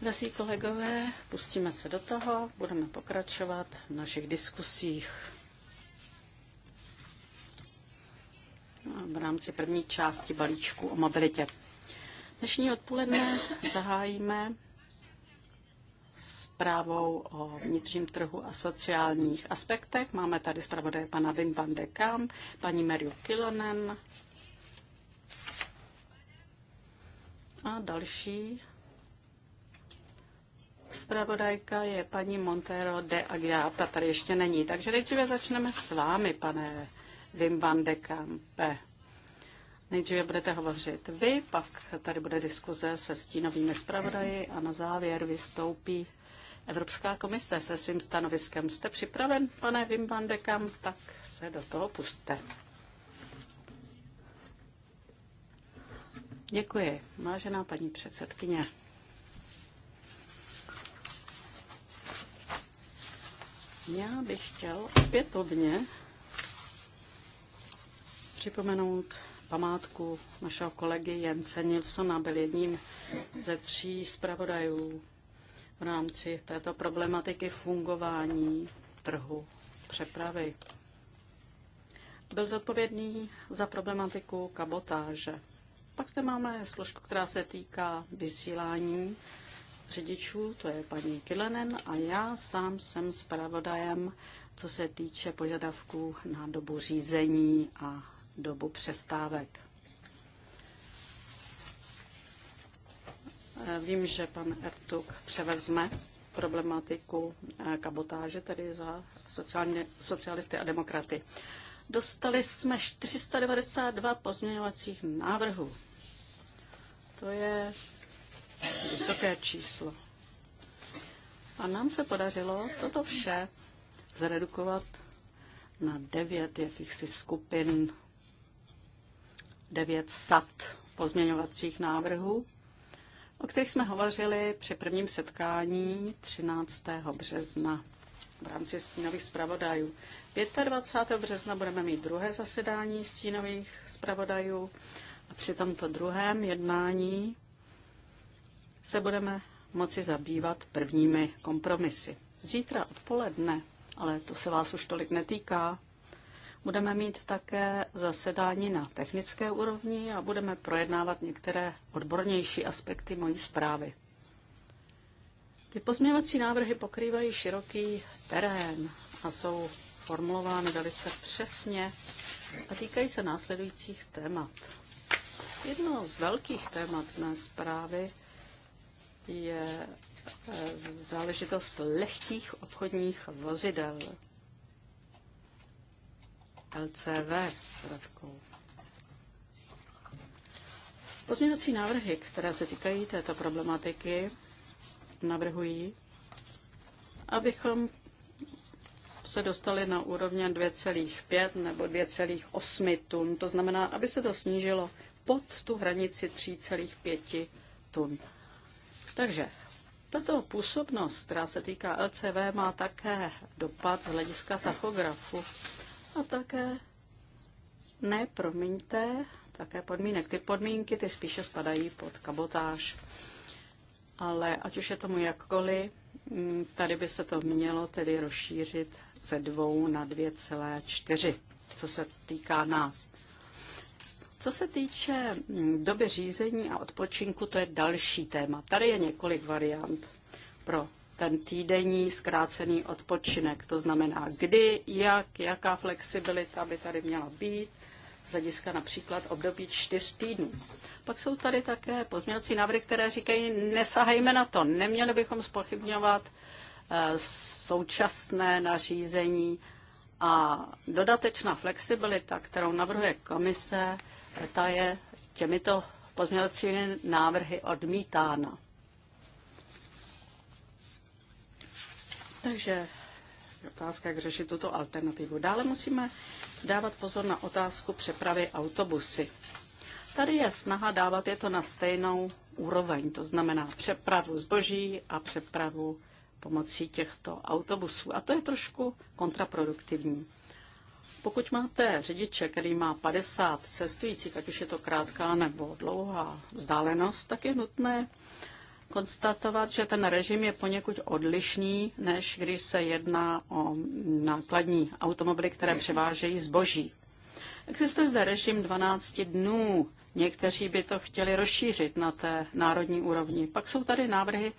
Drazí kolegové, pustíme se do toho, budeme pokračovat v našich diskusích. V rámci první části balíčku o mobilitě. Dnešní odpoledne zahájíme zprávou o vnitřním trhu a sociálních aspektech. Máme tady zpravodaje pana Wim van de Kamp, paní Meriu Kilonen, a další Spravodajka je paní Montero de Aguiar, ta tady ještě není. Takže nejdříve začneme s vámi, pane Wim van de Kampe. Nejdříve budete hovořit vy, pak tady bude diskuze se stínovými zpravodaji a na závěr vystoupí Evropská komise se svým stanoviskem. Jste připraven, pane Wim van de Kamp, tak se do toho puste. Děkuji, vážená paní předsedkyně. Já bych chtěl opětovně připomenout památku našeho kolegy Jence Nilsona. Byl jedním ze tří zpravodajů v rámci této problematiky fungování trhu přepravy. Byl zodpovědný za problematiku kabotáže. Pak zde máme složku, která se týká vysílání řidičů, to je paní Kilenen a já sám jsem zpravodajem, co se týče požadavků na dobu řízení a dobu přestávek. Eh, vím, že pan Ertuk převezme problematiku eh, kabotáže, tedy za sociálně, socialisty a demokraty. Dostali jsme 492 pozměňovacích návrhů. To je vysoké číslo. A nám se podařilo toto vše zredukovat na devět jakýchsi skupin, devět sad pozměňovacích návrhů, o kterých jsme hovořili při prvním setkání 13. března v rámci stínových zpravodajů. 25. března budeme mít druhé zasedání stínových zpravodajů a při tomto druhém jednání se budeme moci zabývat prvními kompromisy. Zítra odpoledne, ale to se vás už tolik netýká, budeme mít také zasedání na technické úrovni a budeme projednávat některé odbornější aspekty mojí zprávy. Ty pozměvací návrhy pokrývají široký terén a jsou formulovány velice přesně a týkají se následujících témat. Jedno z velkých témat mé zprávy je eh, záležitost lehkých obchodních vozidel. LCV s radkou. Pozměňovací návrhy, které se týkají této problematiky, navrhují, abychom se dostali na úrovně 2,5 nebo 2,8 tun. To znamená, aby se to snížilo pod tu hranici 3,5 tun. Takže tato působnost, která se týká LCV, má také dopad z hlediska tachografu a také ne, promiňte, také podmínek. Ty podmínky, ty spíše spadají pod kabotáž. Ale ať už je tomu jakkoliv, mm, tady by se to mělo tedy rozšířit ze dvou na 2,4, co se týká nás. Co se týče mm, doby řízení a odpočinku, to je další téma. Tady je několik variant pro ten týdenní zkrácený odpočinek. To znamená, kdy, jak, jaká flexibilita by tady měla být, z hlediska například období čtyř týdnů. Pak jsou tady také pozměňovací návrhy, které říkají, nesahejme na to, neměli bychom spochybňovat eh, současné nařízení a dodatečná flexibilita, kterou navrhuje komise, ta je těmito pozměňovacími návrhy odmítána. Takže otázka, jak řešit tuto alternativu. Dále musíme dávat pozor na otázku přepravy autobusy. Tady je snaha dávat je to na stejnou úroveň, to znamená přepravu zboží a přepravu pomocí těchto autobusů. A to je trošku kontraproduktivní. Pokud máte řidiče, který má 50 cestujících, ať už je to krátká nebo dlouhá vzdálenost, tak je nutné konstatovat, že ten režim je poněkud odlišný, než když se jedná o nákladní automobily, které převážejí zboží. Existuje zde režim 12 dnů. Někteří by to chtěli rozšířit na té národní úrovni. Pak jsou tady návrhy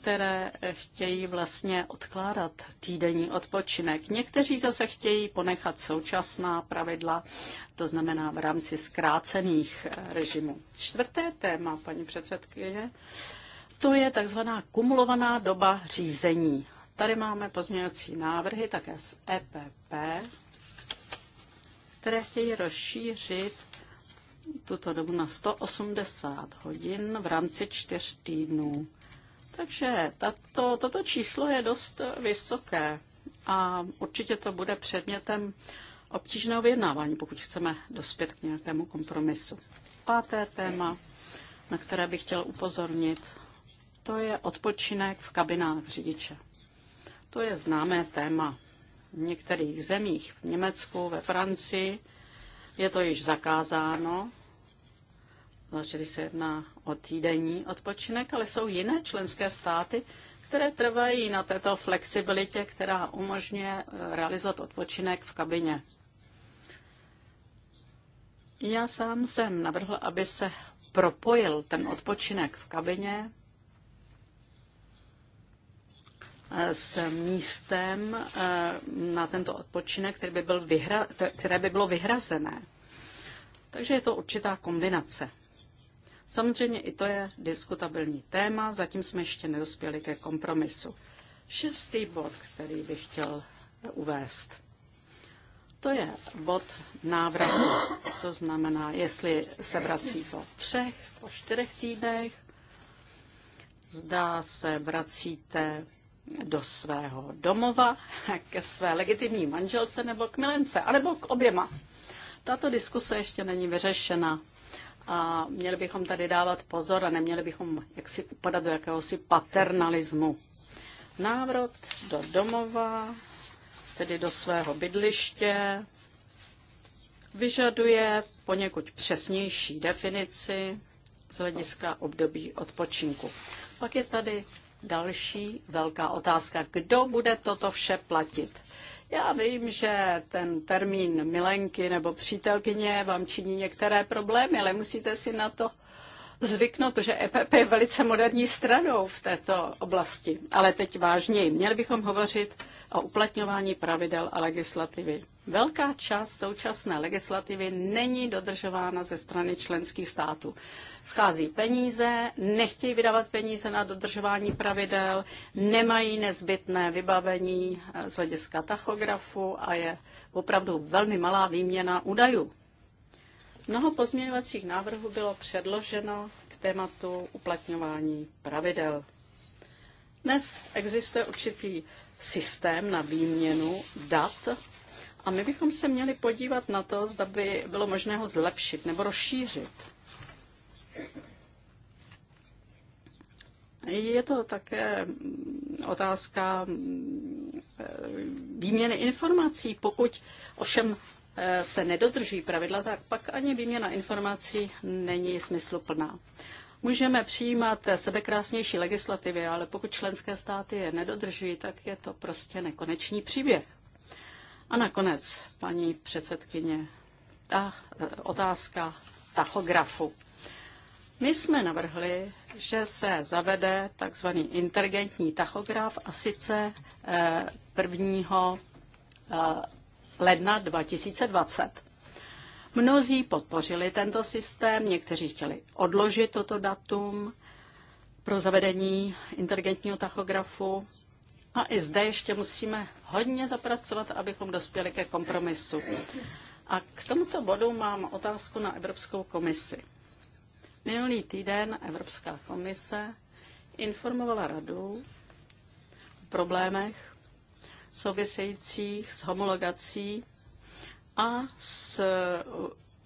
které chtějí vlastně odkládat týdenní odpočinek. Někteří zase chtějí ponechat současná pravidla, to znamená v rámci zkrácených eh, režimů. Čtvrté téma, paní předsedkyně, to je takzvaná kumulovaná doba řízení. Tady máme pozměňovací návrhy také z EPP, které chtějí rozšířit tuto dobu na 180 hodin v rámci čtyř týdnů. Takže tato, toto číslo je dost vysoké a určitě to bude předmětem obtížného vyjednávání, pokud chceme dospět k nějakému kompromisu. Páté téma, na které bych chtěl upozornit, to je odpočinek v kabinách řidiče. To je známé téma. V některých zemích, v Německu, ve Francii, je to již zakázáno, takže se jedná o týdenní odpočinek, ale jsou jiné členské státy, které trvají na této flexibilitě, která umožňuje eh, realizovat odpočinek v kabině. Já sám jsem navrhl, aby se propojil ten odpočinek v kabině eh, s místem eh, na tento odpočinek, který by byl vyhra- které by bylo vyhrazené. Takže je to určitá kombinace. Samozřejmě i to je diskutabilní téma, zatím jsme ještě nedospěli ke kompromisu. Šestý bod, který bych chtěl uvést, to je bod návratu. To znamená, jestli se vrací po třech, po čtyřech týdnech, zdá se vracíte do svého domova, ke své legitimní manželce nebo k milence, anebo k oběma. Tato diskuse ještě není vyřešena a měli bychom tady dávat pozor a neměli bychom jaksi upadat do jakéhosi paternalismu. Návrat do domova, tedy do svého bydliště, vyžaduje poněkud přesnější definici z hlediska období odpočinku. Pak je tady další velká otázka, kdo bude toto vše platit. Já vím, že ten termín milenky nebo přítelkyně vám činí některé problémy, ale musíte si na to zvyknout, protože EPP je velice moderní stranou v této oblasti. Ale teď vážněji, měli bychom hovořit o uplatňování pravidel a legislativy. Velká část současné legislativy není dodržována ze strany členských států. Schází peníze, nechtějí vydávat peníze na dodržování pravidel, nemají nezbytné vybavení eh, z hlediska tachografu a je opravdu velmi malá výměna údajů. Mnoho pozměňovacích návrhů bylo předloženo k tématu uplatňování pravidel. Dnes existuje určitý systém na výměnu dat a my bychom se měli podívat na to, zda by bylo možné ho zlepšit nebo rozšířit. Je to také otázka eh, výměny informací. Pokud ovšem Eh, se nedodržují pravidla, tak pak ani výměna informací není smysluplná. Můžeme přijímat sebekrásnější legislativy, ale pokud členské státy je nedodržují, tak je to prostě nekonečný příběh. A nakonec, paní předsedkyně, ta eh, otázka tachografu. My jsme navrhli, že se zavede takzvaný inteligentní tachograf a sice eh, prvního ledna 2020. Mnozí podpořili tento systém, někteří chtěli odložit toto datum pro zavedení inteligentního tachografu. A i zde ještě musíme hodně zapracovat, abychom dospěli ke kompromisu. A k tomuto bodu mám otázku na Evropskou komisi. Minulý týden Evropská komise informovala radu o problémech souvisejících s homologací a s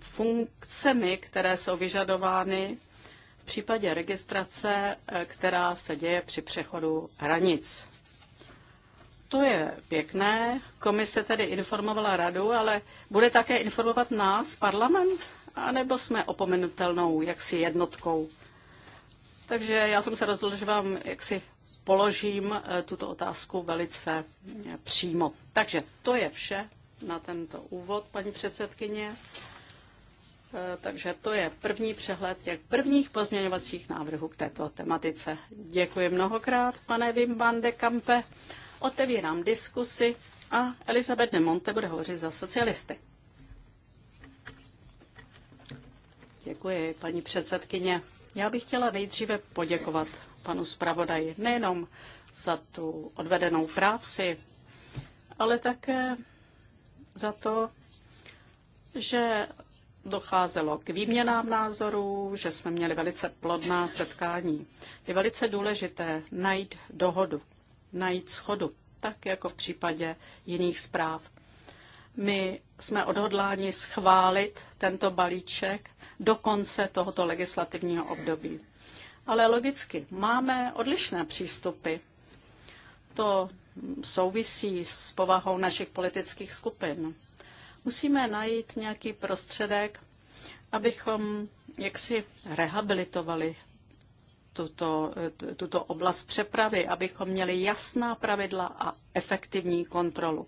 funkcemi, které jsou vyžadovány v případě registrace, eh, která se děje při přechodu hranic. To je pěkné. Komise tedy informovala radu, ale bude také informovat nás, parlament, anebo jsme opomenutelnou jaksi jednotkou. Takže já jsem se rozhodl, že vám jaksi položím eh, tuto otázku velice eh, přímo. Takže to je vše na tento úvod, paní předsedkyně. Eh, takže to je první přehled těch prvních pozměňovacích návrhů k této tematice. Děkuji mnohokrát, pane Wim van de Kampe. Otevírám diskusy a Elizabeth de Monte bude hovořit za socialisty. Děkuji, paní předsedkyně. Já bych chtěla nejdříve poděkovat panu zpravodaji nejenom za tu odvedenou práci, ale také za to, že docházelo k výměnám názorů, že jsme měli velice plodná setkání. Je velice důležité najít dohodu, najít schodu, tak jako v případě jiných zpráv. My jsme odhodláni schválit tento balíček do konce tohoto legislativního období. Ale logicky máme odlišné přístupy. To souvisí s povahou našich politických skupin. Musíme najít nějaký prostředek, abychom jaksi rehabilitovali tuto, tuto oblast přepravy, abychom měli jasná pravidla a efektivní kontrolu.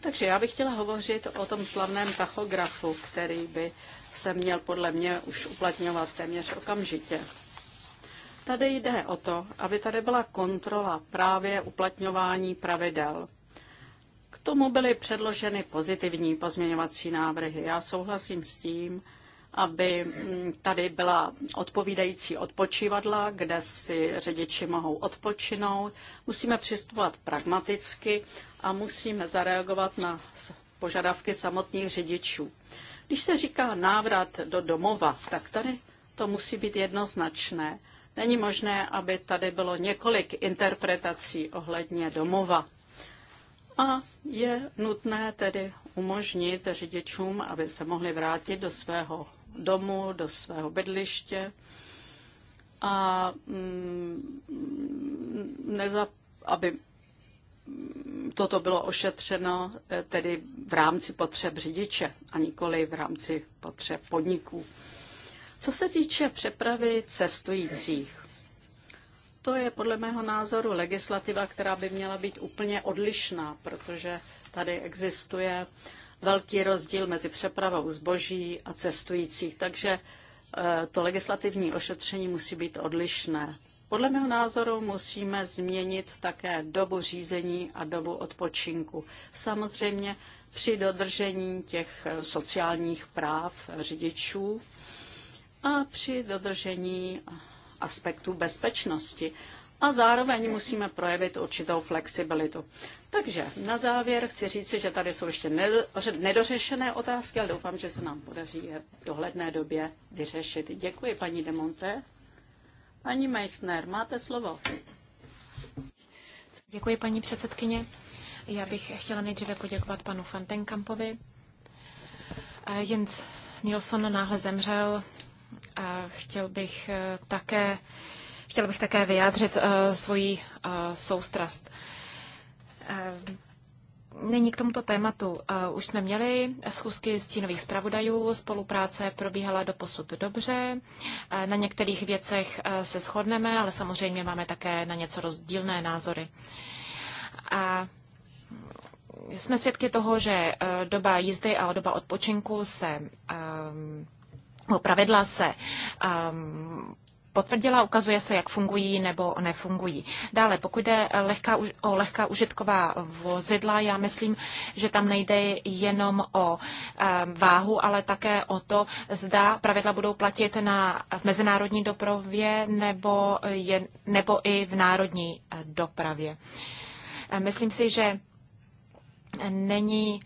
Takže já bych chtěla hovořit o tom slavném tachografu, který by se měl podle mě už uplatňovat téměř okamžitě. Tady jde o to, aby tady byla kontrola právě uplatňování pravidel. K tomu byly předloženy pozitivní pozměňovací návrhy. Já souhlasím s tím, aby mm, tady byla odpovídající odpočívadla, kde si řidiči mohou odpočinout. Musíme přistupovat pragmaticky a musíme zareagovat na požadavky samotných řidičů. Když se říká návrat do domova, tak tady to musí být jednoznačné. Není možné, aby tady bylo několik interpretací ohledně domova. A je nutné tedy umožnit řidičům, aby se mohli vrátit do svého domu, do svého bydliště a mm, nezap, aby toto bylo ošetřeno eh, tedy v rámci potřeb řidiče a nikoli v rámci potřeb podniků. Co se týče přepravy cestujících, to je podle mého názoru legislativa, která by měla být úplně odlišná, protože tady existuje velký rozdíl mezi přepravou zboží a cestujících, takže eh, to legislativní ošetření musí být odlišné. Podle mého názoru musíme změnit také dobu řízení a dobu odpočinku. Samozřejmě při dodržení těch eh, sociálních práv řidičů a při dodržení aspektů bezpečnosti. A zároveň musíme projevit určitou flexibilitu. Takže na závěr chci říci, že tady jsou ještě nedořešené otázky, ale doufám, že se nám podaří je v dohledné době vyřešit. Děkuji, paní Demonte. Paní Meissner, máte slovo. Děkuji, paní předsedkyně. Já bych chtěla nejdříve poděkovat panu Fantenkampovi. Jens Nilsson náhle zemřel. A chtěl bych eh, také, chtěl bych také vyjádřit eh, svoji eh, soustrast. Nyní k tomuto tématu. Eh, už jsme měli schůzky stínových zpravodajů, spolupráce probíhala do posud dobře. Eh, na některých věcech eh, se shodneme, ale samozřejmě máme také na něco rozdílné názory. A jsme svědky toho, že doba jízdy a doba odpočinku se ehm, pravidla se ehm, potvrdila, ukazuje se, jak fungují nebo nefungují. Dále, pokud jde lehká, o lehká užitková vozidla, já myslím, že tam nejde jenom o eh, váhu, ale také o to, zda pravidla budou platit na, v mezinárodní dopravě nebo, je, nebo i v národní eh, dopravě. Eh, myslím si, že není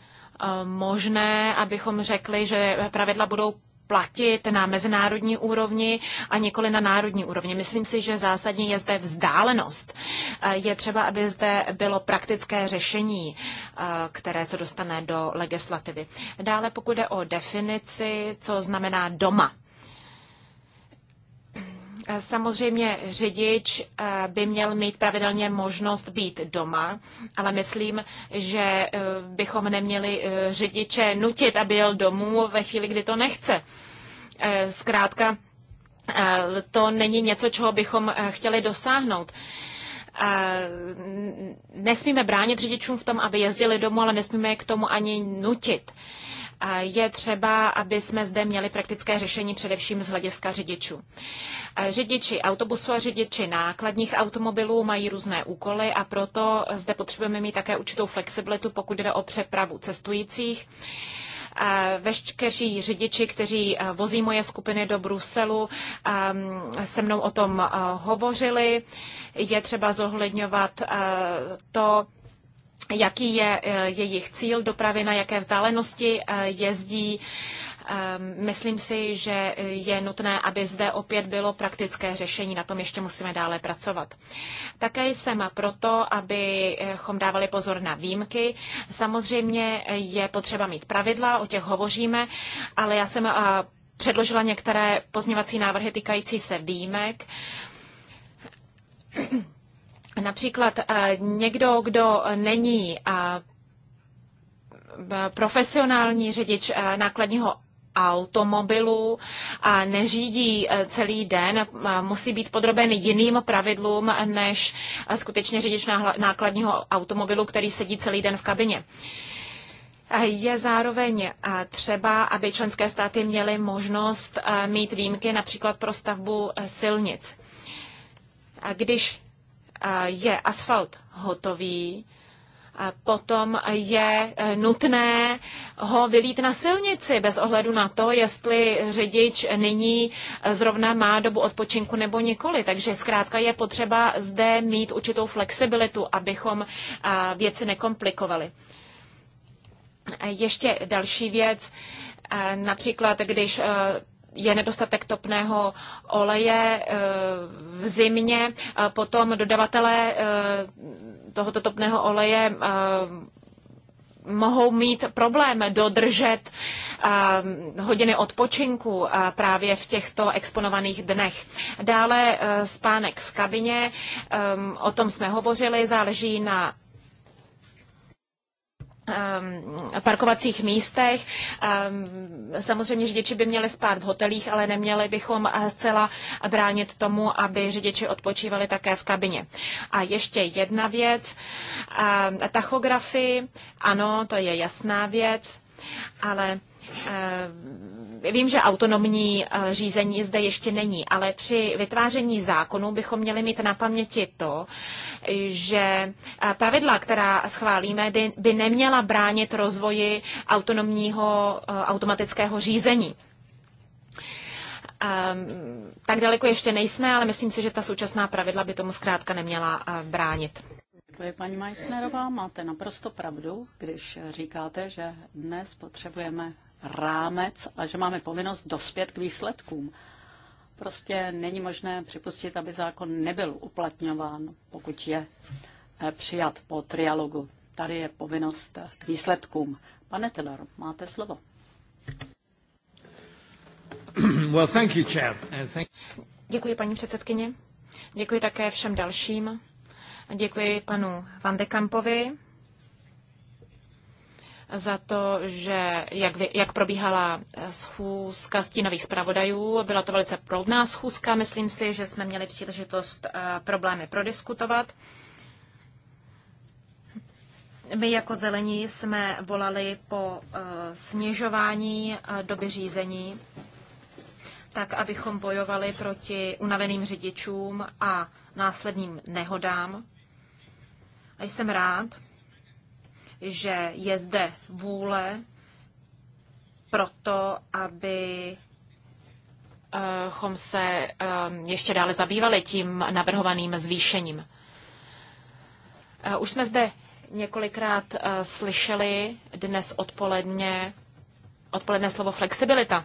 možné, abychom řekli, že pravidla budou platit na mezinárodní úrovni a nikoli na národní úrovni. Myslím si, že zásadně je zde vzdálenost. Eh, je třeba, aby zde bylo praktické řešení, eh, které se dostane do legislativy. Dále pokud jde o definici, co znamená doma. Samozřejmě řidič eh, by měl mít pravidelně možnost být doma, ale myslím, že eh, bychom neměli eh, řidiče nutit, aby jel domů ve chvíli, kdy to nechce. Zkrátka, to není něco, čeho bychom chtěli dosáhnout. Nesmíme bránit řidičům v tom, aby jezdili domů, ale nesmíme je k tomu ani nutit. Je třeba, aby jsme zde měli praktické řešení především z hlediska řidičů. Řidiči autobusu a řidiči nákladních automobilů mají různé úkoly a proto zde potřebujeme mít také určitou flexibilitu, pokud jde o přepravu cestujících veškeří řidiči, kteří vozí moje skupiny do Bruselu, se mnou o tom hovořili. Je třeba zohledňovat to, jaký je eh, jejich cíl dopravy, na jaké vzdálenosti eh, jezdí. Ehm, myslím si, že je nutné, aby zde opět bylo praktické řešení. Na tom ještě musíme dále pracovat. Také jsem proto, abychom dávali pozor na výjimky. Samozřejmě je potřeba mít pravidla, o těch hovoříme, ale já jsem eh, předložila některé pozměvací návrhy týkající se výjimek. Například eh, někdo, kdo není eh, profesionální řidič eh, nákladního automobilu a neřídí celý den, musí být podroben jiným pravidlům než skutečně řidič nákladního automobilu, který sedí celý den v kabině. Je zároveň třeba, aby členské státy měly možnost mít výjimky například pro stavbu silnic. Když je asfalt hotový, potom je e, nutné ho vylít na silnici bez ohledu na to, jestli řidič nyní zrovna má dobu odpočinku nebo nikoli. Takže zkrátka je potřeba zde mít určitou flexibilitu, abychom e, věci nekomplikovali. Ještě další věc, e, například když je nedostatek topného oleje eh, v zimě, potom dodavatelé eh, tohoto topného oleje eh, mohou mít problém dodržet hodiny odpočinku právě v těchto exponovaných dnech. Dále spánek v kabině, o tom jsme hovořili, záleží na Ehm, parkovacích místech. Ehm, samozřejmě řidiči by měli spát v hotelích, ale neměli bychom eh, zcela bránit tomu, aby řidiči odpočívali také v kabině. A ještě jedna věc. Ehm, tachografy, ano, to je jasná věc, ale Eh, vím, že autonomní eh, řízení zde ještě není, ale při vytváření zákonů bychom měli mít na paměti to, že eh, pravidla, která schválíme, by neměla bránit rozvoji autonomního automatického řízení. Ehm, tak daleko ještě nejsme, ale myslím si, že ta současná pravidla by tomu zkrátka neměla bránit. Děkuji, paní Majsnerová. Máte naprosto pravdu, když říkáte, že dnes potřebujeme rámec a že máme povinnost dospět k výsledkům. Prostě není možné připustit, aby zákon nebyl uplatňován, pokud je eh, přijat po trialogu. Tady je povinnost k výsledkům. Pane Tiller, máte slovo. Well, thank you, chair. Uh, thank... Děkuji, paní předsedkyně. Děkuji také všem dalším. Děkuji panu Van de Kampovi za to, že jak, jak probíhala eh, schůzka stínových zpravodajů. Byla to velice proudná schůzka, myslím si, že jsme měli příležitost eh, problémy prodiskutovat. My jako zelení jsme volali po eh, snižování doby řízení, tak abychom bojovali proti unaveným řidičům a následným nehodám. A jsem rád, že je zde vůle proto, aby eh, chom se eh, ještě dále zabývali tím navrhovaným zvýšením. Eh, už jsme zde několikrát slyšeli dnes odpoledne, odpoledne slovo flexibilita.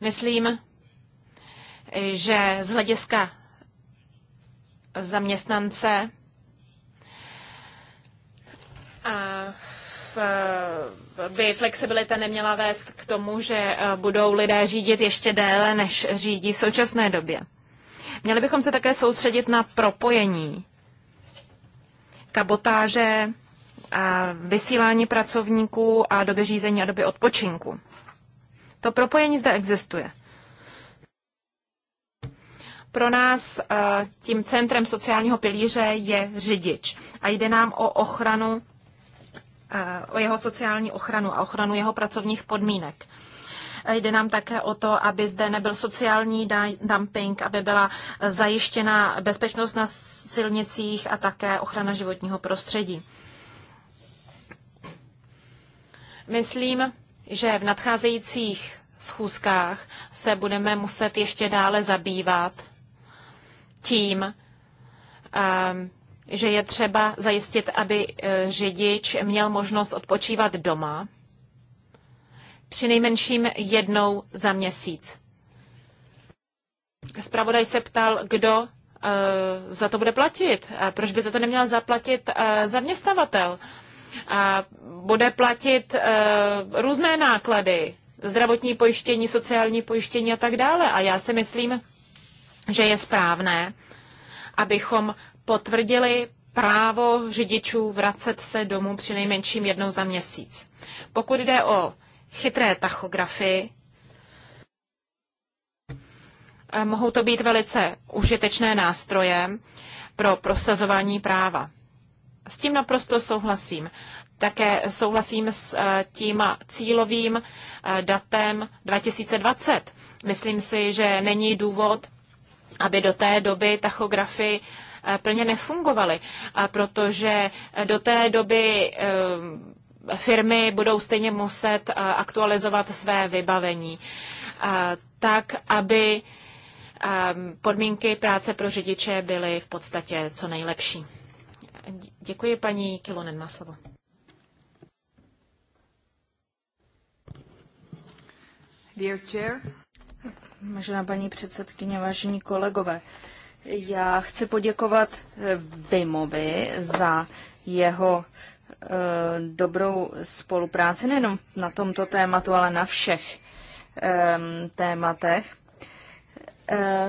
Myslím, že z hlediska zaměstnance by flexibilita neměla vést k tomu, že eh, budou lidé řídit ještě déle, než řídí v současné době. Měli bychom se také soustředit na propojení kabotáže, a vysílání pracovníků a doby řízení a doby odpočinku. To propojení zde existuje. Pro nás eh, tím centrem sociálního pilíře je řidič a jde nám o ochranu, eh, o jeho sociální ochranu a ochranu jeho pracovních podmínek. Jde nám také o to, aby zde nebyl sociální dumping, aby byla zajištěna bezpečnost na silnicích a také ochrana životního prostředí. Myslím, že v nadcházejících schůzkách se budeme muset ještě dále zabývat tím, ehm, že je třeba zajistit, aby eh, řidič měl možnost odpočívat doma při nejmenším jednou za měsíc. Spravodaj se ptal, kdo eh, za to bude platit. Proč by za to neměl zaplatit eh, zaměstnavatel? Bude platit různé náklady, zdravotní pojištění, sociální pojištění a tak dále. A já si myslím, že je správné, abychom potvrdili právo řidičů vracet se domů při nejmenším jednou za měsíc. Pokud jde o chytré tachografy, eh, mohou to být velice užitečné nástroje pro prosazování práva. S tím naprosto souhlasím. Také souhlasím s eh, tím cílovým eh, datem 2020. Myslím si, že není důvod aby do té doby tachografy eh, plně nefungovaly, protože do té doby eh, firmy budou stejně muset eh, aktualizovat své vybavení tak, aby podmínky práce pro řidiče byly v podstatě co nejlepší. Děkuji paní Kilonen na slovo. Dear chair. Vážená paní předsedkyně, vážení kolegové, já chci poděkovat eh, Bimovi za jeho e, dobrou spolupráci nejenom na tomto tématu, ale na všech e, tématech. E,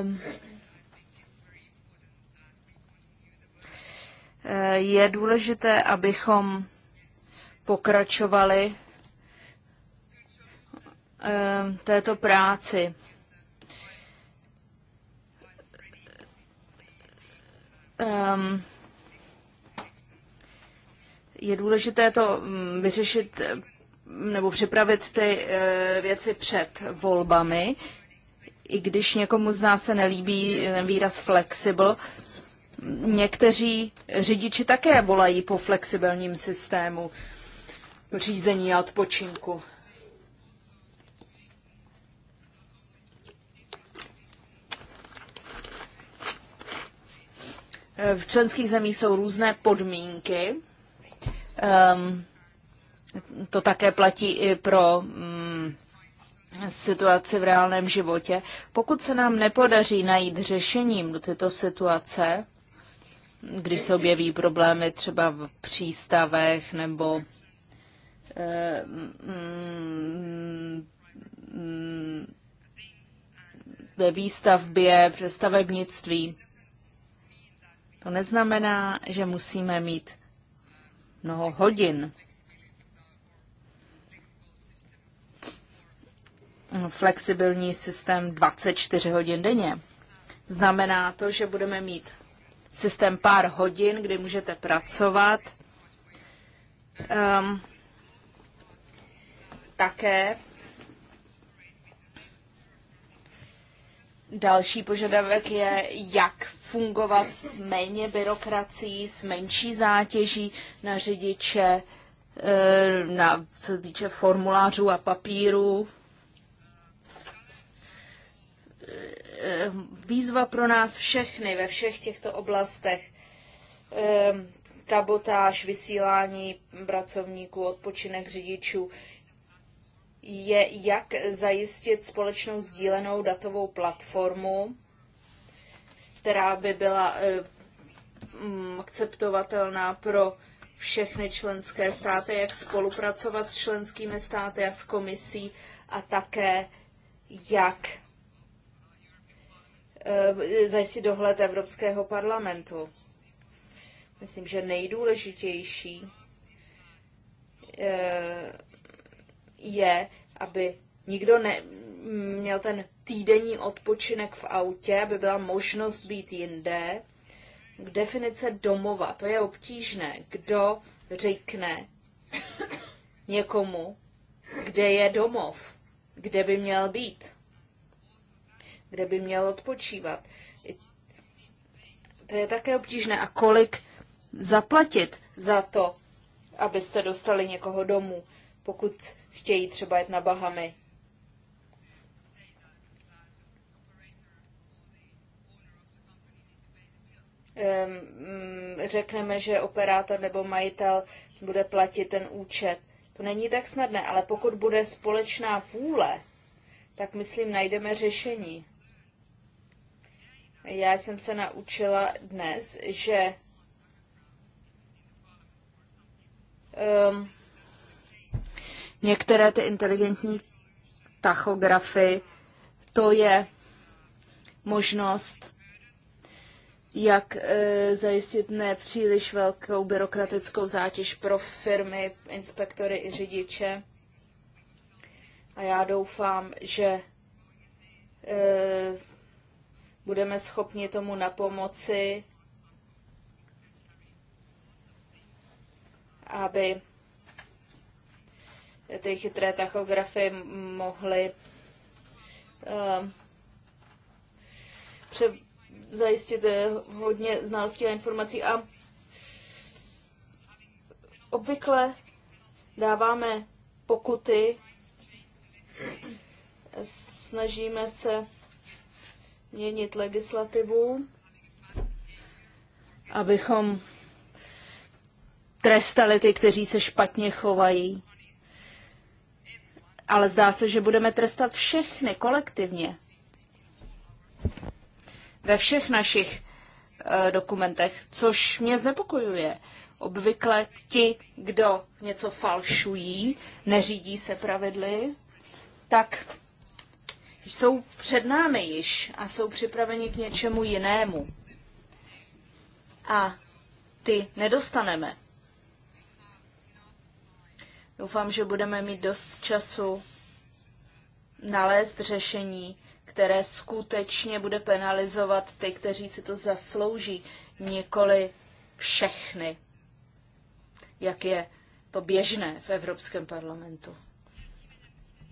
je důležité, abychom pokračovali ehm, této práci. Um, je důležité to mm, vyřešit mm, nebo připravit ty eh, věci před volbami, i když někomu z nás se nelíbí eh, výraz flexible, někteří řidiči také volají po flexibilním systému řízení a odpočinku. V členských zemích jsou různé podmínky. Um, to také platí i pro um, situaci v reálném životě. Pokud se nám nepodaří najít řešením do této situace, když se objeví problémy třeba v přístavech nebo ehm, mm, mm, ve výstavbě, ve stavebnictví, to neznamená, že musíme mít mnoho hodin. Flexibilní systém 24 hodin denně. Znamená to, že budeme mít systém pár hodin, kdy můžete pracovat. Um, také Další požadavek je, jak fungovat s méně byrokracií, s menší zátěží na řidiče, eh, na, co se týče formulářů a papíru. Eh, výzva pro nás všechny ve všech těchto oblastech. Eh, kabotáž, vysílání pracovníků, odpočinek řidičů je, jak zajistit společnou sdílenou datovou platformu, která by byla eh, mm, akceptovatelná pro všechny členské státy, jak spolupracovat s členskými státy a s komisí a také jak eh, zajistit dohled Evropského parlamentu. Myslím, že nejdůležitější eh, je, aby nikdo ne, měl ten týdenní odpočinek v autě, aby byla možnost být jinde. Definice domova, to je obtížné. Kdo řekne někomu, kde je domov, kde by měl být, kde by měl odpočívat. To je také obtížné. A kolik zaplatit za to, abyste dostali někoho domů? Pokud chtějí třeba jet na Bahamy. Ehm, mm, řekneme, že operátor nebo majitel bude platit ten účet. To není tak snadné, ale pokud bude společná vůle, tak myslím, najdeme řešení. Já jsem se naučila dnes, že um, Některé ty inteligentní tachografy, to je možnost, jak e, zajistit nepříliš velkou byrokratickou zátěž pro firmy, inspektory i řidiče. A já doufám, že e, budeme schopni tomu na pomoci, aby ty chytré tachografy mohly uh, pře- zajistit eh, hodně znalostí a informací a obvykle dáváme pokuty, snažíme se měnit legislativu, abychom trestali ty, kteří se špatně chovají ale zdá se, že budeme trestat všechny kolektivně. Ve všech našich e, dokumentech, což mě znepokojuje. Obvykle ti, kdo něco falšují, neřídí se pravidly, tak jsou před námi již a jsou připraveni k něčemu jinému. A ty nedostaneme. Doufám, že budeme mít dost času nalézt řešení, které skutečně bude penalizovat ty, kteří si to zaslouží, nikoli všechny, jak je to běžné v Evropském parlamentu.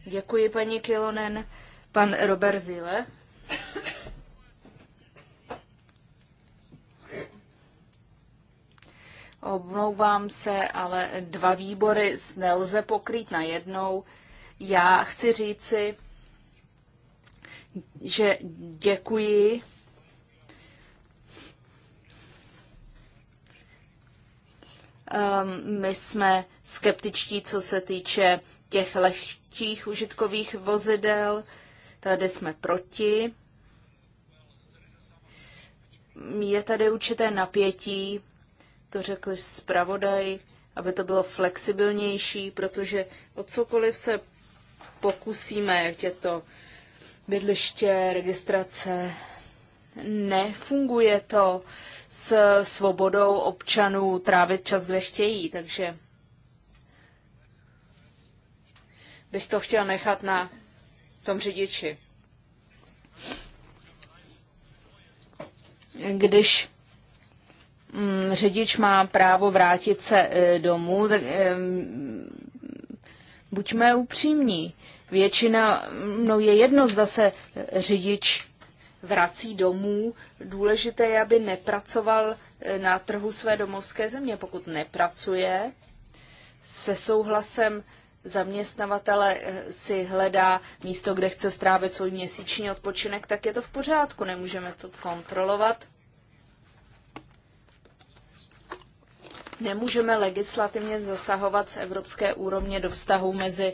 Děkuji paní Kilonen, pan Robert Zile. Omlouvám se, ale dva výbory nelze pokrýt na jednou. Já chci říci, že děkuji Um, my jsme skeptičtí, co se týče těch lehčích užitkových vozidel. Tady jsme proti. Je tady určité napětí to řekl zpravodaj, aby to bylo flexibilnější, protože o cokoliv se pokusíme, jak je to bydliště, registrace, nefunguje to s svobodou občanů trávit čas, kde chtějí, takže bych to chtěl nechat na tom řidiči. Když Mm, řidič má právo vrátit se e, domů, tak e, mm, buďme upřímní. Většina, no je jedno, zda se řidič vrací domů. Důležité je, aby nepracoval e, na trhu své domovské země. Pokud nepracuje, se souhlasem zaměstnavatele si hledá místo, kde chce strávit svůj měsíční odpočinek, tak je to v pořádku. Nemůžeme to kontrolovat. Nemůžeme legislativně zasahovat z evropské úrovně do vztahu mezi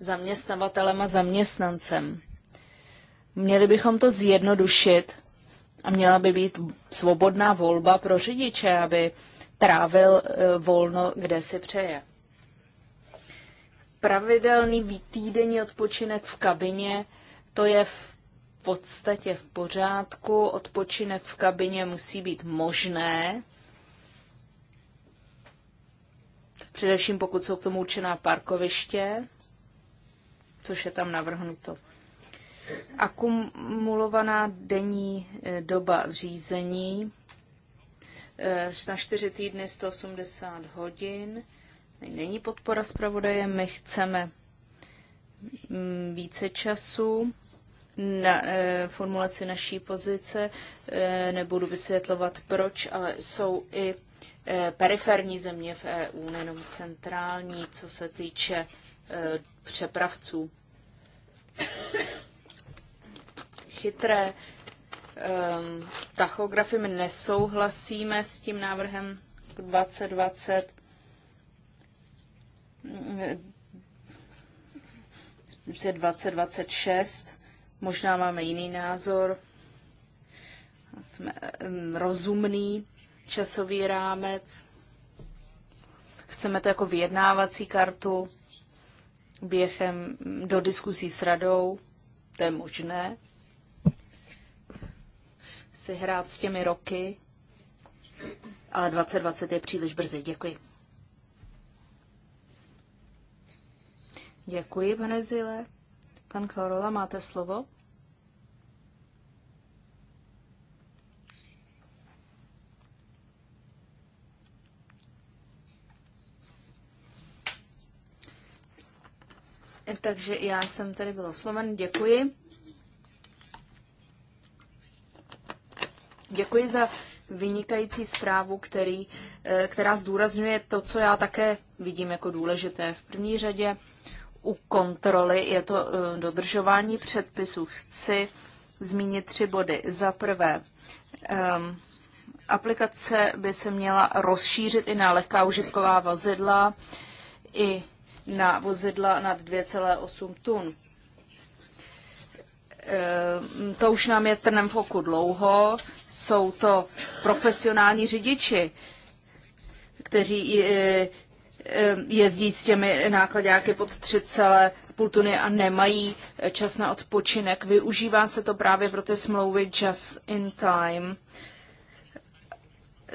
zaměstnavatelem a zaměstnancem. Měli bychom to zjednodušit a měla by být svobodná volba pro řidiče, aby trávil eh, volno, kde si přeje. Pravidelný týdenní odpočinek v kabině, to je v podstatě v pořádku. Odpočinek v kabině musí být možné, Především pokud jsou k tomu určená parkoviště, což je tam navrhnuto. Akumulovaná denní e, doba v řízení e, na 4 týdny 180 hodin. Není podpora zpravodaje, my chceme mm, více času na e, formulaci naší pozice. nebudu vysvětlovat proč, ale jsou i Eh, periferní země v EU, nejenom centrální, co se týče eh, přepravců. Chytré ehm, tachografy, my nesouhlasíme s tím návrhem 2020. Mm, je 2026, možná máme jiný názor, jsme ehm, rozumný, časový rámec. Chceme to jako vyjednávací kartu během do diskusí s radou. To je možné. Si hrát s těmi roky, ale 2020 je příliš brzy. Děkuji. Děkuji, pane Zile. Pan Karola, máte slovo? Takže já jsem tady byl osloven. Děkuji. Děkuji za vynikající zprávu, který, eh, která zdůrazňuje to, co já také vidím jako důležité. V první řadě u kontroly je to eh, dodržování předpisů. Chci zmínit tři body. Za prvé, um, aplikace by se měla rozšířit i na lehká užitková vozidla, i na vozidla nad 2,8 tun. Ehm, to už nám je trnem v oku dlouho. Jsou to profesionální řidiči, kteří e, e, jezdí s těmi nákladáky pod 3,5 tuny a nemají čas na odpočinek. Využívá se to právě pro ty smlouvy just in time.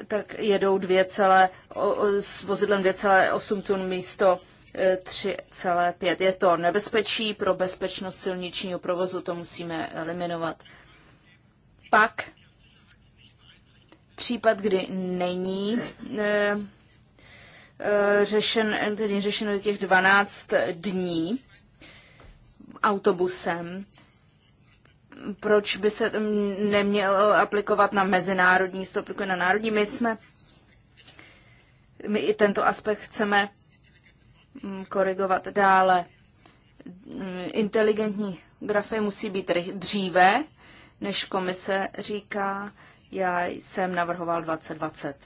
Tak jedou 2, s vozidlem 2,8 tun místo 3,5. Je to nebezpečí pro bezpečnost silničního provozu, to musíme eliminovat. Pak případ, kdy není e, řešen, tedy řešeno do těch 12 dní autobusem, proč by se nemělo aplikovat na mezinárodní, to na národní. My jsme, my i tento aspekt chceme Mm, korigovat dále. Mm, inteligentní grafy musí být dříve, než komise říká. Já jsem navrhoval 2020.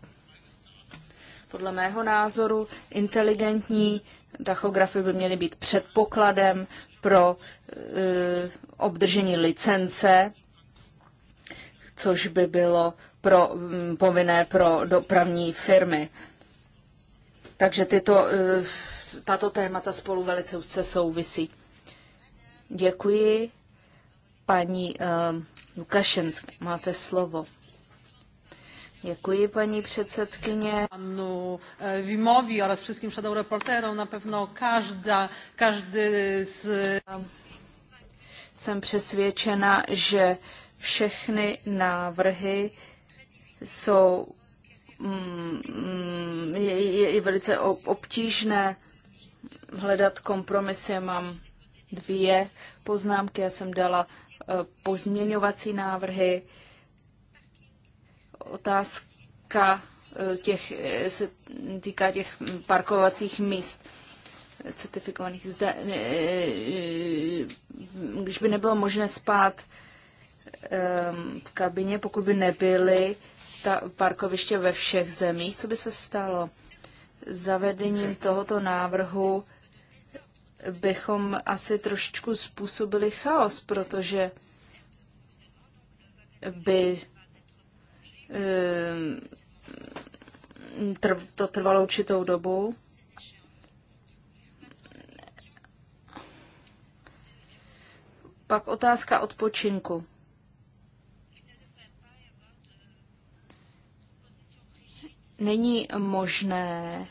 Podle mého názoru inteligentní tachografy by měly být předpokladem pro uh, obdržení licence, což by bylo pro, um, povinné pro dopravní firmy. Takže tyto uh, tato témata spolu velice úzce souvisí. Děkuji. Paní uh, Lukašensk, máte slovo. Děkuji, paní předsedkyně. Panu eh, Vimovi oraz všem shadow reporterom na pewno každá, každý z... Jsem přesvědčena, že všechny návrhy jsou mm, mm je, je, je velice obtížné hledat kompromisy. Já mám dvě poznámky. Já jsem dala eh, pozměňovací návrhy. Otázka eh, těch, eh, se týká těch parkovacích míst certifikovaných. Zda, když by nebylo možné spát ehm, v kabině, pokud by nebyly ta parkoviště ve všech zemích, co by se stalo? Zavedením tohoto návrhu bychom asi trošičku způsobili chaos, protože by ehm, to trvalo určitou dobu. Pak otázka odpočinku. Není možné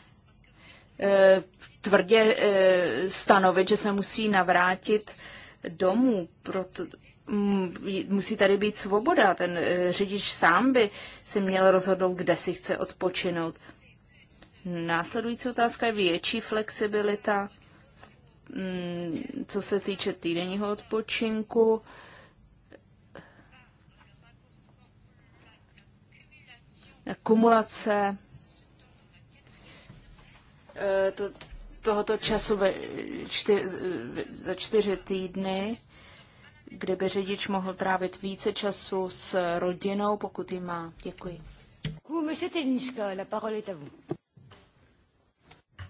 Eh, tvrdě eh, stanovit, že se musí navrátit domů. Proto, musí tady být svoboda. Ten eh, řidič sám by si měl rozhodnout, kde si chce odpočinout. Následující otázka je větší flexibilita, mm, co se týče týdenního odpočinku. Kumulace Eh, to, tohoto času ve čty, za čtyři týdny, kdyby řidič mohl trávit více času s rodinou, pokud ji má. Děkuji.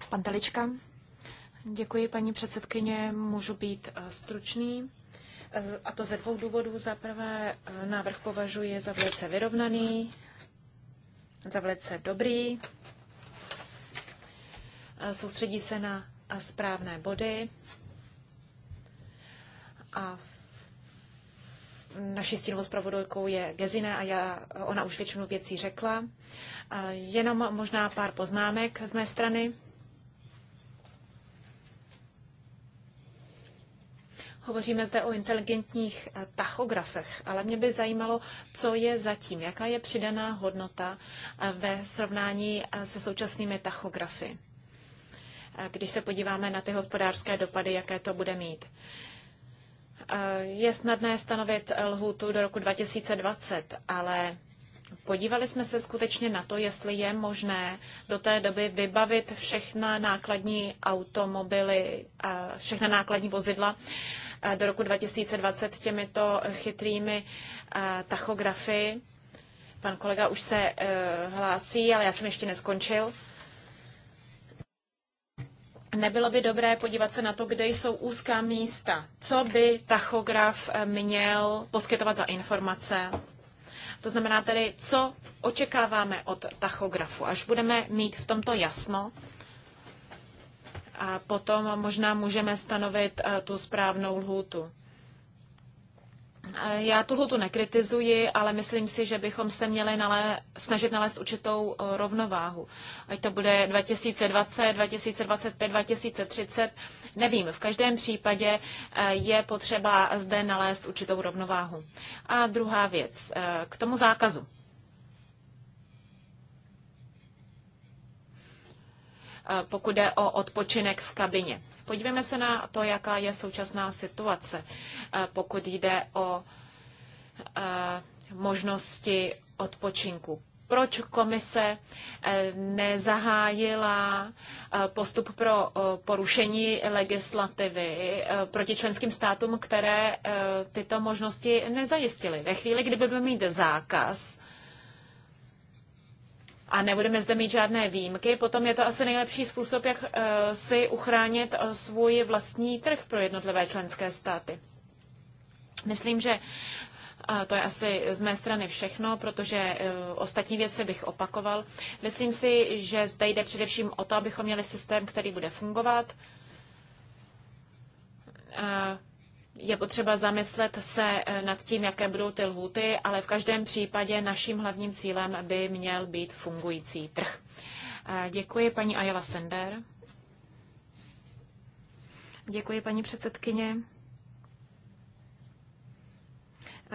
Pan Telička. Děkuji, paní předsedkyně. Můžu být eh, stručný. Eh, a to ze dvou důvodů. Za prvé, návrh považuji za velice vyrovnaný, za velice dobrý soustředí se na správné body a naší stínovou zpravodajkou je Gezina a já, ona už většinu věcí řekla. Jenom možná pár poznámek z mé strany. Hovoříme zde o inteligentních eh, tachografech, ale mě by zajímalo, co je zatím, jaká je přidaná hodnota eh, ve srovnání eh, se současnými tachografy když se podíváme na ty hospodářské dopady, jaké to bude mít. Je snadné stanovit lhůtu do roku 2020, ale podívali jsme se skutečně na to, jestli je možné do té doby vybavit všechna nákladní automobily, všechna nákladní vozidla do roku 2020 těmito chytrými tachografy. Pan kolega už se e, hlásí, ale já jsem ještě neskončil nebylo by dobré podívat se na to, kde jsou úzká místa. Co by tachograf eh, měl poskytovat za informace? To znamená tedy, co očekáváme od tachografu. Až budeme mít v tomto jasno, a potom možná můžeme stanovit eh, tu správnou lhůtu. Já tuhle tu nekritizuji, ale myslím si, že bychom se měli nalé, snažit nalézt určitou eh, rovnováhu. Ať to bude 2020, 2025, 2030, nevím. V každém případě eh, je potřeba zde nalézt určitou rovnováhu. A druhá věc, eh, k tomu zákazu. pokud jde o odpočinek v kabině. Podívejme se na to, jaká je současná situace, pokud jde o možnosti odpočinku. Proč komise e, nezahájila postup pro porušení legislativy e, proti členským státům, které e, tyto možnosti nezajistily? Ve chvíli, kdyby byl mít zákaz, a nebudeme zde mít žádné výjimky, potom je to asi nejlepší způsob, jak eh, si uchránit eh, svůj vlastní trh pro jednotlivé členské státy. Myslím, že to je asi z mé strany všechno, protože eh, ostatní věci bych opakoval. Myslím si, že zde jde především o to, abychom měli systém, který bude fungovat je potřeba zamyslet se eh, nad tím, jaké budou ty lhuty, ale v každém případě naším hlavním cílem by měl být fungující trh. Eh, děkuji paní Ayala Sender. Děkuji paní předsedkyně.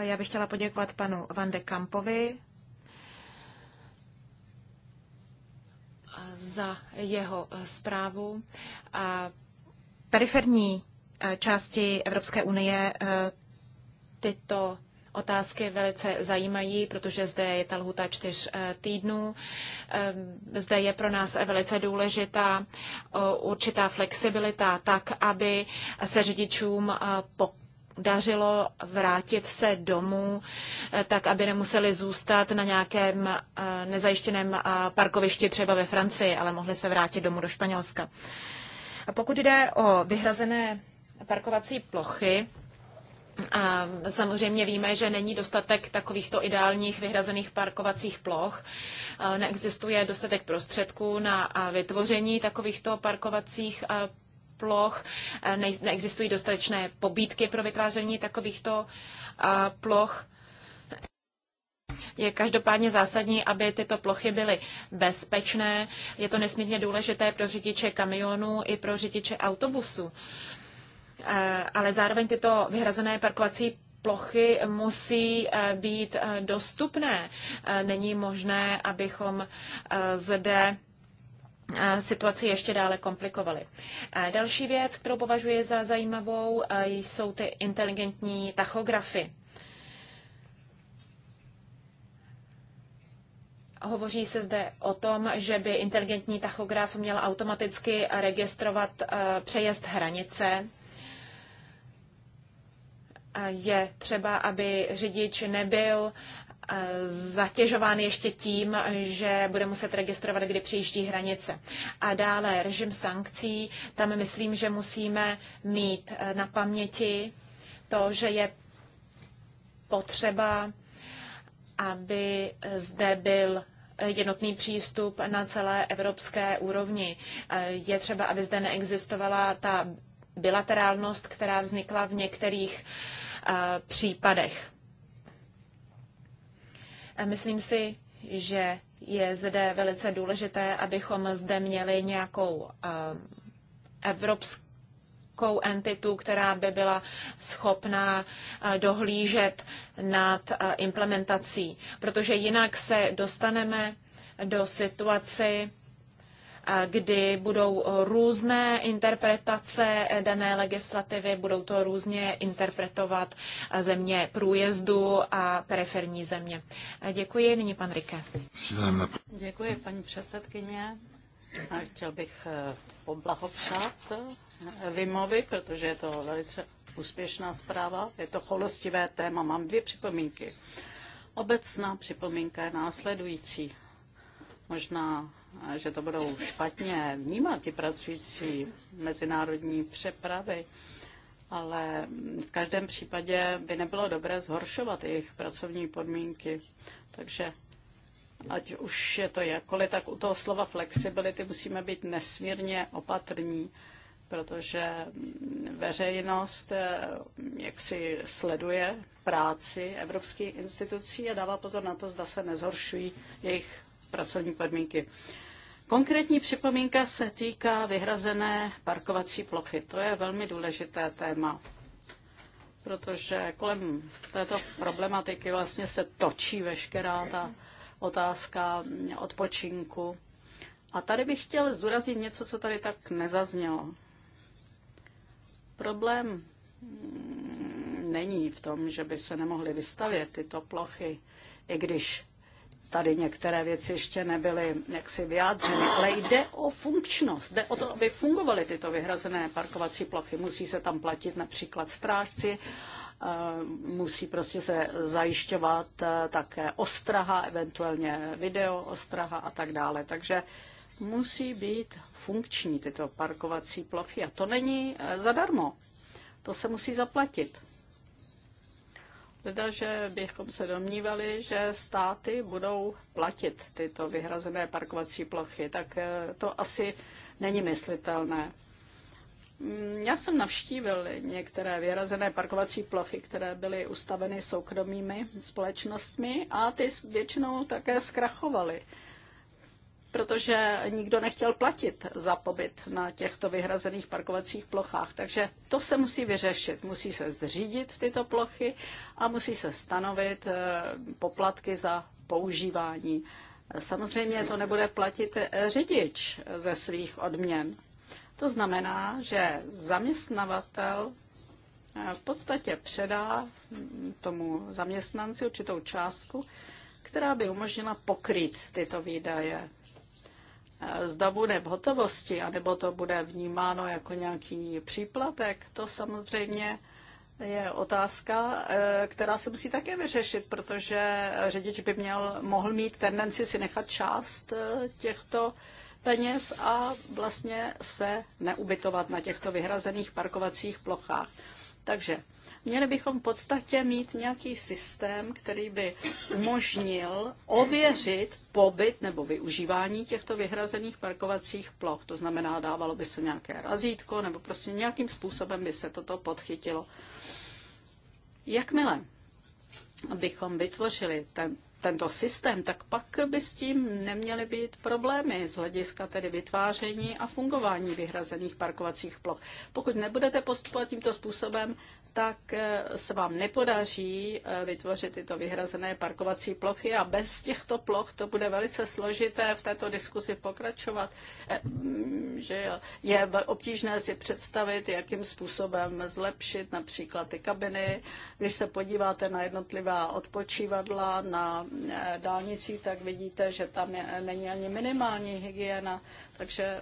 Já bych chtěla poděkovat panu Van de Kampovi za jeho eh, zprávu. Periferní části Evropské unie eh, tyto otázky velice zajímají, protože zde je ta lhuta čtyř eh, týdnů. Eh, zde je pro nás velice důležitá určitá flexibilita, tak aby se řidičům po dařilo vrátit se domů, tak aby nemuseli zůstat na nějakém nezajištěném parkovišti třeba ve Francii, ale mohli se vrátit domů do Španělska. A pokud jde o vyhrazené parkovací plochy. A samozřejmě víme, že není dostatek takovýchto ideálních vyhrazených parkovacích ploch. Neexistuje dostatek prostředků na vytvoření takovýchto parkovacích ploch, ne, neexistují dostatečné pobídky pro vytváření takovýchto ploch. Je každopádně zásadní, aby tyto plochy byly bezpečné. Je to nesmírně důležité pro řidiče kamionů i pro řidiče autobusu. Eh, ale zároveň tyto vyhrazené parkovací plochy musí eh, být eh, dostupné. Není možné, abychom zde situaci ještě dále komplikovali. Další věc, kterou považuji za zajímavou, jsou ty inteligentní tachografy. Hovoří se zde o tom, že by inteligentní tachograf měl automaticky registrovat přejezd hranice je třeba, aby řidič nebyl eh, zatěžován ještě tím, že bude muset registrovat, kdy přijíždí hranice. A dále režim sankcí, tam myslím, že musíme mít eh, na paměti to, že je potřeba, aby zde byl jednotný přístup na celé evropské úrovni. Eh, je třeba, aby zde neexistovala ta bilaterálnost, která vznikla v některých uh, Eh, případech. Eh, myslím si, že je zde velice důležité, abychom zde měli nějakou eh, evropskou entitu, která by byla schopná dohlížet nad implementací, protože jinak se dostaneme do situaci, kdy budou různé interpretace dané legislativy, budou to různě interpretovat země průjezdu a periferní země. Děkuji, nyní pan Rike. Děkuji, paní předsedkyně. A chtěl bych eh, poblahopřát eh, Vimovi, protože je to velice úspěšná zpráva. Je to cholostivé téma. Mám dvě připomínky. Obecná připomínka je následující. Možná, že to budou špatně vnímat ti pracující mezinárodní přepravy, ale v každém případě by nebylo dobré zhoršovat jejich pracovní podmínky. Takže ať už je to jakkoliv, tak u toho slova flexibility musíme být nesmírně opatrní, protože veřejnost eh, jak si sleduje práci evropských institucí a dává pozor na to, zda se nezhoršují jejich pracovní podmínky. Konkrétní připomínka se týká vyhrazené parkovací plochy. To je velmi důležité téma, protože kolem této problematiky vlastně se točí veškerá ta otázka odpočinku. A tady bych chtěl zdůraznit něco, co tady tak nezaznělo. Problém není v tom, že by se nemohly vystavět tyto plochy, i když tady některé věci ještě nebyly jaksi vyjádřeny, ale jde o funkčnost, jde o to, aby fungovaly tyto vyhrazené parkovací plochy. Musí se tam platit například strážci, eh, musí prostě se zajišťovat eh, také ostraha, eventuálně video ostraha a tak dále. Takže musí být funkční tyto parkovací plochy a to není eh, zadarmo. To se musí zaplatit. Teda, že bychom se domnívali, že státy budou platit tyto vyhrazené parkovací plochy, tak eh, to asi není myslitelné. Mm, já jsem navštívil některé vyhrazené parkovací plochy, které byly ustaveny soukromými společnostmi a ty většinou také zkrachovaly protože nikdo nechtěl platit za pobyt na těchto vyhrazených parkovacích plochách. Takže to se musí vyřešit. Musí se zřídit tyto plochy a musí se stanovit eh, poplatky za používání. Samozřejmě to nebude platit řidič ze svých odměn. To znamená, že zaměstnavatel eh, v podstatě předá tomu zaměstnanci určitou částku, která by umožnila pokryt tyto výdaje. Eh, zda bude v hotovosti, anebo to bude vnímáno jako nějaký příplatek, to samozřejmě je otázka, eh, která se musí také vyřešit, protože řidič by měl, mohl mít tendenci si nechat část eh, těchto peněz a vlastně se neubytovat na těchto vyhrazených parkovacích plochách. Takže Měli bychom v podstatě mít nějaký systém, který by umožnil ověřit pobyt nebo využívání těchto vyhrazených parkovacích ploch. To znamená, dávalo by se nějaké razítko nebo prostě nějakým způsobem by se toto podchytilo. Jakmile bychom vytvořili ten, tento systém, tak pak by s tím neměly být problémy z hlediska tedy vytváření a fungování vyhrazených parkovacích ploch. Pokud nebudete postupovat tímto způsobem, tak eh, se vám nepodaří eh, vytvořit tyto vyhrazené parkovací plochy a bez těchto ploch to bude velice složité v této diskusi pokračovat, eh, mm, že je obtížné si představit, jakým způsobem zlepšit například ty kabiny, když se podíváte na jednotlivá odpočívadla, na dálnicích, tak vidíte, že tam je, není ani minimální hygiena, takže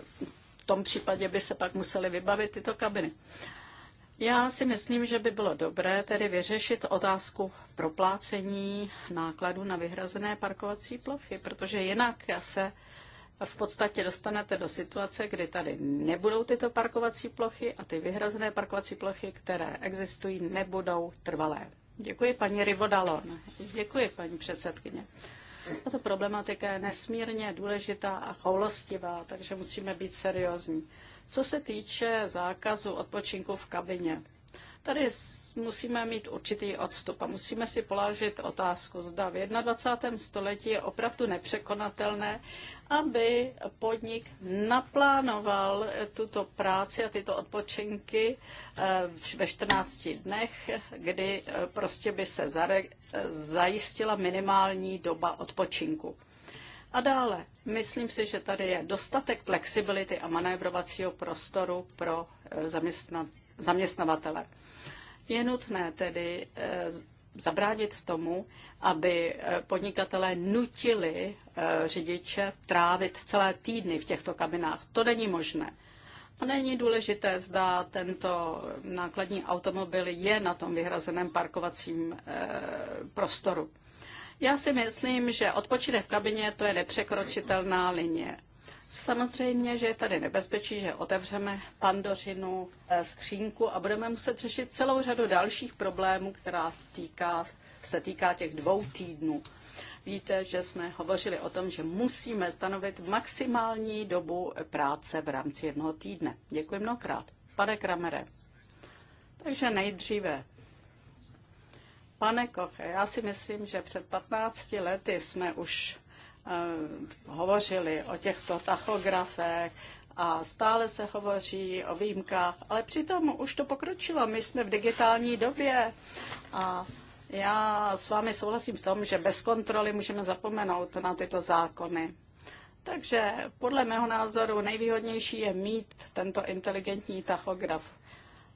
v tom případě by se pak museli vybavit tyto kabiny. Já si myslím, že by bylo dobré tedy vyřešit otázku proplácení nákladů na vyhrazené parkovací plochy, protože jinak se v podstatě dostanete do situace, kdy tady nebudou tyto parkovací plochy a ty vyhrazené parkovací plochy, které existují, nebudou trvalé. Děkuji, paní Rivodalon. Děkuji, paní předsedkyně. Tato problematika je nesmírně důležitá a choulostivá, takže musíme být seriózní. Co se týče zákazu odpočinku v kabině, Tady musíme mít určitý odstup a musíme si položit otázku, zda v 21. století je opravdu nepřekonatelné, aby podnik naplánoval eh, tuto práci a tyto odpočinky eh, ve 14 dnech, kdy eh, prostě by se zajistila minimální doba odpočinku. A dále, myslím si, že tady je dostatek flexibility a manévrovacího prostoru pro zaměstnavatele. Je nutné tedy eh, zabránit tomu, aby eh, podnikatelé nutili eh, řidiče trávit celé týdny v těchto kabinách. To není možné. A není důležité, zda tento nákladní automobil je na tom vyhrazeném parkovacím prostoru. Já si myslím, že odpočinek v kabině to je nepřekročitelná linie. Samozřejmě, že je tady nebezpečí, že otevřeme pandořinu eh, skřínku a budeme muset řešit celou řadu dalších problémů, která týká, se týká těch dvou týdnů. Víte, že jsme hovořili o tom, že musíme stanovit maximální dobu práce v rámci jednoho týdne. Děkuji mnohokrát. Pane Kramere. Takže nejdříve Pane Koche, já si myslím, že před 15 lety jsme už Eh, hovořili o těchto tachografech a stále se hovoří o výjimkách, ale přitom už to pokročilo. My jsme v digitální době a já s vámi souhlasím v tom, že bez kontroly můžeme zapomenout na tyto zákony. Takže podle mého názoru nejvýhodnější je mít tento inteligentní tachograf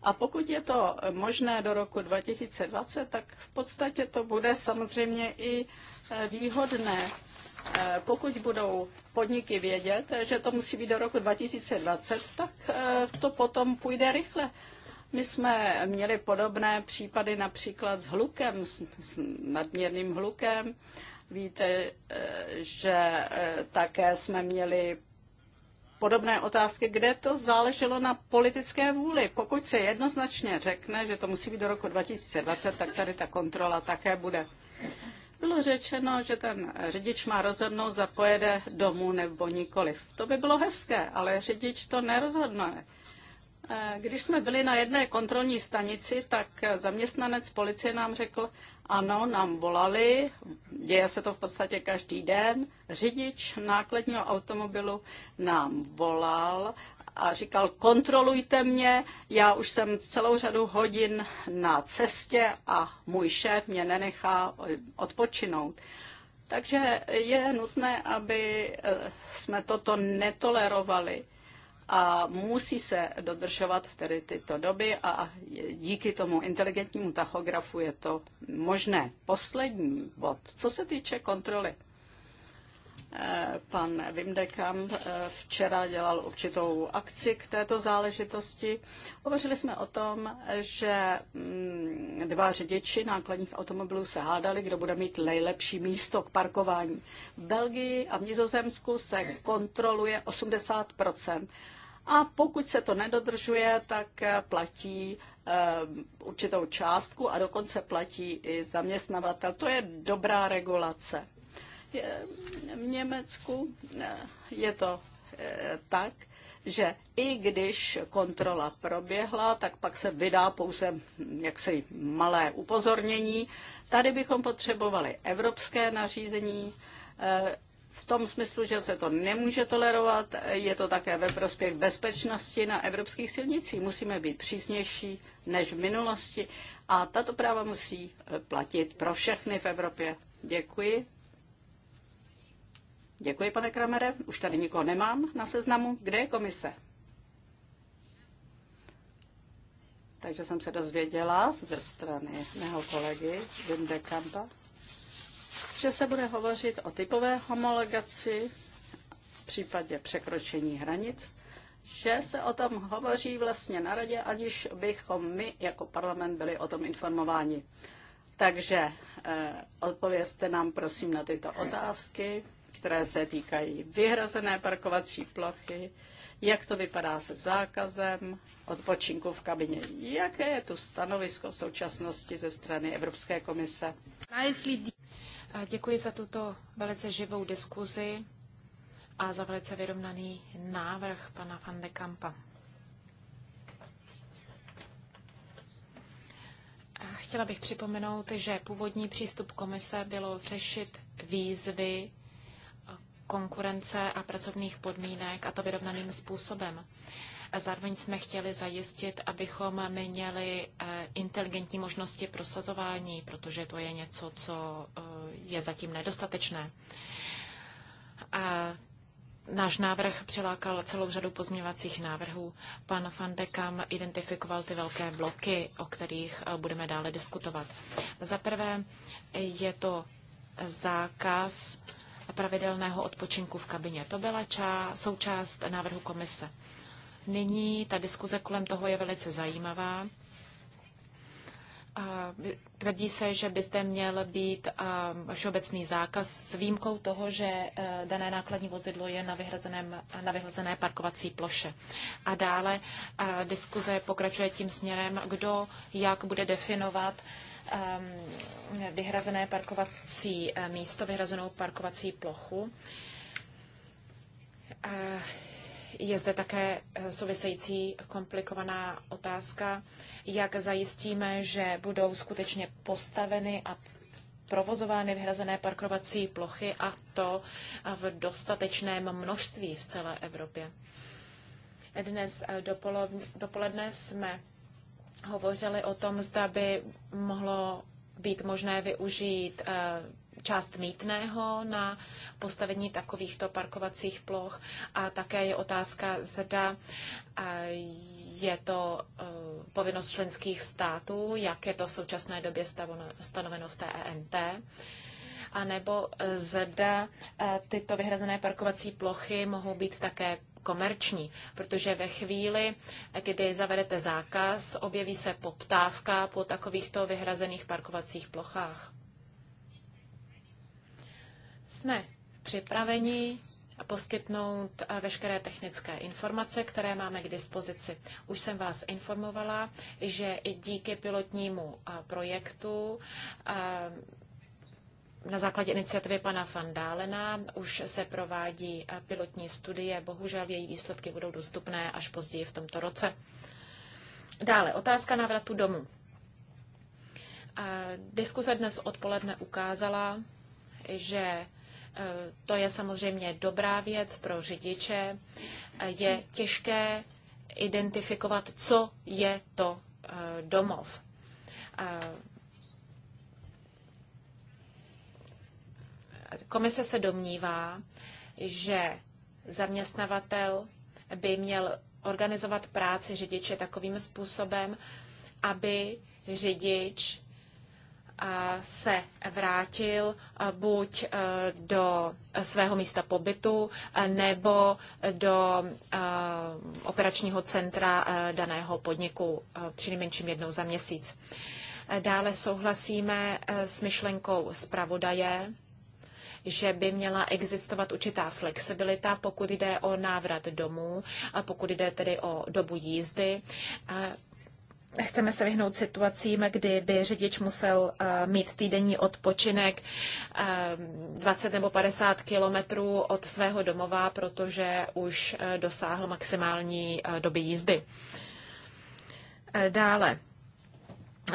a pokud je to možné do roku 2020, tak v podstatě to bude samozřejmě i eh, výhodné, eh, pokud budou podniky vědět, že to musí být do roku 2020, tak eh, to potom půjde rychle. My jsme měli podobné případy například s hlukem, s, nadměrným hlukem. Víte, že také jsme měli podobné otázky, kde to záleželo na politické vůli. Pokud se jednoznačně řekne, že to musí být do roku 2020, tak tady ta kontrola také bude. Bylo řečeno, že ten řidič má rozhodnout, zda pojede domů nebo nikoliv. To by bylo hezké, ale řidič to nerozhodne. Eh, když jsme byli na jedné kontrolní stanici, tak eh, zaměstnanec policie nám řekl, ano, nám volali, děje se to v podstatě každý den. Řidič nákladního automobilu nám volal a říkal, kontrolujte mě, já už jsem celou řadu hodin na cestě a můj šéf mě nenechá odpočinout. Takže je nutné, aby eh, jsme toto netolerovali a musí se dodržovat tedy tyto doby a díky tomu inteligentnímu tachografu je to možné. Poslední bod, co se týče kontroly. Eh, pan Vimdekam eh, včera dělal určitou akci k této záležitosti. Hovořili jsme o tom, že mm, dva řidiči nákladních automobilů se hádali, kdo bude mít nejlepší místo k parkování. V Belgii a v Nizozemsku se kontroluje 80 a pokud se to nedodržuje, tak eh, platí eh, určitou částku a dokonce platí i zaměstnavatel. To je dobrá regulace. V Německu eh, je to tak, že i když kontrola proběhla, tak pak se vydá pouze jaksi malé upozornění. Tady bychom potřebovali evropské nařízení, v tom smyslu, že se to nemůže tolerovat, je to také ve prospěch bezpečnosti na evropských silnicích. Musíme být přísnější než v minulosti a tato práva musí eh, platit pro všechny v Evropě. Děkuji. Děkuji, pane Kramere. Už tady nikoho nemám na seznamu. Kde je komise? Takže jsem se dozvěděla ze strany mého kolegy Vinde Kampa, že se bude hovořit o typové homologaci v případě překročení hranic, že se o tom hovoří vlastně na radě, aniž bychom my jako parlament byli o tom informováni. Takže eh, odpovězte nám prosím na tyto otázky, které se týkají vyhrazené parkovací plochy, jak to vypadá se zákazem odpočinku v kabině, jaké je tu stanovisko v současnosti ze strany Evropské komise. Děkuji za tuto velice živou diskuzi a za velice vyrovnaný návrh pana van de Kampa. Chtěla bych připomenout, že původní přístup komise bylo řešit výzvy konkurence a pracovních podmínek a to vyrovnaným způsobem. Zároveň jsme chtěli zajistit, abychom měli eh, inteligentní možnosti prosazování, protože to je něco, co eh, je zatím nedostatečné. A Náš návrh přilákal celou řadu pozměňovacích návrhů. Pan Van de Kam identifikoval ty velké bloky, o kterých eh, budeme dále diskutovat. Za prvé je to zákaz pravidelného odpočinku v kabině. To byla část součást návrhu komise. Nyní ta diskuze kolem toho je velice zajímavá. Tvrdí se, že by zde měl být všeobecný zákaz s výjimkou toho, že e, dané nákladní vozidlo je na, vyhrazeném, na vyhrazené parkovací ploše. A dále diskuze pokračuje tím směrem, kdo jak bude definovat vyhrazené parkovací e, místo, vyhrazenou parkovací plochu e, je zde také eh, související komplikovaná otázka, jak zajistíme, že budou skutečně postaveny a provozovány vyhrazené parkovací plochy a to v dostatečném množství v celé Evropě. Dnes eh, dopoledne jsme hovořili o tom, zda by mohlo být možné využít eh, část mítného na postavení takovýchto parkovacích ploch a také je otázka, zda eh, je to eh, povinnost členských států, jak je to v současné době stanoveno v TENT anebo eh, zda tyto vyhrazené parkovací plochy mohou být také komerční, protože ve chvíli, kdy zavedete zákaz, objeví se poptávka po takovýchto vyhrazených parkovacích plochách. Jsme připraveni poskytnout eh, veškeré technické informace, které máme k dispozici. Už jsem vás informovala, že i díky pilotnímu eh, projektu eh, na základě iniciativy pana Fandálena už se provádí pilotní studie, bohužel její výsledky budou dostupné až později v tomto roce. Dále otázka návratu domů. Diskuse dnes odpoledne ukázala, že e, to je samozřejmě dobrá věc pro řidiče. E, je těžké identifikovat, co je to e, domov. Komise se domnívá, že zaměstnavatel by měl organizovat práci řidiče takovým způsobem, aby řidič se vrátil buď e, do svého místa pobytu e, nebo do e, operačního centra daného podniku přinejmenším jednou za měsíc. Dále souhlasíme s myšlenkou zpravodaje, že by měla existovat určitá flexibilita, pokud jde o návrat domů, pokud jde tedy o dobu jízdy. Chceme se vyhnout situacím, kdy by řidič musel eh, mít týdenní odpočinek 20 eh, nebo 50 kilometrů od svého domova, protože už eh, dosáhl maximální doby jízdy. Dále,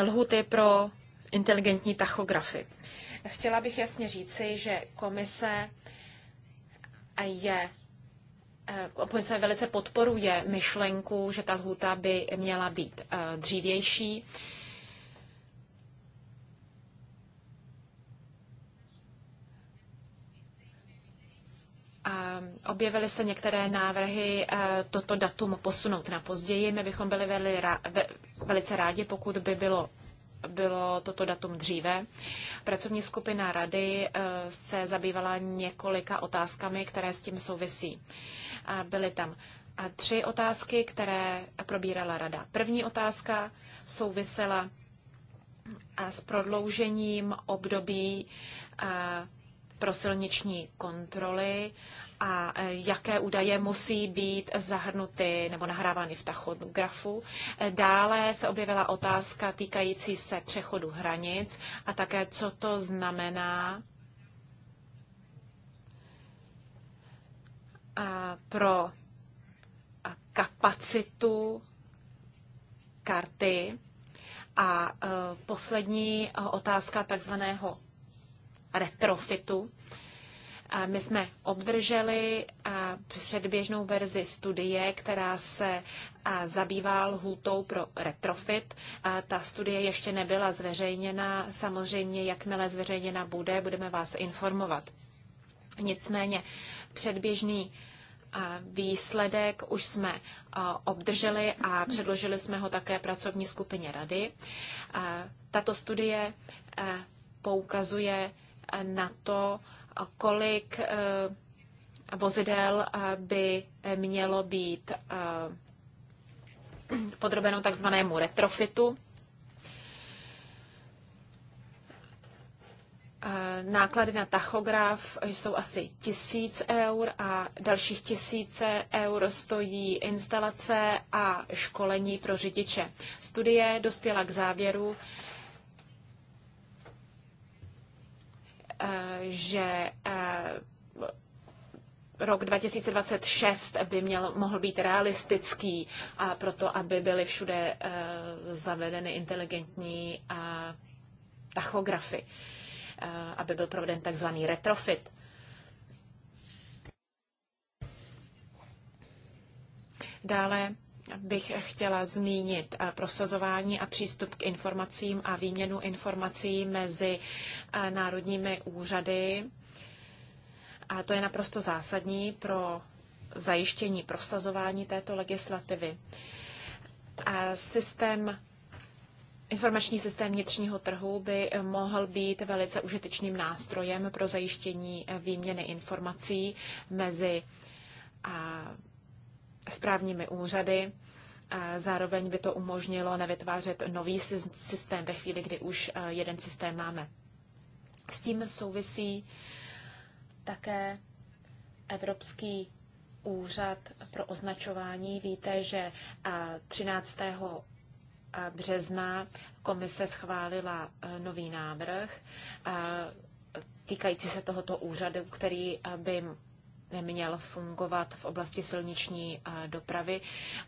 lhuty pro inteligentní tachografy. Chtěla bych jasně říci, že komise je Eh, opozice velice podporuje myšlenku, že ta lhůta by měla být eh, dřívější. Objevily se některé návrhy eh, toto datum posunout na později. My bychom byli velice rádi, pokud by bylo bylo toto datum dříve. Pracovní skupina rady eh, se zabývala několika otázkami, které s tím souvisí. Byly tam tři otázky, které probírala rada. První otázka souvisela eh, s prodloužením období eh, pro silniční kontroly a e, jaké údaje musí být zahrnuty nebo nahrávány v tachografu. E, dále se objevila otázka týkající se přechodu hranic a také, co to znamená pro kapacitu karty. A e, poslední otázka takzvaného retrofitu. My jsme obdrželi předběžnou verzi studie, která se zabývá lhůtou pro retrofit. Ta studie ještě nebyla zveřejněna. Samozřejmě, jakmile zveřejněna bude, budeme vás informovat. Nicméně předběžný výsledek už jsme obdrželi a předložili jsme ho také pracovní skupině rady. Tato studie poukazuje na to, kolik eh, vozidel eh, by mělo být eh, podrobeno takzvanému retrofitu. Náklady na tachograf jsou asi tisíc eur a dalších tisíce eur stojí instalace a školení pro řidiče. Studie dospěla k závěru, že eh, rok 2026 by měl, mohl být realistický a proto, aby byly všude eh, zavedeny inteligentní eh, tachografy, aby byl proveden takzvaný retrofit. Dále bych chtěla zmínit eh, prosazování a přístup k informacím a výměnu informací mezi eh, národními úřady. A to je naprosto zásadní pro zajištění prosazování této legislativy. A systém Informační systém vnitřního trhu by mohl být velice užitečným nástrojem pro zajištění eh, výměny informací mezi správními úřady. Zároveň by to umožnilo nevytvářet nový systém ve chvíli, kdy už e, jeden systém máme. S tím souvisí také Evropský úřad pro označování. Víte, že 13. března komise schválila e, nový návrh týkající se tohoto úřadu, který e, by měl fungovat v oblasti silniční eh, dopravy.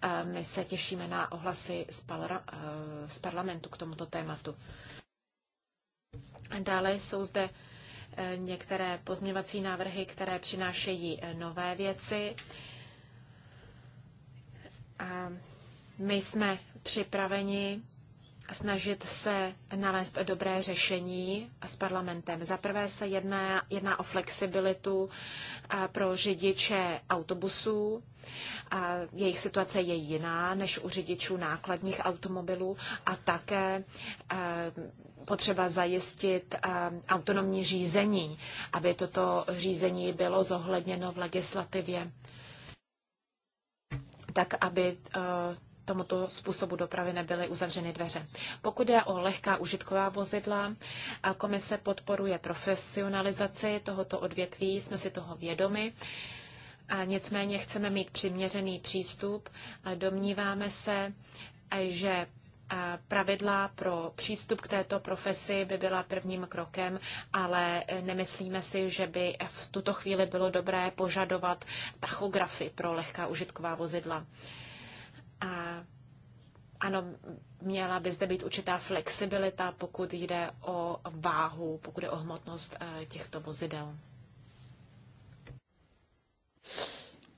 Eh, my se těšíme na ohlasy eh, z parlamentu k tomuto tématu. Dále jsou zde některé pozměvací návrhy, které přinášejí nové věci. My jsme připraveni snažit se nalézt dobré řešení s parlamentem. Za prvé se jedná, jedná o flexibilitu pro řidiče autobusů. Jejich situace je jiná než u řidičů nákladních automobilů a také potřeba zajistit autonomní řízení, aby toto řízení bylo zohledněno v legislativě tak aby tomuto způsobu dopravy nebyly uzavřeny dveře. Pokud je o lehká užitková vozidla, a komise podporuje profesionalizaci tohoto odvětví, jsme si toho vědomi. A nicméně chceme mít přiměřený přístup. A domníváme se, že pravidla pro přístup k této profesi by byla prvním krokem, ale nemyslíme si, že by v tuto chvíli bylo dobré požadovat tachografy pro lehká užitková vozidla ano, měla by zde být určitá flexibilita, pokud jde o váhu, pokud jde o hmotnost eh, těchto vozidel.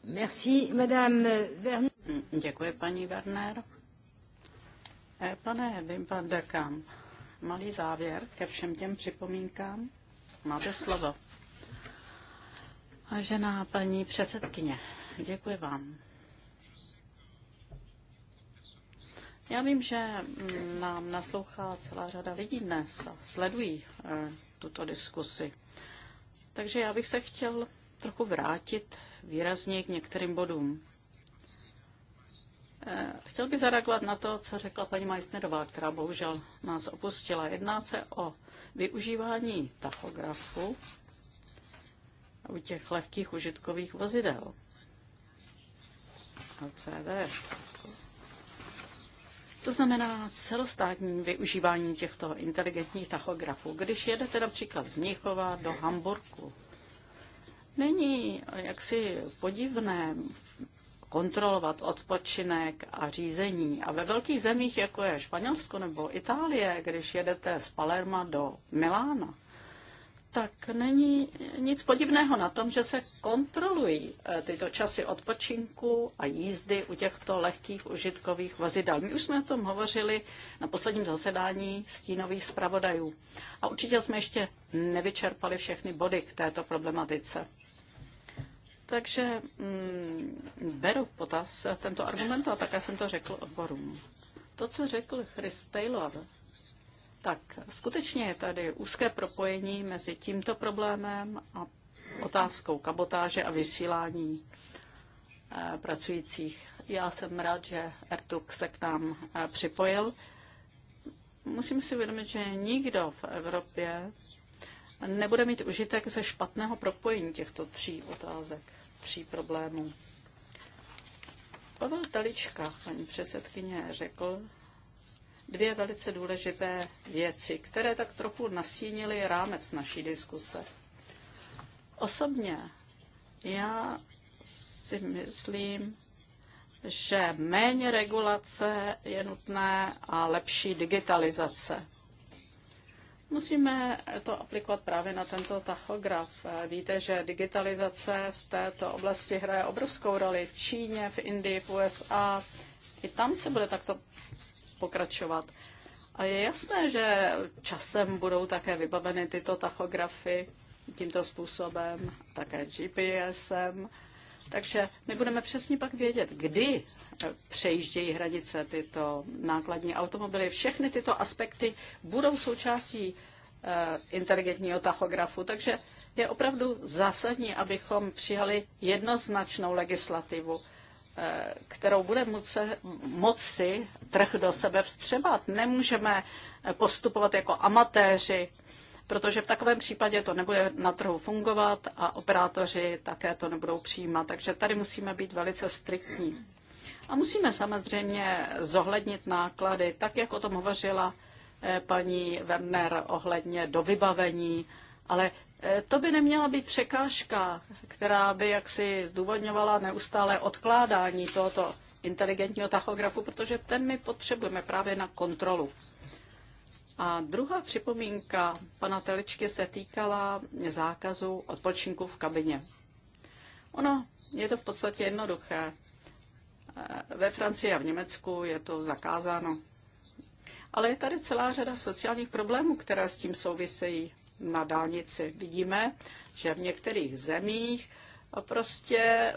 Merci, madame Werner. Děkuji, paní Werner. Eh, pane Bimbardakam, malý závěr ke všem těm připomínkám. Máte slovo. Vážená paní předsedkyně, děkuji vám Já vím, že mm, nám naslouchá celá řada lidí dnes a sledují eh, tuto diskusi. Takže já bych se chtěl trochu vrátit výrazně k některým bodům. Eh, chtěl bych zareagovat na to, co řekla paní Majsnerová, která bohužel nás opustila. Jedná se o využívání tachografu u těch lehkých užitkových vozidel. LCV. To znamená celostátní využívání těchto inteligentních tachografů. Když jedete například z Měchova do Hamburgu, není jaksi podivné kontrolovat odpočinek a řízení. A ve velkých zemích, jako je Španělsko nebo Itálie, když jedete z Palerma do Milána, tak není nic podivného na tom, že se kontrolují eh, tyto časy odpočinku a jízdy u těchto lehkých užitkových vozidel. My už jsme o tom hovořili na posledním zasedání stínových zpravodajů. A určitě jsme ještě nevyčerpali všechny body k této problematice. Takže mm, beru v potaz tento argument a také jsem to řekl odborům. To, co řekl Chris Taylor tak skutečně je tady úzké propojení mezi tímto problémem a otázkou kabotáže a vysílání eh, pracujících. Já jsem rád, že Ertuk se k nám eh, připojil. Musím si uvědomit, že nikdo v Evropě nebude mít užitek ze špatného propojení těchto tří otázek, tří problémů. Pavel Talička, paní předsedkyně, řekl, dvě velice důležité věci, které tak trochu nasínily rámec naší diskuse. Osobně já si myslím, že méně regulace je nutné a lepší digitalizace. Musíme to aplikovat právě na tento tachograf. Víte, že digitalizace v této oblasti hraje obrovskou roli v Číně, v Indii, v USA. I tam se bude takto pokračovat. A je jasné, že časem budou také vybaveny tyto tachografy tímto způsobem, také GPSem. Takže my budeme přesně pak vědět, kdy přejíždějí hranice tyto nákladní automobily. Všechny tyto aspekty budou součástí eh, inteligentního tachografu. Takže je opravdu zásadní, abychom přijali jednoznačnou legislativu. Eh, kterou bude moci, moci trh do sebe vstřebat. Nemůžeme eh, postupovat jako amatéři, protože v takovém případě to nebude na trhu fungovat a operátoři také to nebudou přijímat. Takže tady musíme být velice striktní. A musíme samozřejmě zohlednit náklady, tak jak o tom hovořila eh, paní Werner ohledně do vybavení, ale Eh, to by neměla být překážka, která by jaksi zdůvodňovala neustále odkládání tohoto inteligentního tachografu, protože ten my potřebujeme právě na kontrolu. A druhá připomínka pana Teličky se týkala zákazu odpočinku v kabině. Ono je to v podstatě jednoduché. Eh, ve Francii a v Německu je to zakázáno. Ale je tady celá řada sociálních problémů, které s tím souvisejí na dálnici. Vidíme, že v některých zemích eh, prostě eh,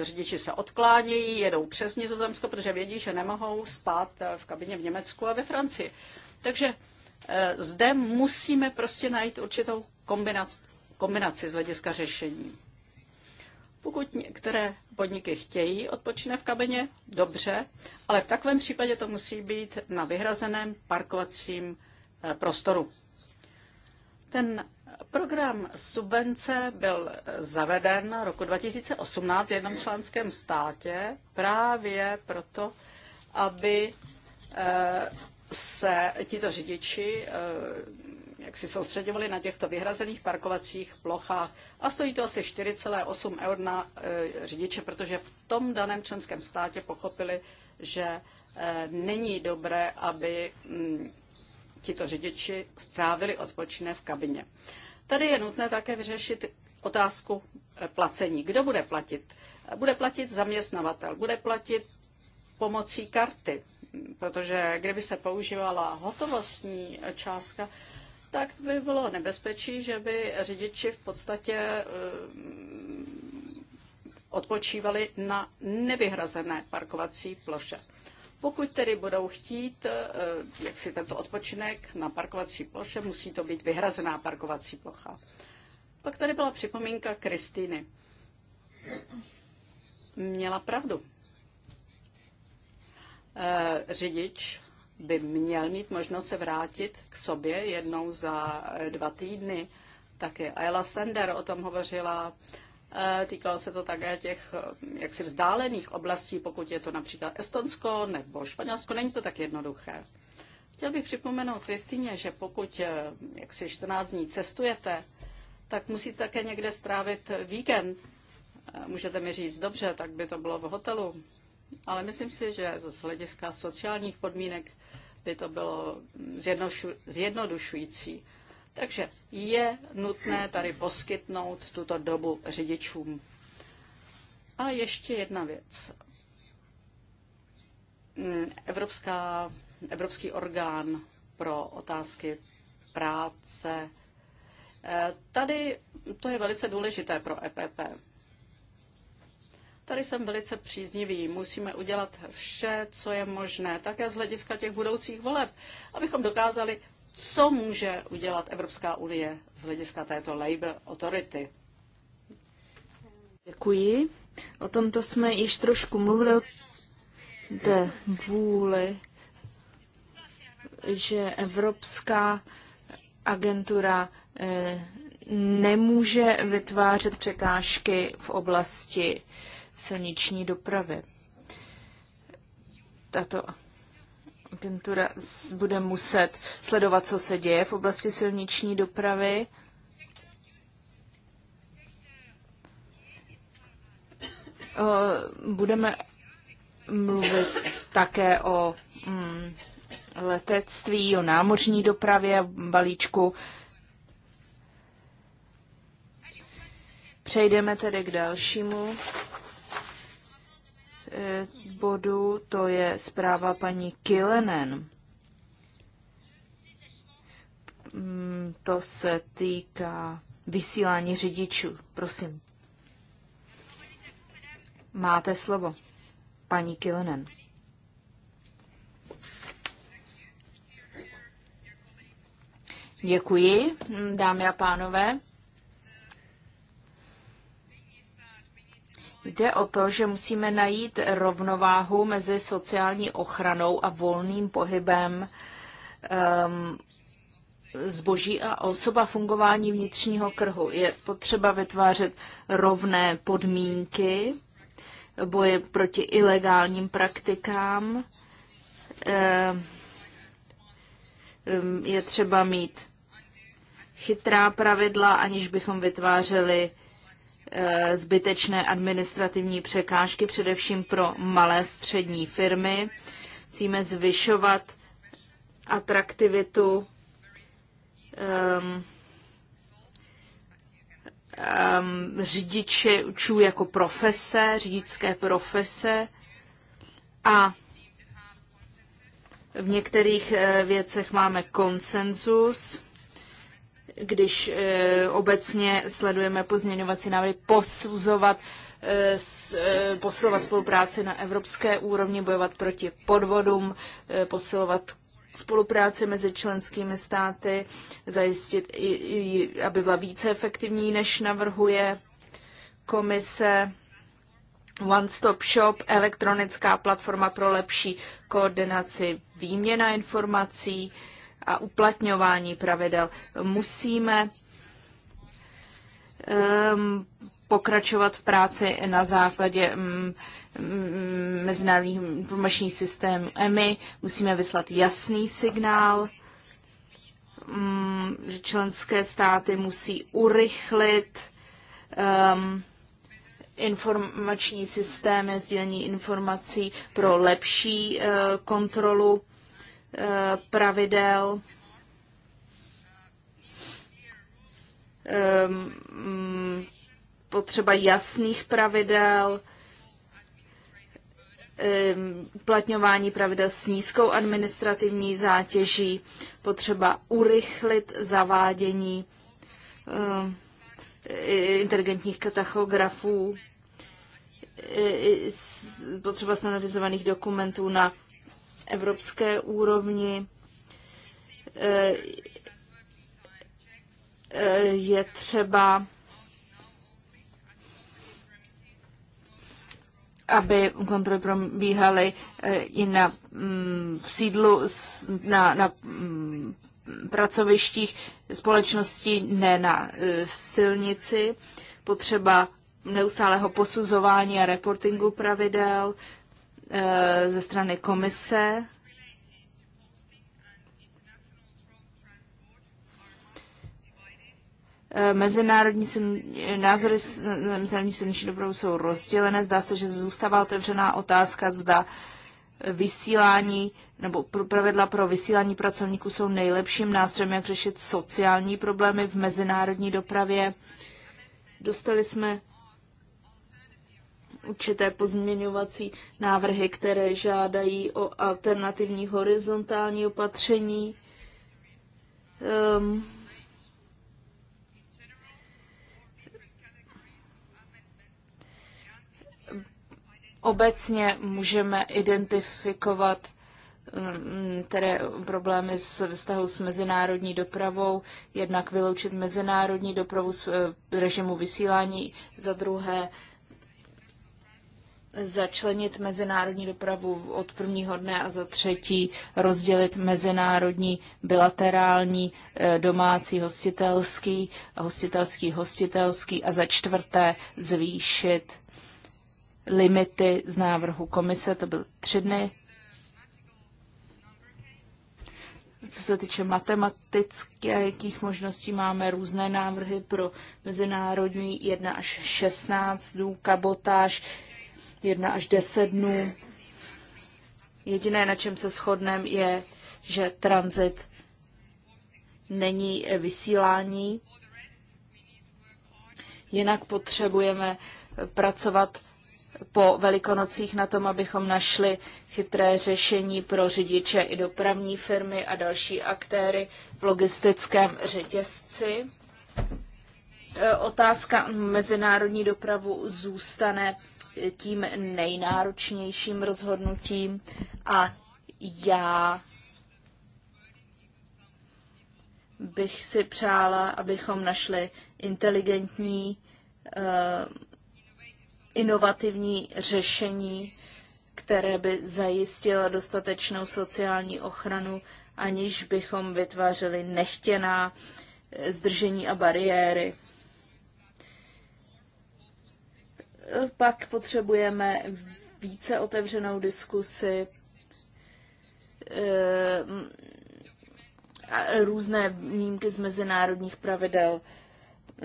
eh, řidiči se odklánějí, jedou přes Nizozemsko, protože vědí, že nemohou spát v kabině v Německu a ve Francii. Takže zde musíme prostě najít určitou kombinaci, kombinaci z hlediska řešení. Pokud některé podniky chtějí odpočine v kabině, dobře, ale v takovém případě to musí být na vyhrazeném parkovacím prostoru. Ten program subvence byl zaveden roku 2018 v jednom členském státě právě proto, aby eh, se tito řidiči eh, jak si soustředovali na těchto vyhrazených parkovacích plochách. A stojí to asi 4,8 eur na eh, řidiče, protože v tom daném členském státě pochopili, že není dobré, aby mm, tito řidiči strávili odpočinek v kabině. Tady je nutné také vyřešit otázku eh, placení. Kdo bude platit? Bude platit zaměstnavatel, bude platit pomocí karty, protože kdyby se používala hotovostní částka, tak by bylo nebezpečí, že by řidiči v podstatě eh, odpočívali na nevyhrazené parkovací ploše. Pokud tedy budou chtít eh, eh, jak si tento odpočinek na parkovací ploše, musí to být vyhrazená parkovací plocha. Pak tady byla připomínka Kristýny. Měla pravdu. Eh, řidič by měl mít možnost se vrátit k sobě jednou za dva týdny. Taky Ayla Sender o tom hovořila Eh, týkalo se to také těch eh, jaksi vzdálených oblastí, pokud je to například Estonsko nebo Španělsko, není to tak jednoduché. Chtěl bych připomenout Kristýně, že pokud eh, jaksi 14 dní cestujete, tak musíte také někde strávit víkend. Můžete mi říct, dobře, tak by to bylo v hotelu. Ale myslím si, že z hlediska sociálních podmínek by to bylo zjednodušující. Takže je nutné tady poskytnout tuto dobu řidičům. A ještě jedna věc. Hmm, Evropská, Evropský orgán pro otázky práce. Eh, tady to je velice důležité pro EPP. Tady jsem velice příznivý. Musíme udělat vše, co je možné, také z hlediska těch budoucích voleb, abychom dokázali co může udělat Evropská unie z hlediska této label authority. Děkuji. O tomto jsme již trošku mluvili o té vůli, že Evropská agentura eh, nemůže vytvářet překážky v oblasti silniční dopravy. Tato agentura bude muset sledovat, co se děje v oblasti silniční dopravy. Budeme mluvit také o mm, letectví, o námořní dopravě, balíčku. Přejdeme tedy k dalšímu Eh, bodu, to je zpráva paní Kilenen. Mm, to se týká vysílání řidičů. Prosím. Máte slovo, paní Kilenen. Děkuji, dámy a pánové. Jde o to, že musíme najít rovnováhu mezi sociální ochranou a volným pohybem um, zboží a osoba fungování vnitřního krhu. Je potřeba vytvářet rovné podmínky, boje proti ilegálním praktikám. Ehm, ehm, je třeba mít chytrá pravidla, aniž bychom vytvářeli Eh, zbytečné administrativní překážky, především pro malé střední firmy. Musíme zvyšovat atraktivitu um, um, řidičů jako profese, řidičské profese a v některých eh, věcech máme konsenzus když eh, obecně sledujeme pozměňovací návrhy, posuzovat, eh, eh, posilovat spolupráci na evropské úrovni, bojovat proti podvodům, posilovat spolupráci mezi členskými státy, zajistit, aby byla více efektivní, než navrhuje komise. One Stop Shop, elektronická platforma pro lepší koordinaci výměna informací, a uplatňování pravidel. Musíme um, pokračovat v práci na základě um, um, informačních systémů EMI. Musíme vyslat jasný signál, um, že členské státy musí urychlit um, informační systémy sdílení informací pro lepší uh, kontrolu Eh, pravidel, eh, mm, potřeba jasných pravidel, eh, uplatňování pravidel s nízkou administrativní zátěží, potřeba urychlit zavádění inteligentních katachografů, potřeba standardizovaných dokumentů na evropské úrovni eh, je třeba, aby kontroly probíhaly eh, i na mm, v sídlu, na, na mm, pracovištích společnosti, ne na eh, silnici. Potřeba neustálého posuzování a reportingu pravidel, Eh, ze strany komise. Eh, mezinárodní názory mezinárodní silniční dopravu jsou rozdělené. Zdá se, že zůstává otevřená otázka, zda vysílání nebo pravidla pro vysílání pracovníků jsou nejlepším nástrojem, jak řešit sociální problémy v mezinárodní dopravě. Dostali jsme určité pozměňovací návrhy, které žádají o alternativní horizontální opatření. Um, obecně můžeme identifikovat ehm, které problémy s vztahu s mezinárodní dopravou, jednak vyloučit mezinárodní dopravu z eh, režimu vysílání, za druhé začlenit mezinárodní dopravu od prvního dne a za třetí rozdělit mezinárodní, bilaterální, eh, domácí, hostitelský, hostitelský, hostitelský a za čtvrté zvýšit limity z návrhu komise, to byly tři dny. Co se týče matematických možností, máme různé návrhy pro mezinárodní 1 až 16 dů, kabotáž 1 až 10 dnů. Jediné, na čem se shodneme, je, že tranzit není vysílání. Jinak potřebujeme pracovat po velikonocích na tom, abychom našli chytré řešení pro řidiče i dopravní firmy a další aktéry v logistickém řetězci. E, otázka mezinárodní dopravu zůstane tím nejnáročnějším rozhodnutím a já bych si přála, abychom našli inteligentní, eh, inovativní řešení, které by zajistilo dostatečnou sociální ochranu, aniž bychom vytvářeli nechtěná eh, zdržení a bariéry. Pak potřebujeme více otevřenou diskusi, eh, různé výjimky z mezinárodních pravidel,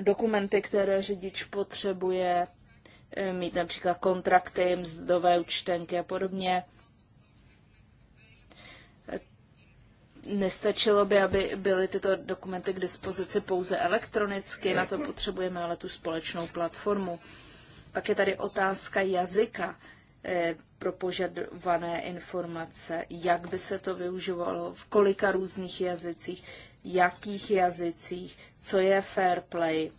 dokumenty, které řidič potřebuje, eh, mít například kontrakty, mzdové účtenky a podobně. Nestačilo by, aby byly tyto dokumenty k dispozici pouze elektronicky, na to potřebujeme ale tu společnou platformu. Pak je tady otázka jazyka eh, pro požadované informace, jak by se to využívalo, v kolika různých jazycích, jakých jazycích, co je fair play.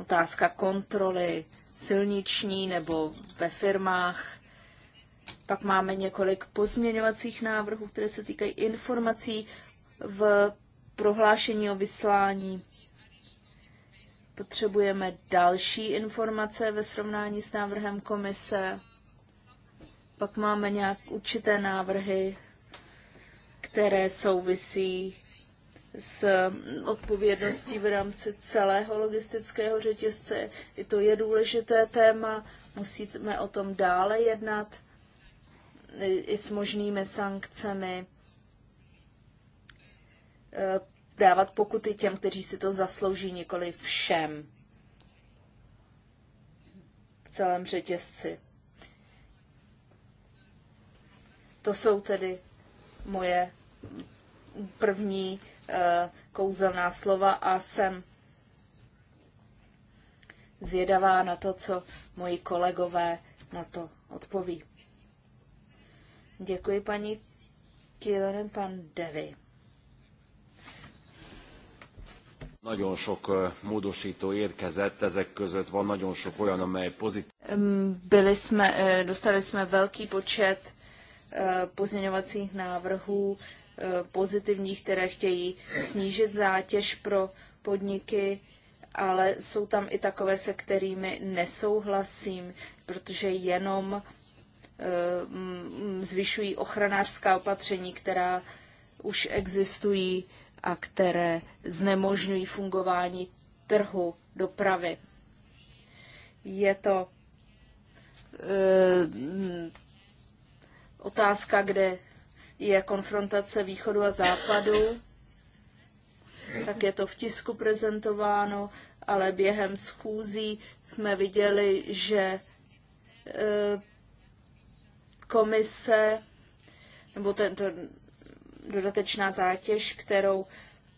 Otázka kontroly silniční nebo ve firmách. Pak máme několik pozměňovacích návrhů, které se týkají informací v prohlášení o vyslání Potřebujeme další informace ve srovnání s návrhem komise. Pak máme nějak určité návrhy, které souvisí s odpovědností v rámci celého logistického řetězce. I to je důležité téma, musíme o tom dále jednat i s možnými sankcemi dávat pokuty těm, kteří si to zaslouží, nikoli všem v celém řetězci. To jsou tedy moje první eh, kouzelná slova a jsem zvědavá na to, co moji kolegové na to odpoví. Děkuji paní Kilonen, pan Devi. Nagyon sok módosító érkezett, ezek között van nagyon sok olyan, amely pozitív. Byli jsme, e, dostali jsme velký počet e, pozměňovacích návrhů e, pozitivních, které chtějí snížit zátěž pro podniky, ale jsou tam i takové, se kterými nesouhlasím, protože jenom zvyšují ochranářská opatření, která už existují a které znemožňují fungování trhu dopravy. Je to e, otázka, kde je konfrontace východu a západu, tak je to v tisku prezentováno, ale během schůzí jsme viděli, že e, komise nebo tento dodatečná zátěž, kterou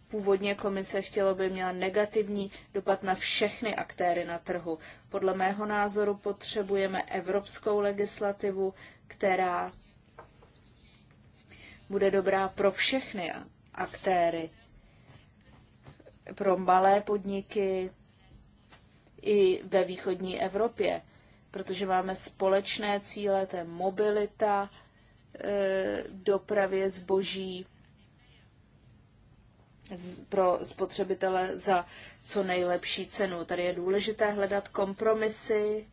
původně komise chtělo by měla negativní dopad na všechny aktéry na trhu. Podle mého názoru potřebujeme evropskou legislativu, která bude dobrá pro všechny aktéry, pro malé podniky i ve východní Evropě, protože máme společné cíle, to je mobilita, dopravě zboží pro spotřebitele za co nejlepší cenu. Tady je důležité hledat kompromisy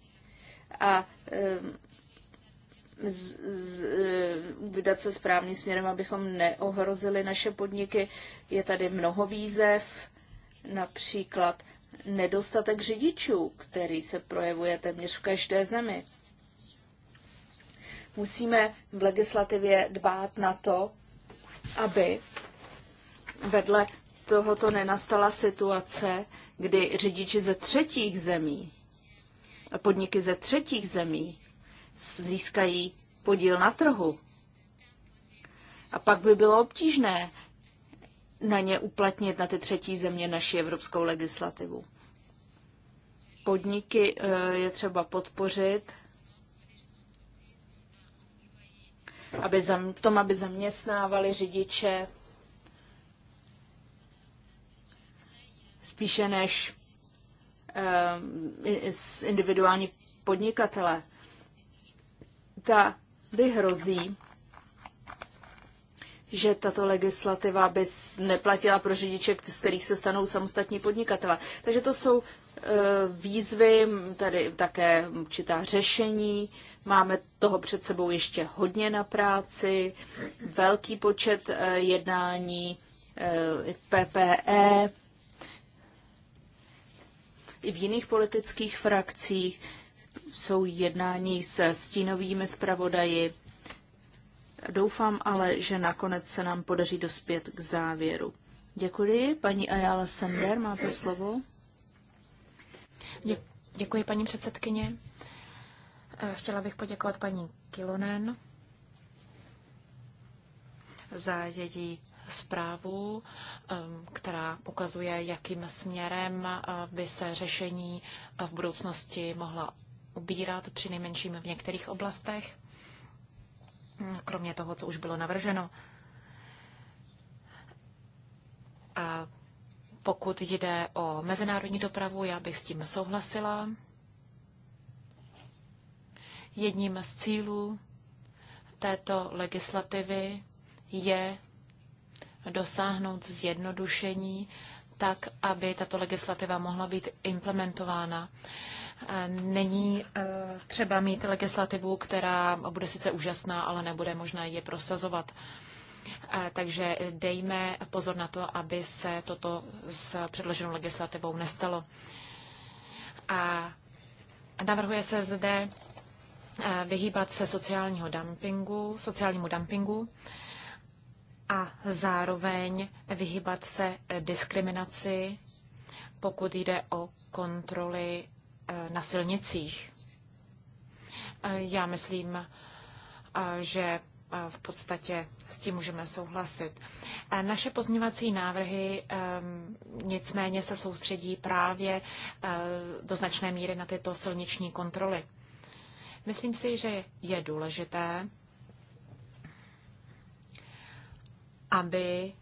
a vydat se správným směrem, abychom neohrozili naše podniky. Je tady mnoho výzev, například nedostatek řidičů, který se projevuje téměř v každé zemi. Musíme v legislativě dbát na to, aby vedle tohoto nenastala situace, kdy řidiči ze třetích zemí, podniky ze třetích zemí získají podíl na trhu. A pak by bylo obtížné na ně uplatnit na ty třetí země naši evropskou legislativu. Podniky eh, je třeba podpořit aby zam, v tom, aby zaměstnávali řidiče, spíše než uh, individuální podnikatele. Ta, kdy hrozí, že tato legislativa by neplatila pro řidiče, z kterých se stanou samostatní podnikatele. Takže to jsou eh, výzvy, tady také určitá řešení, Máme toho před sebou ještě hodně na práci, velký počet eh, jednání eh, PPE i v jiných politických frakcích. Jsou jednání se stínovými zpravodaji. Doufám ale, že nakonec se nám podaří dospět k závěru. Děkuji. Paní Ayala Sender, máte slovo. Děkuji, paní předsedkyně. Eh, chtěla bych poděkovat paní Kilonen za její zprávu, která ukazuje, jakým směrem eh, by se řešení eh, v budoucnosti mohla ubírat, při nejmenším v některých oblastech, hm, kromě toho, co už bylo navrženo. A pokud jde o mezinárodní dopravu, já bych s tím souhlasila. Jedním z cílů této legislativy je dosáhnout zjednodušení tak, aby tato legislativa mohla být implementována. Eh, není eh, třeba mít legislativu, která bude sice úžasná, ale nebude možné je prosazovat. Eh, takže dejme pozor na to, aby se toto s předloženou legislativou nestalo. A navrhuje se zde Eh, vyhýbat se sociálního dumpingu, sociálnímu dumpingu a zároveň vyhýbat se eh, diskriminaci, pokud jde o kontroly eh, na silnicích. Já myslím, že v podstatě s tím můžeme souhlasit. Naše pozměňovací návrhy ehm, nicméně se soustředí právě do značné míry na tyto silniční kontroly. Myslím si, že je důležité, aby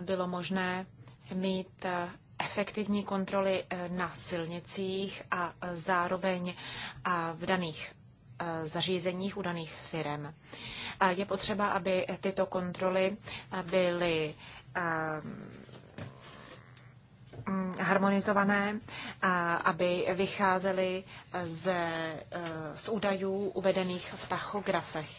bylo možné mít eh, efektivní kontroly eh, na silnicích a eh, zároveň v daných zařízeních u daných firm. Je potřeba, aby tyto kontroly byly Mm, harmonizované, aby vycházely z, e, z údajů uvedených v tachografech.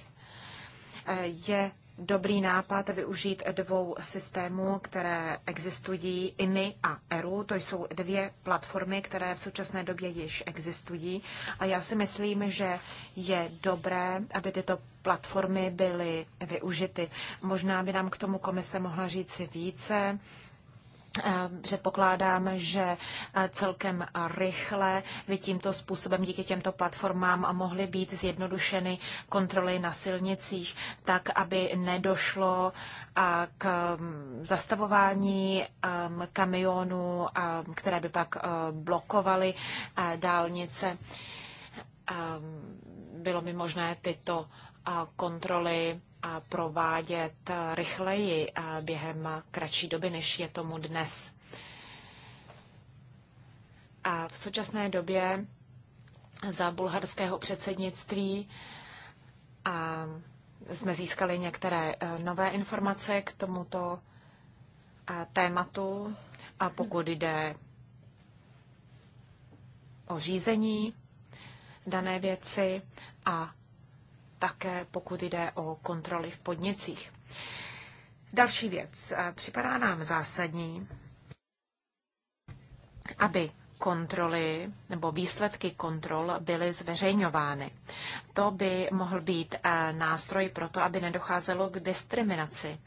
E, je dobrý nápad využít dvou systémů, které existují, INI a ERU. To jsou dvě platformy, které v současné době již existují. A já si myslím, že je dobré, aby tyto platformy byly využity. Možná by nám k tomu komise mohla říci více Ehm, předpokládám, že eh, celkem rychle by tímto způsobem díky těmto platformám mohly být zjednodušeny kontroly na silnicích, tak aby nedošlo eh, k mm, zastavování ehm, kamionů, ehm, které by pak eh, blokovaly dálnice. Bylo by možné tyto kontroly provádět rychleji eh, během kratší doby, než je tomu dnes. A v současné době za bulharského předsednictví a jsme získali některé eh, nové informace k tomuto eh, tématu. A pokud jde o řízení dané věci a také pokud jde o kontroly v podnicích. Další věc. Připadá nám zásadní, aby kontroly nebo výsledky kontrol byly zveřejňovány. To by mohl být e, nástroj pro to, aby nedocházelo k diskriminaci.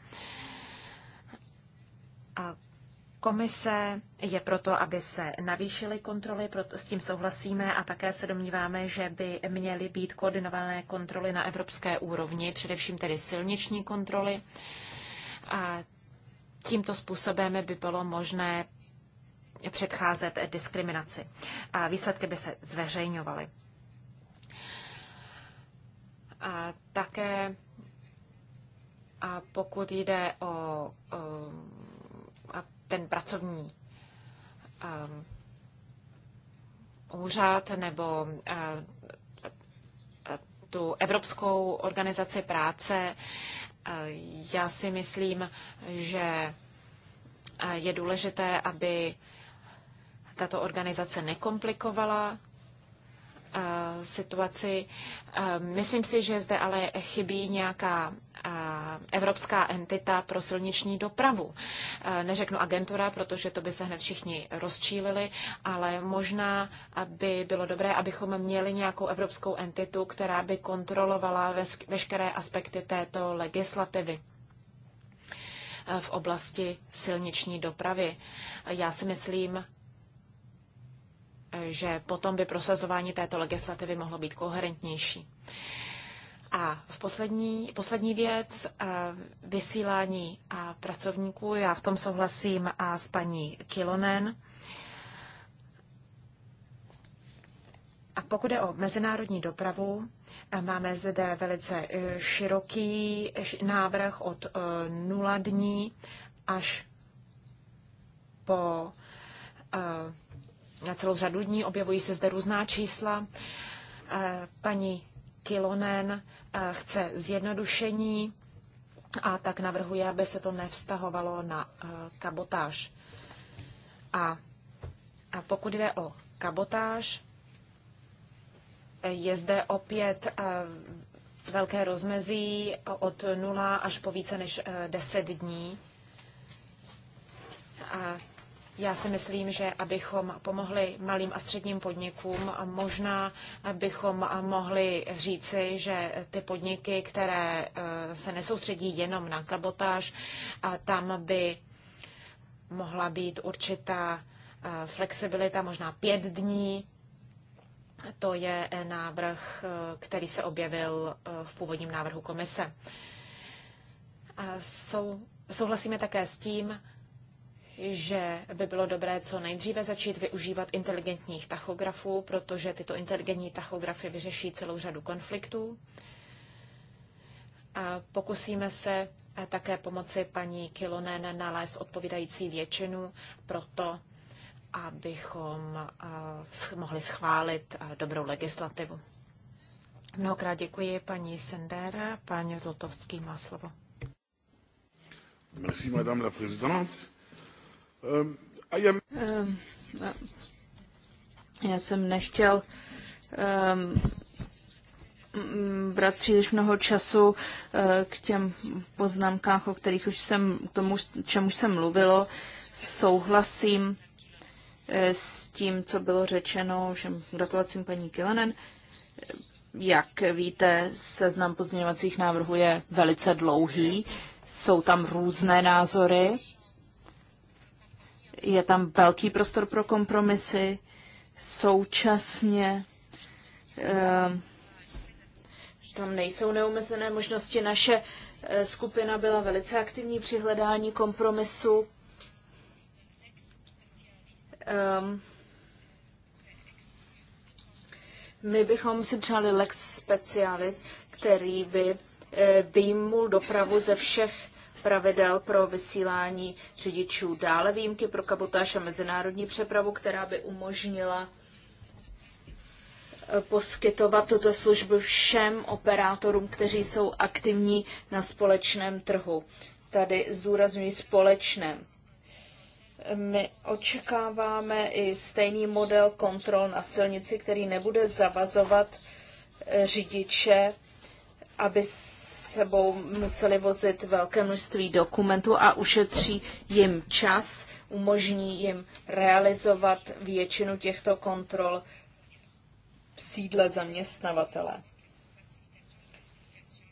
Komise je proto, aby se navýšily kontroly, proto s tím souhlasíme a také se domníváme, že by měly být koordinované kontroly na evropské úrovni, především tedy silniční kontroly. A tímto způsobem by bylo možné předcházet diskriminaci. A výsledky by se zveřejňovaly. A také a pokud jde o, o ten pracovní um, úřad nebo uh, tu Evropskou organizaci práce, uh, já si myslím, že uh, je důležité, aby tato organizace nekomplikovala Eh, situaci. Eh, myslím si, že zde ale chybí nějaká eh, evropská entita pro silniční dopravu. Neřeknu agentura, protože to by se hned všichni rozčílili, ale možná by bylo dobré, abychom měli nějakou evropskou entitu, která by kontrolovala veškeré aspekty této legislativy v oblasti silniční dopravy. Já si myslím, že potom by prosazování této legislativy mohlo být koherentnější. A v poslední, poslední věc, eh, vysílání a eh, pracovníků. Já v tom souhlasím a s paní Kilonen. A pokud je o mezinárodní dopravu, eh, máme zde velice široký návrh od nula dní až po na celou řadu dní, objevují se zde různá čísla. Eh, paní Kilonen eh, chce zjednodušení a tak navrhuje, aby se to nevztahovalo na eh, kabotáž. A, pokud jde o kabotáž, je zde opět velké rozmezí od 0 až po více než 10 dní. A já si myslím, že abychom pomohli malým a středním podnikům, možná bychom mohli říci, že ty podniky, které eh, se nesoustředí jenom na kabotáž, tam by mohla být určitá eh, flexibilita, možná pět dní. To je eh, návrh, který se objevil v původním návrhu komise. souhlasíme také s tím, že by bylo dobré co nejdříve začít využívat inteligentních tachografů, protože tyto inteligentní tachografy vyřeší celou řadu konfliktů. A pokusíme se eh, také pomoci paní Kilonen nalézt odpovídající většinu pro to, abychom eh, mohli schválit eh, dobrou legislativu. Mnohokrát děkuji paní Sendera. paní Zlotovský má slovo. Merci, madame la présidente. Ehm, ehm, já jsem nechtěl um, brát příliš mnoho času uh, k těm poznámkách, o kterých už jsem, k tomu, čemu jsem mluvilo. Souhlasím eh, s tím, co bylo řečeno, všem gratulacím paní Kilenen. Jak víte, seznam pozměňovacích návrhů je velice dlouhý, jsou tam různé názory je tam velký prostor pro kompromisy. Současně ehm, tam nejsou neomezené možnosti. Naše eh, skupina byla velice aktivní při hledání kompromisu. Um, my bychom si přáli lex specialis, který by eh, vyjmul dopravu ze všech pravidel pro vysílání řidičů, dále výjimky pro kabotáž a mezinárodní přepravu, která by umožnila eh, poskytovat tuto službu všem operátorům, kteří jsou aktivní na společném trhu. Tady zdůrazňuji společném. My očekáváme i stejný model kontrol na silnici, který nebude zavazovat eh, řidiče, aby sebou museli vozit velké množství dokumentů a ušetří jim čas, umožní jim realizovat většinu těchto kontrol v sídle zaměstnavatele.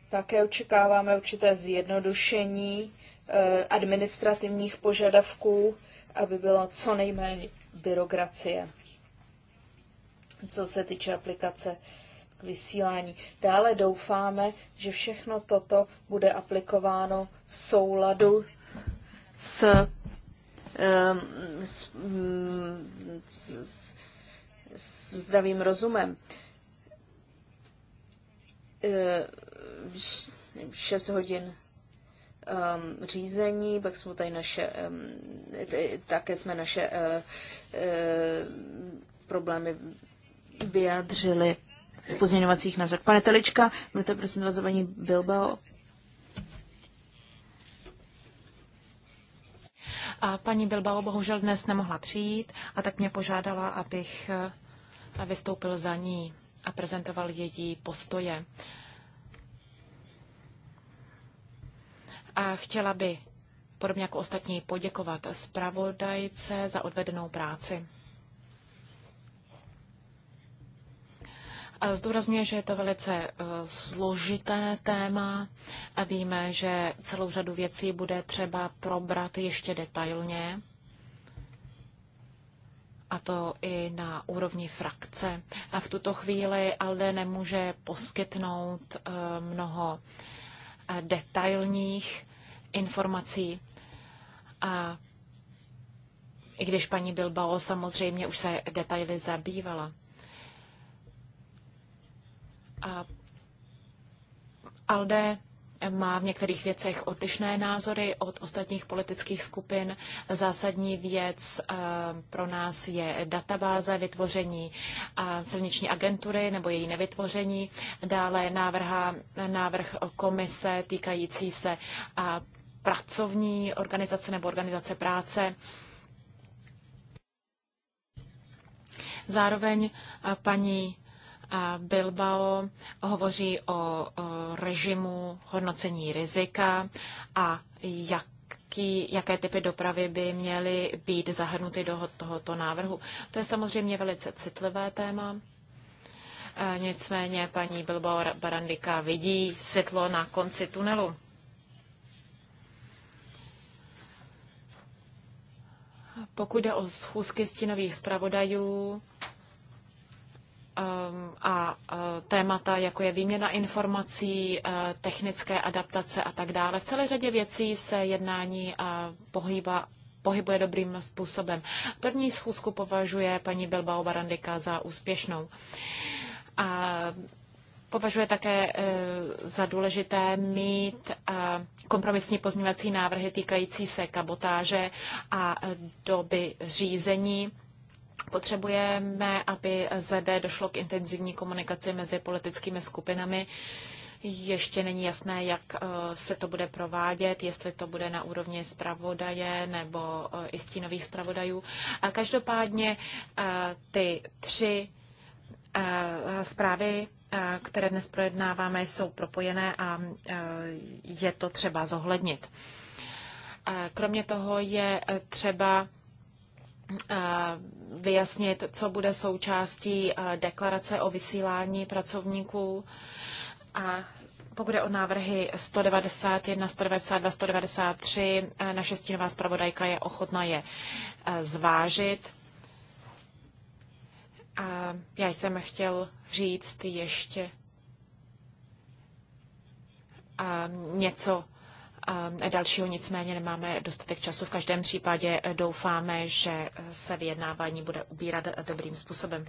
Také očekáváme určité zjednodušení eh, administrativních požadavků, aby bylo co nejméně byrokracie. Co se týče aplikace vysílání. Dále doufáme, že všechno toto bude aplikováno v souladu s, s, s, s zdravým rozumem. 6 hodin um, řízení, pak jsme tady naše, um, také jsme naše uh, uh, problémy vyjádřili pozměňovacích návrhů. Pane Telička, budete prosím vás za paní Bilbao. A paní Bilbao bohužel dnes nemohla přijít a tak mě požádala, abych eh, vystoupil za ní a prezentoval její postoje. A chtěla by, podobně jako ostatní, poděkovat zpravodajce za odvedenou práci. Zdůrazňuje, že je to velice eh, složité téma a víme, že celou řadu věcí bude třeba probrat ještě detailně, a to i na úrovni frakce. A v tuto chvíli ALDE nemůže poskytnout eh, mnoho eh, detailních informací. A i když paní Bilbao samozřejmě už se detaily zabývala. ALDE má v některých věcech odlišné názory od ostatních politických skupin. Zásadní věc eh, pro nás je databáze, vytvoření eh, silniční agentury nebo její nevytvoření, dále návrha, návrh komise týkající se eh, pracovní organizace nebo organizace práce. Zároveň paní Bilbao hovoří o režimu hodnocení rizika a jak jaký, jaké typy dopravy by měly být zahrnuty do tohoto návrhu. To je samozřejmě velice citlivé téma. E, nicméně paní Bilbao Barandika vidí světlo na konci tunelu. Pokud jde o schůzky stínových zpravodajů, Um, a uh, témata, jako je výměna informací, uh, technické adaptace a tak dále. V celé řadě věcí se jednání uh, pohýba pohybuje dobrým způsobem. První schůzku považuje paní Bilbao Barandika za úspěšnou. A považuje také za důležité mít kompromisní pozměňovací návrhy týkající se kabotáže a doby řízení Potřebujeme, aby zde došlo k intenzivní komunikaci mezi politickými skupinami. Ještě není jasné, jak eh, se to bude provádět, jestli to bude na úrovni zpravodaje nebo eh, i stínových zpravodajů. A každopádně eh, ty tři zprávy, které dnes projednáváme, jsou propojené a je to třeba zohlednit. Kromě toho je třeba vyjasnit, co bude součástí deklarace o vysílání pracovníků. A pokud je o návrhy 191, 192, 193, naše stínová zpravodajka je ochotna je zvážit. A já jsem chtěl říct ještě něco dalšího, nicméně nemáme dostatek času. V každém případě eh, doufáme, že eh, se vyjednávání bude ubírat eh, dobrým způsobem.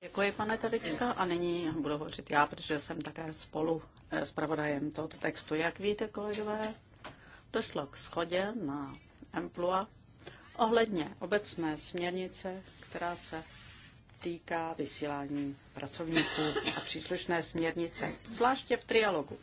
Děkuji, pane Tadečka, a nyní budu hovořit já, protože jsem také spolu s pravodajem tohoto textu. Jak víte, kolegové, došlo k schodě na Emplua ohledně obecné směrnice, která se týká vysílání pracovníků a příslušné směrnice, zvláště v trialogu.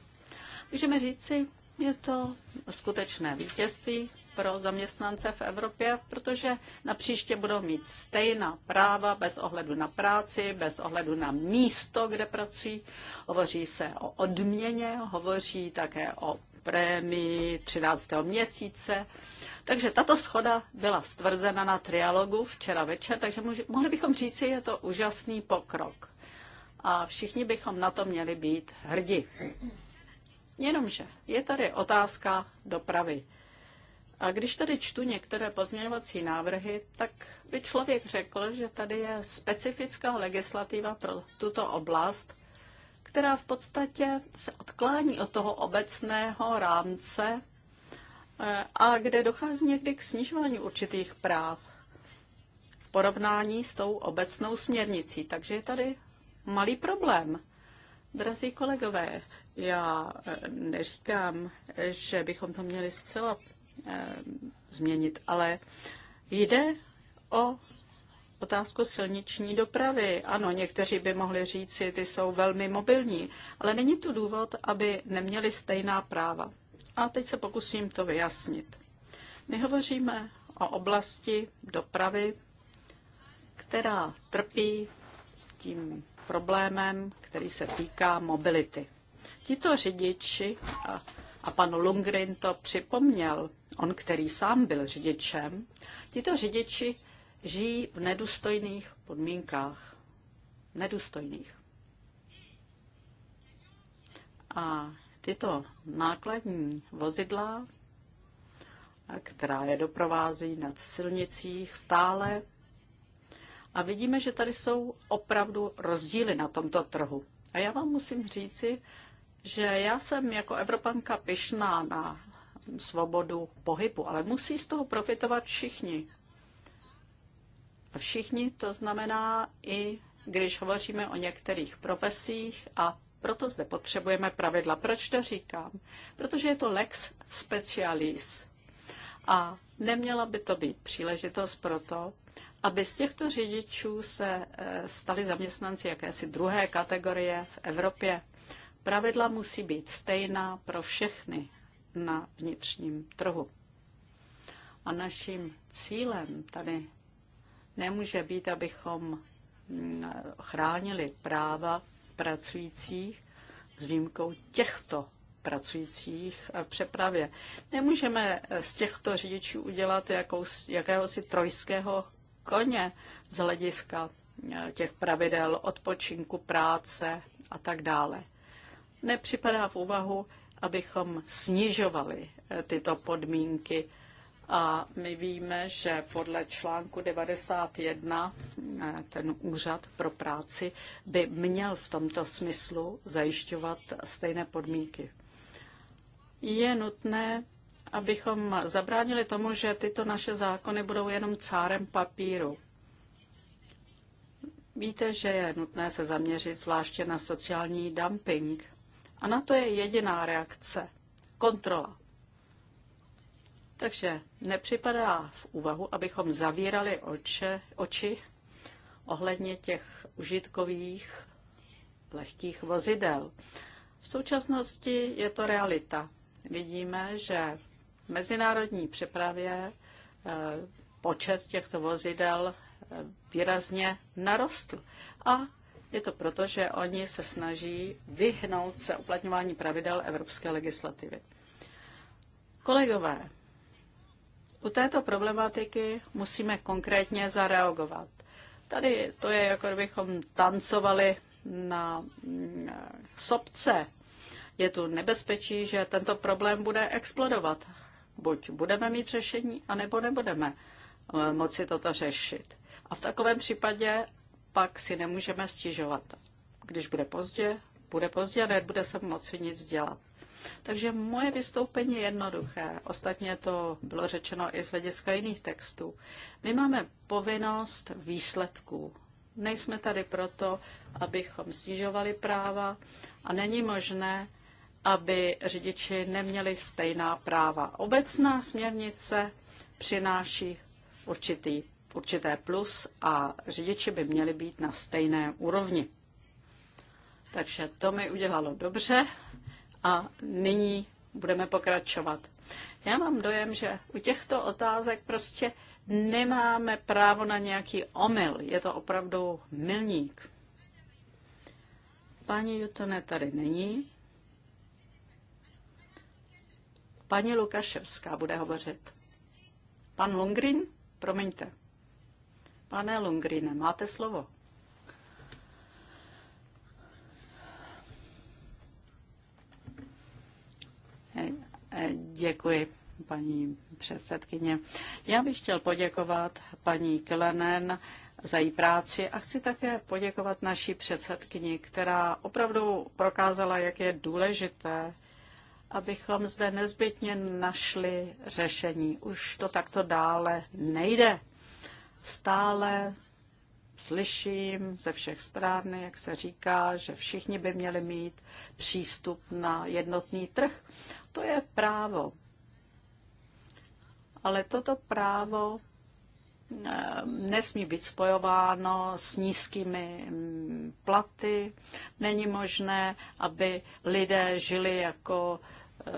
Můžeme říci, je to skutečné vítězství pro zaměstnance v Evropě, protože na příště budou mít stejná práva bez ohledu na práci, bez ohledu na místo, kde pracují. Hovoří se o odměně, hovoří také o prémii 13. měsíce. Takže tato schoda byla stvrzena na trialogu včera večer, takže mohli bychom říci, je to úžasný pokrok. A všichni bychom na to měli být hrdi. Jenomže je tady otázka dopravy. A když tady čtu některé pozměňovací návrhy, tak by člověk řekl, že tady je specifická legislativa pro tuto oblast, která v podstatě se odklání od toho obecného rámce eh, a kde dochází někdy k snižování určitých práv v porovnání s tou obecnou směrnicí. Takže je tady malý problém. Drazí kolegové, já eh, neříkám, že bychom to měli zcela eh, změnit, ale jde o otázku silniční dopravy. Ano, někteří by mohli říci, ty jsou velmi mobilní, ale není tu důvod, aby neměli stejná práva. A teď se pokusím to vyjasnit. My hovoříme o oblasti dopravy, která trpí tím problémem, který se týká mobility. Tito řidiči, a, a pan Lundgren to připomněl, on, který sám byl řidičem, tito řidiči žijí v nedůstojných podmínkách. Nedůstojných. A tyto nákladní vozidla, která je doprovází na silnicích stále, a vidíme, že tady jsou opravdu rozdíly na tomto trhu. A já vám musím říci, že já jsem jako Evropanka pyšná na svobodu pohybu, ale musí z toho profitovat všichni. A všichni to znamená i když hovoříme o některých profesích a proto zde potřebujeme pravidla. Proč to říkám? Protože je to lex specialis. A neměla by to být příležitost pro to, aby z těchto řidičů se eh, stali zaměstnanci jakési druhé kategorie v Evropě. Pravidla musí být stejná pro všechny na vnitřním trhu. A naším cílem tady nemůže být, abychom mm, chránili práva pracujících s výjimkou těchto pracujících v přepravě. Nemůžeme z těchto řidičů udělat jakous, jakéhosi trojského koně z hlediska eh, těch pravidel odpočinku, práce a tak dále nepřipadá v úvahu, abychom snižovali eh, tyto podmínky. A my víme, že podle článku 91 eh, ten úřad pro práci by měl v tomto smyslu zajišťovat stejné podmínky. Je nutné, abychom zabránili tomu, že tyto naše zákony budou jenom cárem papíru. Víte, že je nutné se zaměřit zvláště na sociální dumping a na to je jediná reakce. Kontrola. Takže nepřipadá v úvahu, abychom zavírali oče, oči ohledně těch užitkových lehkých vozidel. V současnosti je to realita. Vidíme, že v mezinárodní přepravě eh, počet těchto vozidel eh, výrazně narostl. A je to proto, že oni se snaží vyhnout se uplatňování pravidel evropské legislativy. Kolegové, u této problematiky musíme konkrétně zareagovat. Tady to je, jako kdybychom tancovali na mm, sobce. Je tu nebezpečí, že tento problém bude explodovat. Buď budeme mít řešení, anebo nebudeme eh, moci toto řešit. A v takovém případě pak si nemůžeme stěžovat. Když bude pozdě, bude pozdě a nebude se moci nic dělat. Takže moje vystoupení je jednoduché. Ostatně to bylo řečeno i z hlediska jiných textů. My máme povinnost výsledků. Nejsme tady proto, abychom snižovali práva a není možné, aby řidiči neměli stejná práva. Obecná směrnice přináší určitý určité plus a řidiči by měli být na stejné úrovni. Takže to mi udělalo dobře a nyní budeme pokračovat. Já mám dojem, že u těchto otázek prostě nemáme právo na nějaký omyl. Je to opravdu milník. Paní Jutone tady není. Paní Lukaševská bude hovořit. Pan Longrin, promiňte. Pane Lungrine, máte slovo. Eh, eh, děkuji, paní předsedkyně. Já bych chtěl poděkovat paní Kelenen za její práci a chci také poděkovat naší předsedkyni, která opravdu prokázala, jak je důležité, abychom zde nezbytně našli řešení. Už to takto dále nejde stále slyším ze všech stran, jak se říká, že všichni by měli mít přístup na jednotný trh. To je právo. Ale toto právo eh, nesmí být spojováno s nízkými mm, platy. Není možné, aby lidé žili jako eh,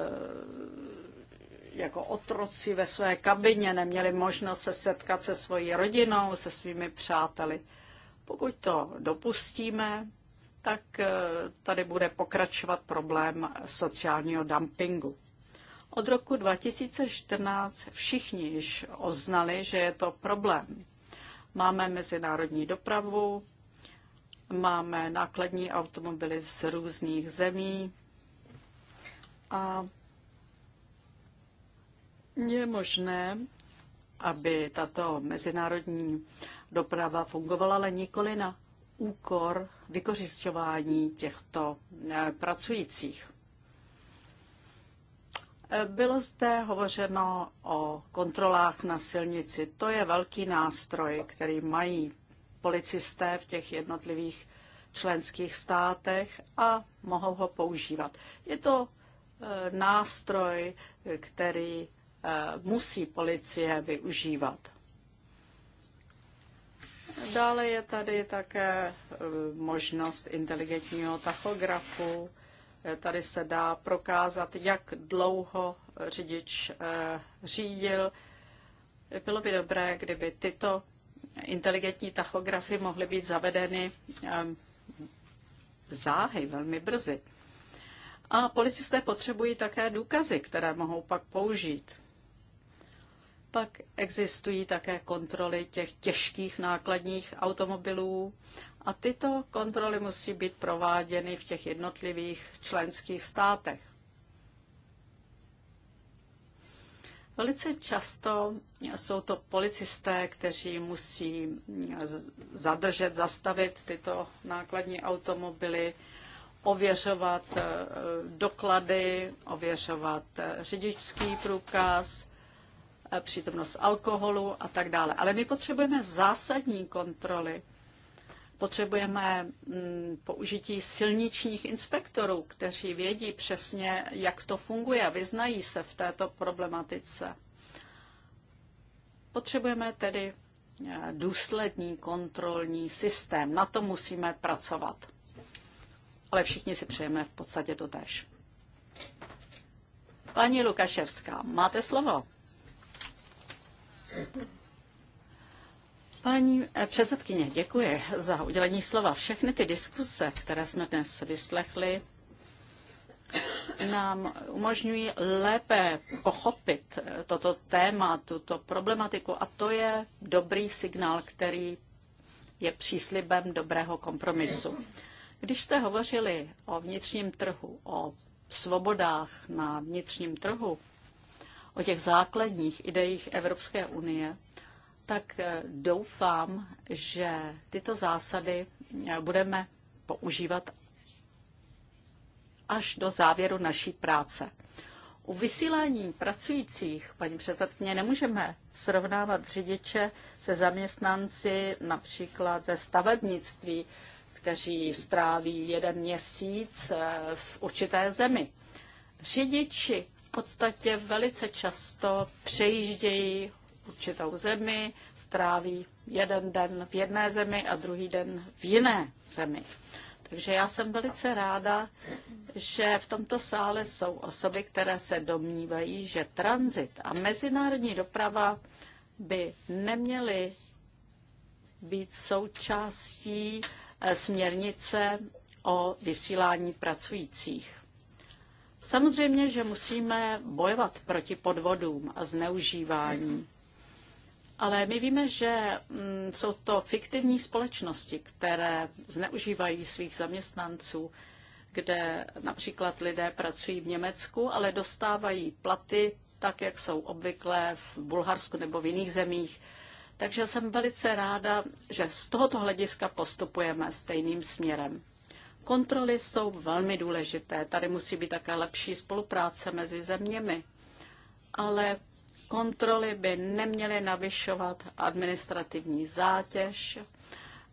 jako otroci ve své kabině, neměli možnost se setkat se svojí rodinou, se svými přáteli. Pokud to dopustíme, tak eh, tady bude pokračovat problém sociálního dumpingu. Od roku 2014 všichni již oznali, že je to problém. Máme mezinárodní dopravu, máme nákladní automobily z různých zemí a je možné, aby tato mezinárodní doprava fungovala, ale nikoli na úkor vykořišťování těchto eh, pracujících. Eh, bylo zde hovořeno o kontrolách na silnici. To je velký nástroj, který mají policisté v těch jednotlivých členských státech a mohou ho používat. Je to eh, nástroj, který Eh, musí policie využívat. Dále je tady také eh, možnost inteligentního tachografu. Eh, tady se dá prokázat, jak dlouho řidič řídil. Bylo by dobré, kdyby tyto inteligentní tachografy mohly být zavedeny záhy, velmi brzy. A policisté potřebují také důkazy, které mohou pak použít. Pak existují také kontroly těch těžkých nákladních automobilů a tyto kontroly musí být prováděny v těch jednotlivých členských státech. Velice často jsou to policisté, kteří musí zadržet, zastavit tyto nákladní automobily, ověřovat eh, doklady, ověřovat eh, řidičský průkaz Eh, přítomnost alkoholu a tak dále. Ale my potřebujeme zásadní kontroly. Potřebujeme mm, použití silničních inspektorů, kteří vědí přesně, jak to funguje a vyznají se v této problematice. Potřebujeme tedy eh, důsledný kontrolní systém. Na to musíme pracovat. Ale všichni si přejeme v podstatě to tež. Paní Lukaševská, máte slovo. Paní eh, předsedkyně, děkuji za udělení slova. Všechny ty diskuse, které jsme dnes vyslechli, nám umožňují lépe pochopit eh, toto téma, tuto problematiku a to je dobrý signál, který je příslibem dobrého kompromisu. Když jste hovořili o vnitřním trhu, o svobodách na vnitřním trhu, o těch základních ideích Evropské unie, tak eh, doufám, že tyto zásady eh, budeme používat až do závěru naší práce. U vysílání pracujících, paní předsedkyně, nemůžeme srovnávat řidiče se zaměstnanci například ze stavebnictví, kteří stráví jeden měsíc eh, v určité zemi. Řidiči podstatě velice často přejíždějí určitou zemi, stráví jeden den v jedné zemi a druhý den v jiné zemi. Takže já jsem velice ráda, že v tomto sále jsou osoby, které se domnívají, že tranzit a mezinárodní doprava by neměly být součástí eh, směrnice o vysílání pracujících. Samozřejmě, že musíme bojovat proti podvodům a zneužívání. Ale my víme, že mm, jsou to fiktivní společnosti, které zneužívají svých zaměstnanců, kde například lidé pracují v Německu, ale dostávají platy tak, jak jsou obvyklé v Bulharsku nebo v jiných zemích. Takže jsem velice ráda, že z tohoto hlediska postupujeme stejným směrem. Kontroly jsou velmi důležité. Tady musí být také lepší spolupráce mezi zeměmi. Ale kontroly by neměly navyšovat administrativní zátěž,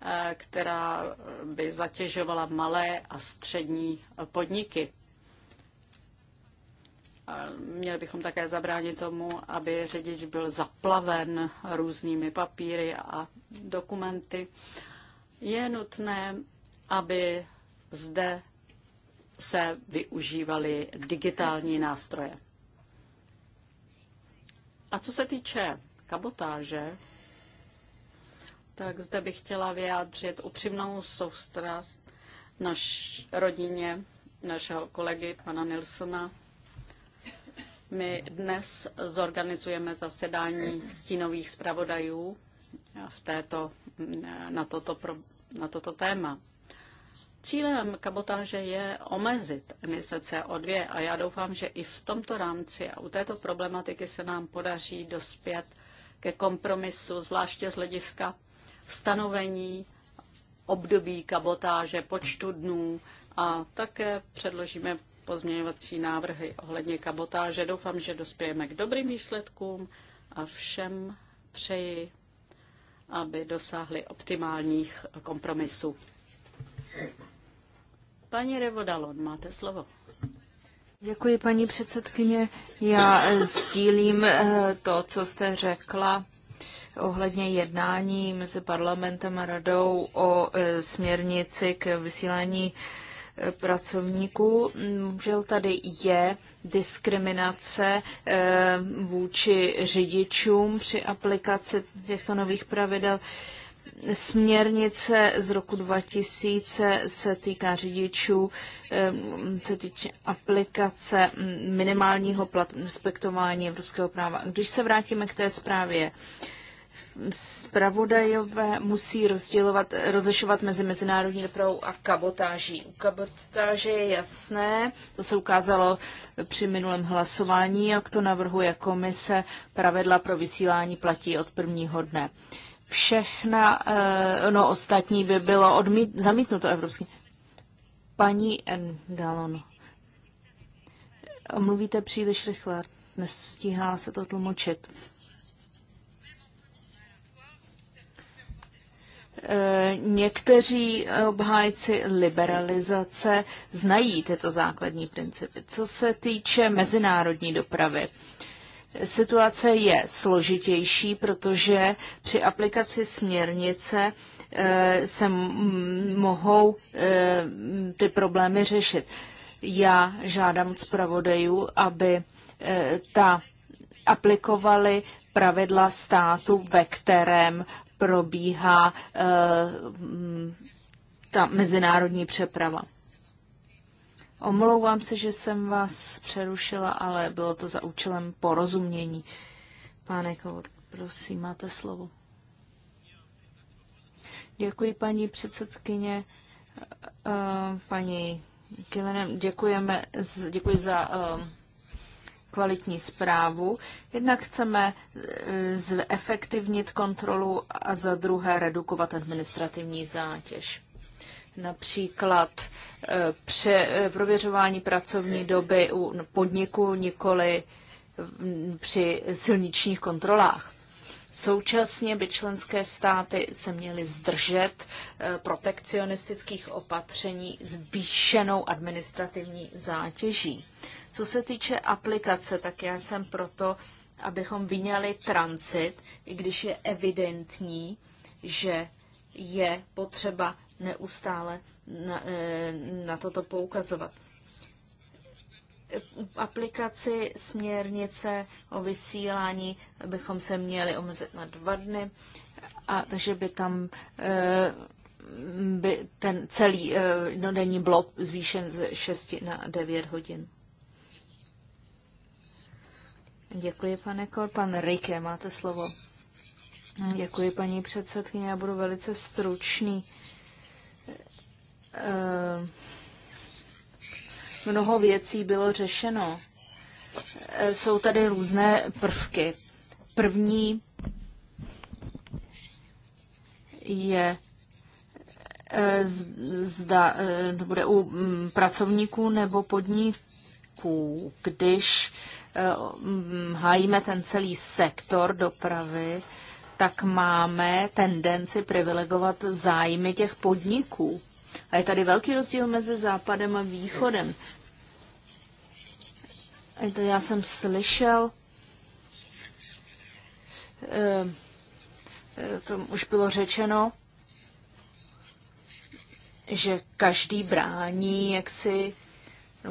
eh, která by zatěžovala malé a střední podniky. Měli bychom také zabránit tomu, aby řidič byl zaplaven různými papíry a dokumenty. Je nutné, aby zde se využívaly digitální nástroje. A co se týče kabotáže, tak zde bych chtěla vyjádřit upřímnou soustrast naš rodině, našeho kolegy pana Nilsona. My dnes zorganizujeme zasedání stínových zpravodajů v této, na, toto, na toto téma. Cílem kabotáže je omezit emise CO2 a já doufám, že i v tomto rámci a u této problematiky se nám podaří dospět ke kompromisu, zvláště z hlediska stanovení období kabotáže, počtu dnů a také předložíme pozměňovací návrhy ohledně kabotáže. Doufám, že dospějeme k dobrým výsledkům a všem přeji, aby dosáhli optimálních kompromisů. Paní Revodalon, máte slovo. Děkuji, paní předsedkyně. Já eh, sdílím eh, to, co jste řekla ohledně jednání mezi parlamentem a radou o eh, směrnici k vysílání pracovníků. Můžel tady je diskriminace vůči řidičům při aplikaci těchto nových pravidel. Směrnice z roku 2000 se týká řidičů, se týče aplikace minimálního platu, respektování evropského práva. Když se vrátíme k té zprávě, Spravodajové musí rozdělovat, rozlišovat mezi mezinárodní dopravou a kabotáží. U kabotáže je jasné, to se ukázalo při minulém hlasování, jak to navrhuje komise, pravidla pro vysílání platí od prvního dne. Uh, Všechna, eh, no ostatní by bylo odmít, zamítnuto evropský. Paní Endalon, mluvíte příliš rychle, nestíhá se to tlumočit. Eh, někteří obhájci liberalizace znají tyto základní principy. Co se týče mezinárodní dopravy, Situace je složitější, protože při aplikaci směrnice eh, se mohou eh, ty problémy řešit. Já žádám od zpravodajů, aby eh, ta aplikovali pravidla státu, ve kterém probíhá ta mezinárodní přeprava. Omlouvám se, že jsem vás přerušila, ale bylo to za účelem porozumění. Pane Kovod, prosím, máte slovo. Děkuji, paní předsedkyně. Eh, paní Kilenem, děkujeme, děkuji za ehm, kvalitní zprávu. Jednak chceme eh, zefektivnit kontrolu a za druhé redukovat administrativní zátěž například eh, pře, eh, prověřování pracovní doby u podniku, nikoli při silničních kontrolách. Současně by členské státy se měly zdržet eh, protekcionistických opatření zvýšenou administrativní zátěží. Co se týče aplikace, tak já jsem proto, abychom vyňali transit, i když je evidentní, že je potřeba neustále na, eh, na toto poukazovat. Aplikaci směrnice o vysílání bychom se měli omezit na dva dny, a takže by tam eh, by ten celý eh, jednodenní blok zvýšen z 6 na 9 hodin. Děkuji, pane Kor. Pan Rike, máte slovo. Děkuji, paní předsedkyně. Já budu velice stručný. Eh, mnoho věcí bylo řešeno. Eh, jsou tady různé prvky. První je eh, zda to bude u mm, pracovníků nebo podniků, když mm, hájíme ten celý sektor dopravy, tak máme tendenci privilegovat zájmy těch podniků. A je tady velký rozdíl mezi západem a východem. A to já jsem slyšel, eh, eh, to už bylo řečeno, že každý brání, jak si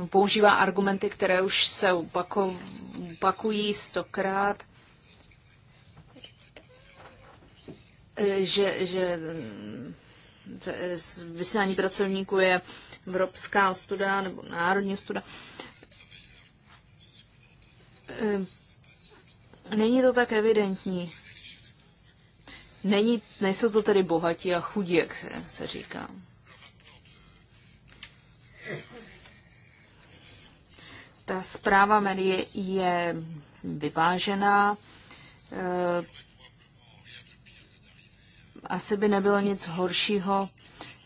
používá argumenty, které už se opakují stokrát, eh, že, že vysílání pracovníků je evropská studa nebo národní studa. Ehm, není to tak evidentní. Není, nejsou to tedy bohatí a chudí, jak se říká. Ta zpráva médií je vyvážená. Ehm, asi by nebylo nic horšího,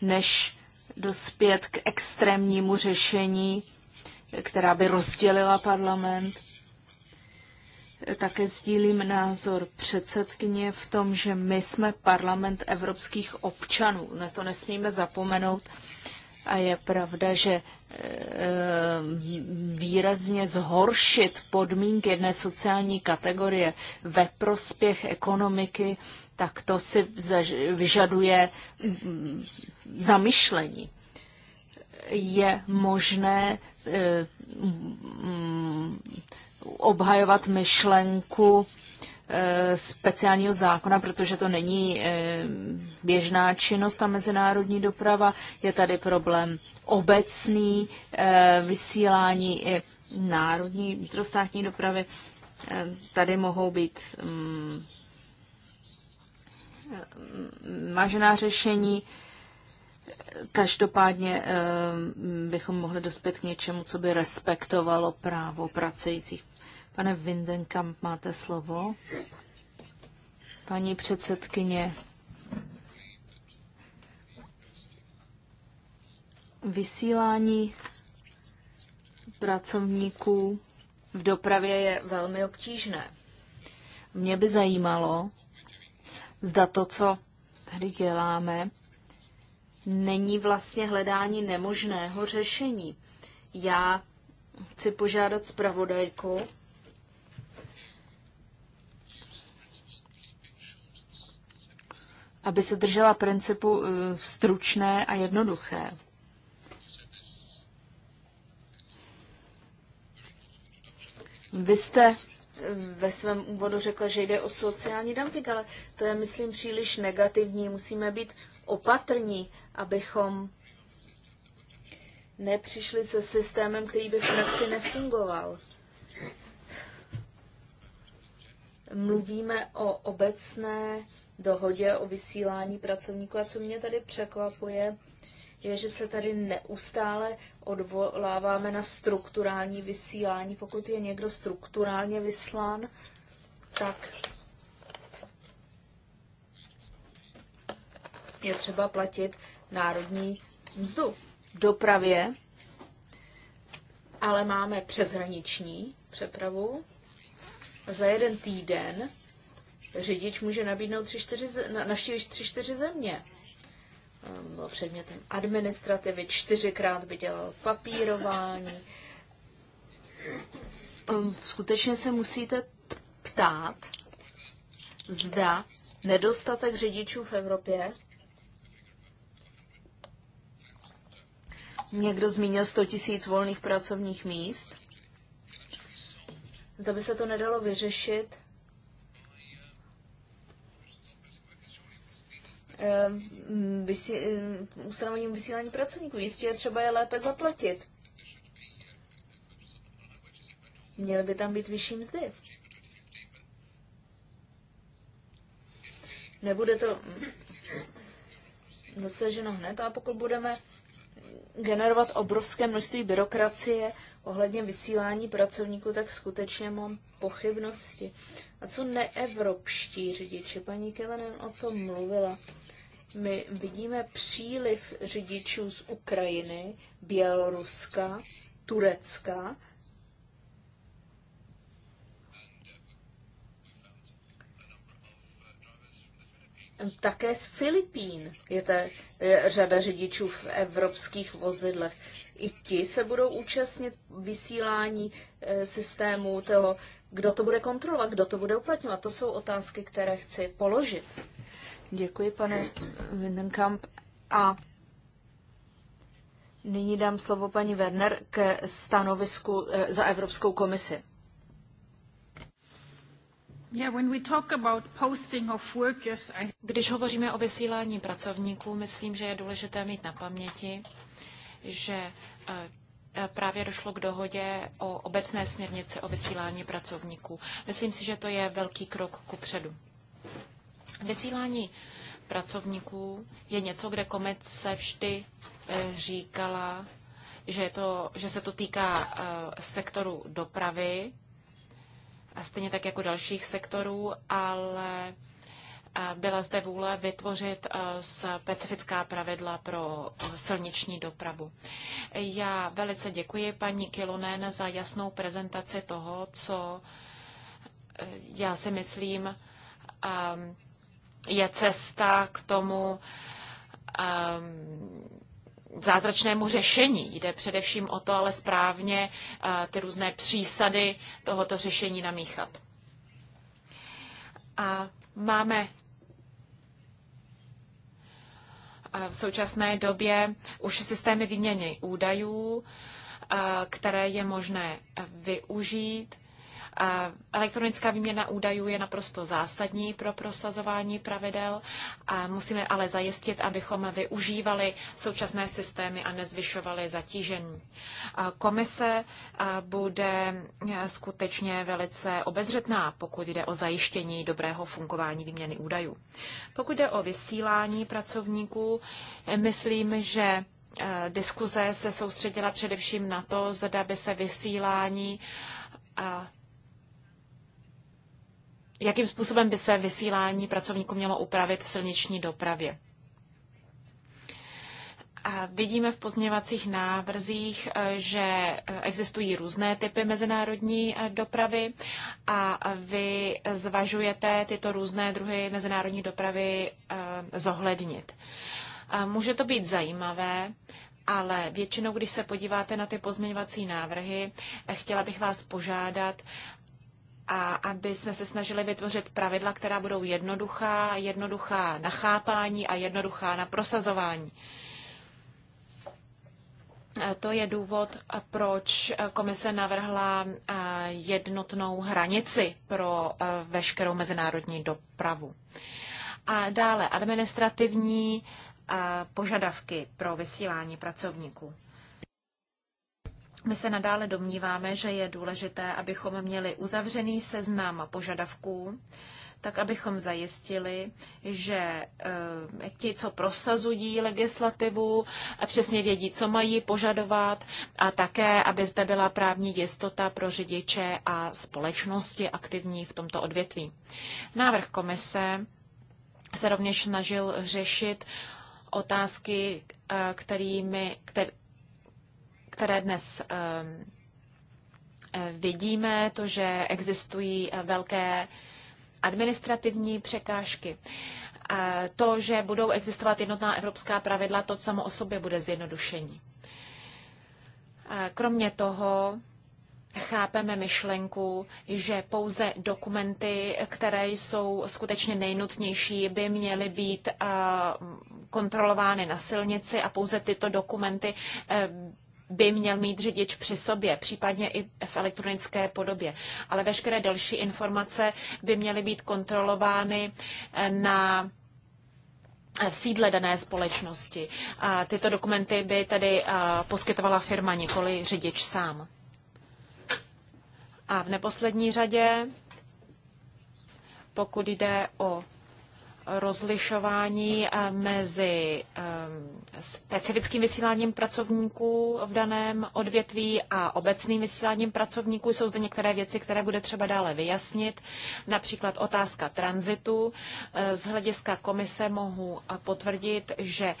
než dospět k extrémnímu řešení, která by rozdělila parlament. Také sdílím názor předsedkyně v tom, že my jsme parlament evropských občanů. Na to nesmíme zapomenout. A je pravda, že e, e, výrazně zhoršit podmínky jedné sociální kategorie ve prospěch ekonomiky tak to si vyžaduje mm, zamyšlení. Je možné e, mm, obhajovat myšlenku e, speciálního zákona, protože to není e, běžná činnost, a mezinárodní doprava. Je tady problém obecný vysílání i národní, vnitrostátní dopravy. Tady mohou být mm, mažená eh, řešení. Každopádně eh, bychom mohli dospět k něčemu, co by respektovalo právo pracujících. Pane Windenkamp, máte slovo. Paní předsedkyně, vysílání pracovníků v dopravě je velmi obtížné. Mě by zajímalo, zda to, co tady děláme, není vlastně hledání nemožného řešení. Já chci požádat zpravodajku, aby se držela principu eh, stručné a jednoduché. Vy jste ve svém úvodu řekla, že jde o sociální dumping, ale to je, myslím, příliš negativní. Musíme být opatrní, abychom nepřišli se systémem, který by v praxi nefungoval. Mluvíme o obecné dohodě o vysílání pracovníků a co mě tady překvapuje, je, že se tady neustále odvoláváme na strukturální vysílání. Pokud je někdo strukturálně vyslán, tak je třeba platit národní mzdu. V dopravě ale máme přeshraniční přepravu. Za jeden týden řidič může nabídnout 3, 4, navštívit 3-4 země. Ehm, byl předmětem administrativy, čtyřikrát dělal papírování. Ehm, skutečně se musíte ptát, zda nedostatek řidičů v Evropě. Někdo zmínil 100 tisíc volných pracovních míst. Zda by se to nedalo vyřešit Eh, vysí, eh, ustanovením vysílání pracovníků. Jistě je třeba je lépe zaplatit. Měly by tam být vyšší mzdy. Nebude to dosaženo hned, a pokud budeme generovat obrovské množství byrokracie ohledně vysílání pracovníků, tak skutečně mám pochybnosti. A co neevropští řidiči? Paní Kelenen o tom mluvila. My vidíme příliv řidičů z Ukrajiny, Běloruska, Turecka. Také z Filipín je ta řada řidičů v evropských vozidlech. I ti se budou účastnit vysílání e, systému toho, kdo to bude kontrolovat, kdo to bude uplatňovat. To jsou otázky, které chci položit. Děkuji, pane Windenkamp. A nyní dám slovo paní Werner ke stanovisku eh, za Evropskou komisi. Když hovoříme o vysílání pracovníků, myslím, že je důležité mít na paměti, že eh, eh, právě došlo k dohodě o obecné směrnici o vysílání pracovníků. Myslím si, že to je velký krok ku předu. Vysílání pracovníků je něco, kde se vždy eh, říkala, že, je to, že se to týká eh, sektoru dopravy, a stejně tak jako dalších sektorů, ale eh, byla zde vůle vytvořit specifická pravidla pro silniční dopravu. Já velice děkuji paní Kilonen za jasnou prezentaci toho, co já si myslím, ehm, je cesta k tomu um, zázračnému řešení. Jde především o to, ale správně uh, ty různé přísady tohoto řešení namíchat. A máme uh, v současné době už systémy výměny údajů, uh, které je možné využít Elektronická výměna údajů je naprosto zásadní pro prosazování pravidel. A musíme ale zajistit, abychom využívali současné systémy a nezvyšovali zatížení. Komise bude skutečně velice obezřetná, pokud jde o zajištění dobrého fungování výměny údajů. Pokud jde o vysílání pracovníků, myslím, že diskuze se soustředila především na to, zda by se vysílání jakým způsobem by se vysílání pracovníků mělo upravit v silniční dopravě. A vidíme v pozměňovacích návrzích, eh, že eh, existují různé typy mezinárodní eh, dopravy a vy zvažujete tyto různé druhy mezinárodní dopravy zohlednit. Může to být zajímavé, ale většinou, když se podíváte na ty pozměňovací návrhy, chtěla bych vás požádat, a aby jsme se snažili vytvořit pravidla, která budou jednoduchá, jednoduchá na chápání a jednoduchá na prosazování. To je důvod, proč komise navrhla jednotnou hranici pro veškerou mezinárodní dopravu. A dále administrativní požadavky pro vysílání pracovníků. My se nadále domníváme, že je důležité, abychom měli uzavřený seznam požadavků, tak abychom zajistili, že e, ti, co prosazují legislativu, přesně vědí, co mají požadovat a také, aby zde byla právní jistota pro řidiče a společnosti aktivní v tomto odvětví. Návrh komise se rovněž snažil řešit otázky, eh, kterými, kter, které dnes ehm, eh, vidíme, to, že existují eh, velké administrativní překážky. To, že budou existovat jednotná evropská pravidla, to samo o sobě bude zjednodušení. Kromě toho chápeme myšlenku, že pouze dokumenty, které jsou skutečně nejnutnější, by měly být eh, kontrolovány na silnici a pouze tyto dokumenty by měl mít řidič při sobě, případně i v elektronické podobě. Ale veškeré další informace by měly být kontrolovány eh, na eh, v sídle dané společnosti. A tyto dokumenty by tedy eh, poskytovala firma, nikoli řidič sám. A v neposlední řadě, pokud jde o rozlišování eh, mezi eh, specifickým vysíláním pracovníků v daném odvětví a obecným vysíláním pracovníků. Jsou zde některé věci, které bude třeba dále vyjasnit, například otázka tranzitu. Eh, z hlediska komise mohu potvrdit, že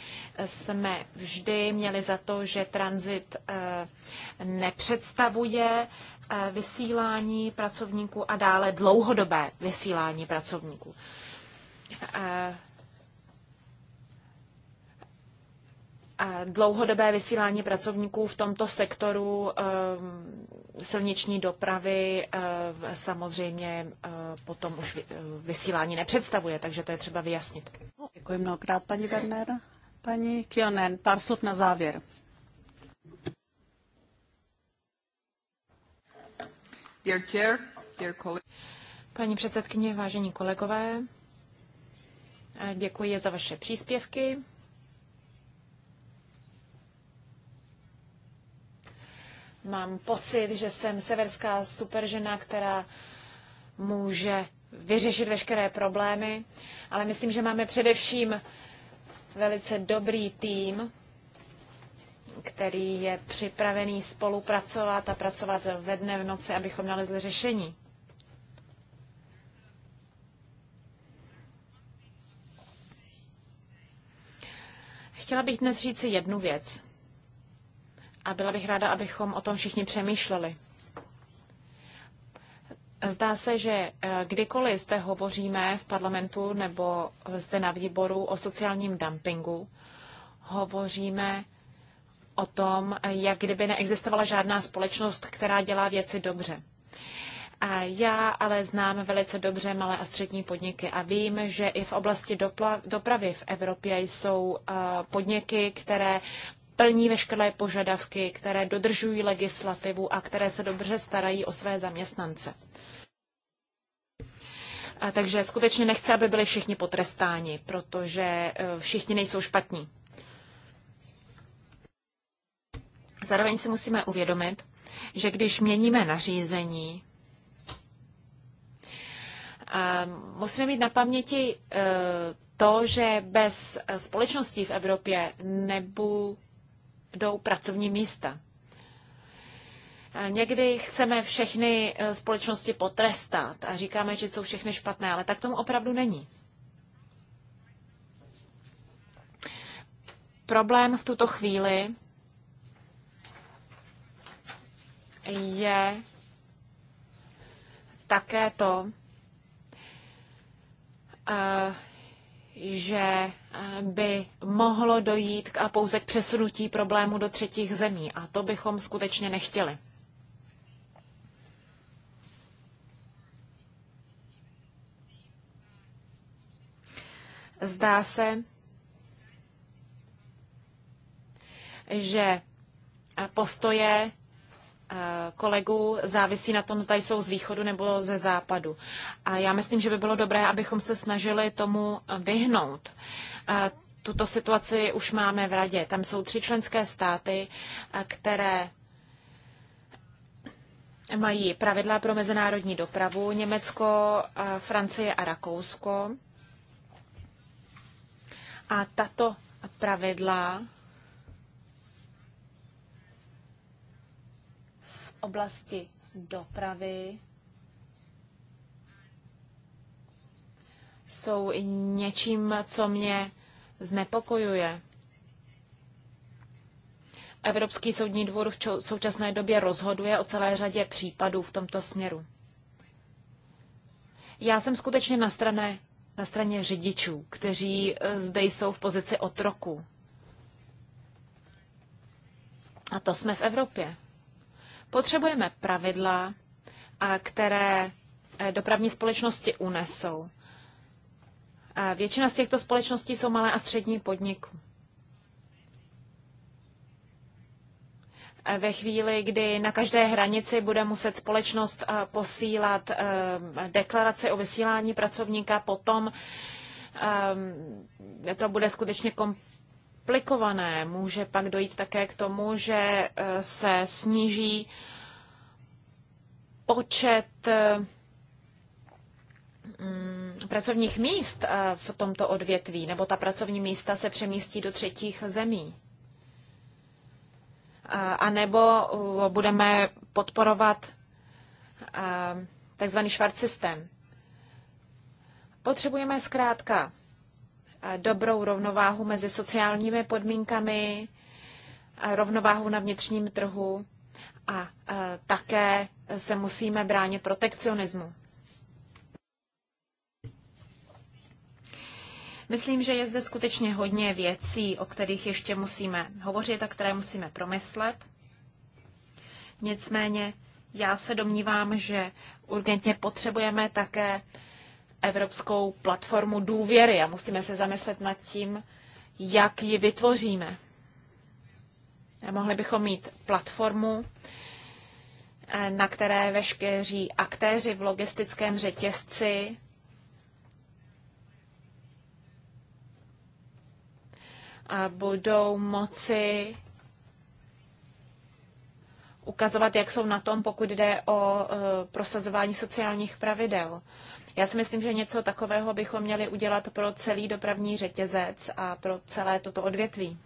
jsme vždy měli za to, že tranzit nepředstavuje vysílání pracovníků a dále dlouhodobé vysílání pracovníků dlouhodobé vysílání pracovníků v tomto sektoru ehm, silniční dopravy ehm, samozřejmě ehm, potom už vysílání nepředstavuje, takže to je třeba vyjasnit. Děkuji mnohokrát, paní Werner. Paní Kionen, pár slov na závěr. Dear chair, dear Paní předsedkyně, vážení kolegové, Děkuji za vaše příspěvky. Mám pocit, že jsem severská superžena, která může vyřešit veškeré problémy, ale myslím, že máme především velice dobrý tým, který je připravený spolupracovat a pracovat ve dne v noci, abychom nalezli řešení. Chtěla bych dnes říci jednu věc. A byla bych ráda, abychom o tom všichni přemýšleli. Zdá se, že eh, kdykoliv zde hovoříme v parlamentu nebo zde na výboru o sociálním dumpingu, hovoříme o tom, jak kdyby neexistovala žádná společnost, která dělá věci dobře já ale znám velice dobře malé a střední podniky a vím, že i v oblasti dopravy v Evropě jsou uh, podniky, které plní veškeré požadavky, které dodržují legislativu a které se dobře starají o své zaměstnance. A takže skutečně nechci, aby byli všichni potrestáni, protože uh, všichni nejsou špatní. Zároveň si musíme uvědomit, že když měníme nařízení, Eh, musíme mít na paměti eh, to, že bez společností v Evropě nebudou pracovní místa. Eh, někdy chceme všechny společnosti potrestat a říkáme, že jsou všechny špatné, ale tak tomu opravdu není. Problém v tuto chvíli je také to, Eh, že eh, by mohlo dojít k, a pouze k přesunutí problému do třetích zemí. A to bychom skutečně nechtěli. Zdá se, že eh, postoje Eh, kolegů závisí na tom, zda jsou z východu nebo ze západu. A já myslím, že by bylo dobré, abychom se snažili tomu vyhnout. Eh, tuto situaci už máme v radě. Tam jsou tři členské státy, eh, které mají pravidla pro mezinárodní dopravu. Německo, Francie a Rakousko. A tato pravidla oblasti dopravy jsou něčím, co mě znepokojuje. Evropský soudní dvůr v současné době rozhoduje o celé řadě případů v tomto směru. Já jsem skutečně na straně, na straně řidičů, kteří e, zde jsou v pozici otroků. A to jsme v Evropě. Potřebujeme pravidla, které eh, dopravní společnosti unesou. Většina z těchto společností jsou malé a střední podniky. Ve chvíli, kdy na každé hranici bude muset společnost eh, posílat eh, deklaraci o vysílání pracovníka, potom ehm, to bude skutečně komplikované. Může pak dojít také k tomu, že eh, se sníží počet eh, mm, pracovních míst eh, v tomto odvětví, nebo ta pracovní místa se přemístí do třetích zemí. A nebo budeme podporovat takzvaný švart systém. Potřebujeme zkrátka dobrou rovnováhu mezi sociálními podmínkami, rovnováhu na vnitřním trhu a e, také se musíme bránit protekcionismu. Myslím, že je zde skutečně hodně věcí, o kterých ještě musíme hovořit a které musíme promyslet. Nicméně já se domnívám, že urgentně potřebujeme také evropskou platformu důvěry a musíme se zamyslet nad tím, jak ji vytvoříme. A mohli bychom mít platformu, eh, na které veškeří aktéři v logistickém řetězci a budou moci ukazovat, jak jsou na tom, pokud jde o eh, prosazování sociálních pravidel. Já si myslím, že něco takového bychom měli udělat pro celý dopravní řetězec a pro celé toto odvětví.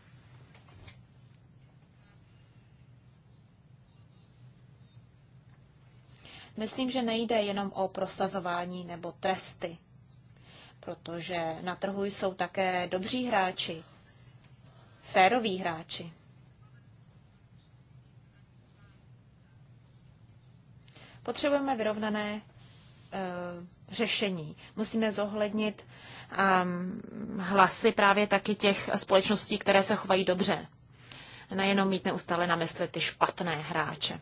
Myslím, že nejde jenom o prosazování nebo tresty, protože na trhu jsou také dobří hráči, féroví hráči. Potřebujeme vyrovnané eh, řešení. Musíme zohlednit um, hlasy právě taky těch společností, které se chovají dobře. Nejenom mít neustále na mysli ty špatné hráče.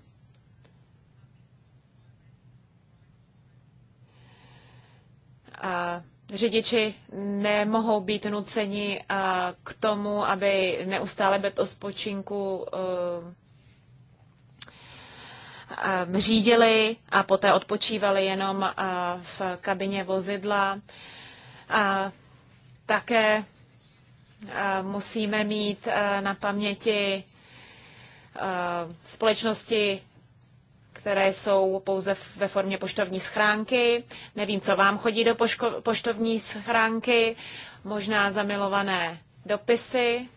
A řidiči nemohou být nuceni k tomu, aby neustále bez odpočinku um, Eh, řídili a poté odpočívali jenom eh, v kabině vozidla. A také eh, musíme mít na paměti společnosti, které jsou pouze ve formě poštovní schránky. Nevím, co vám chodí do poško- poštovní schránky, možná zamilované dopisy,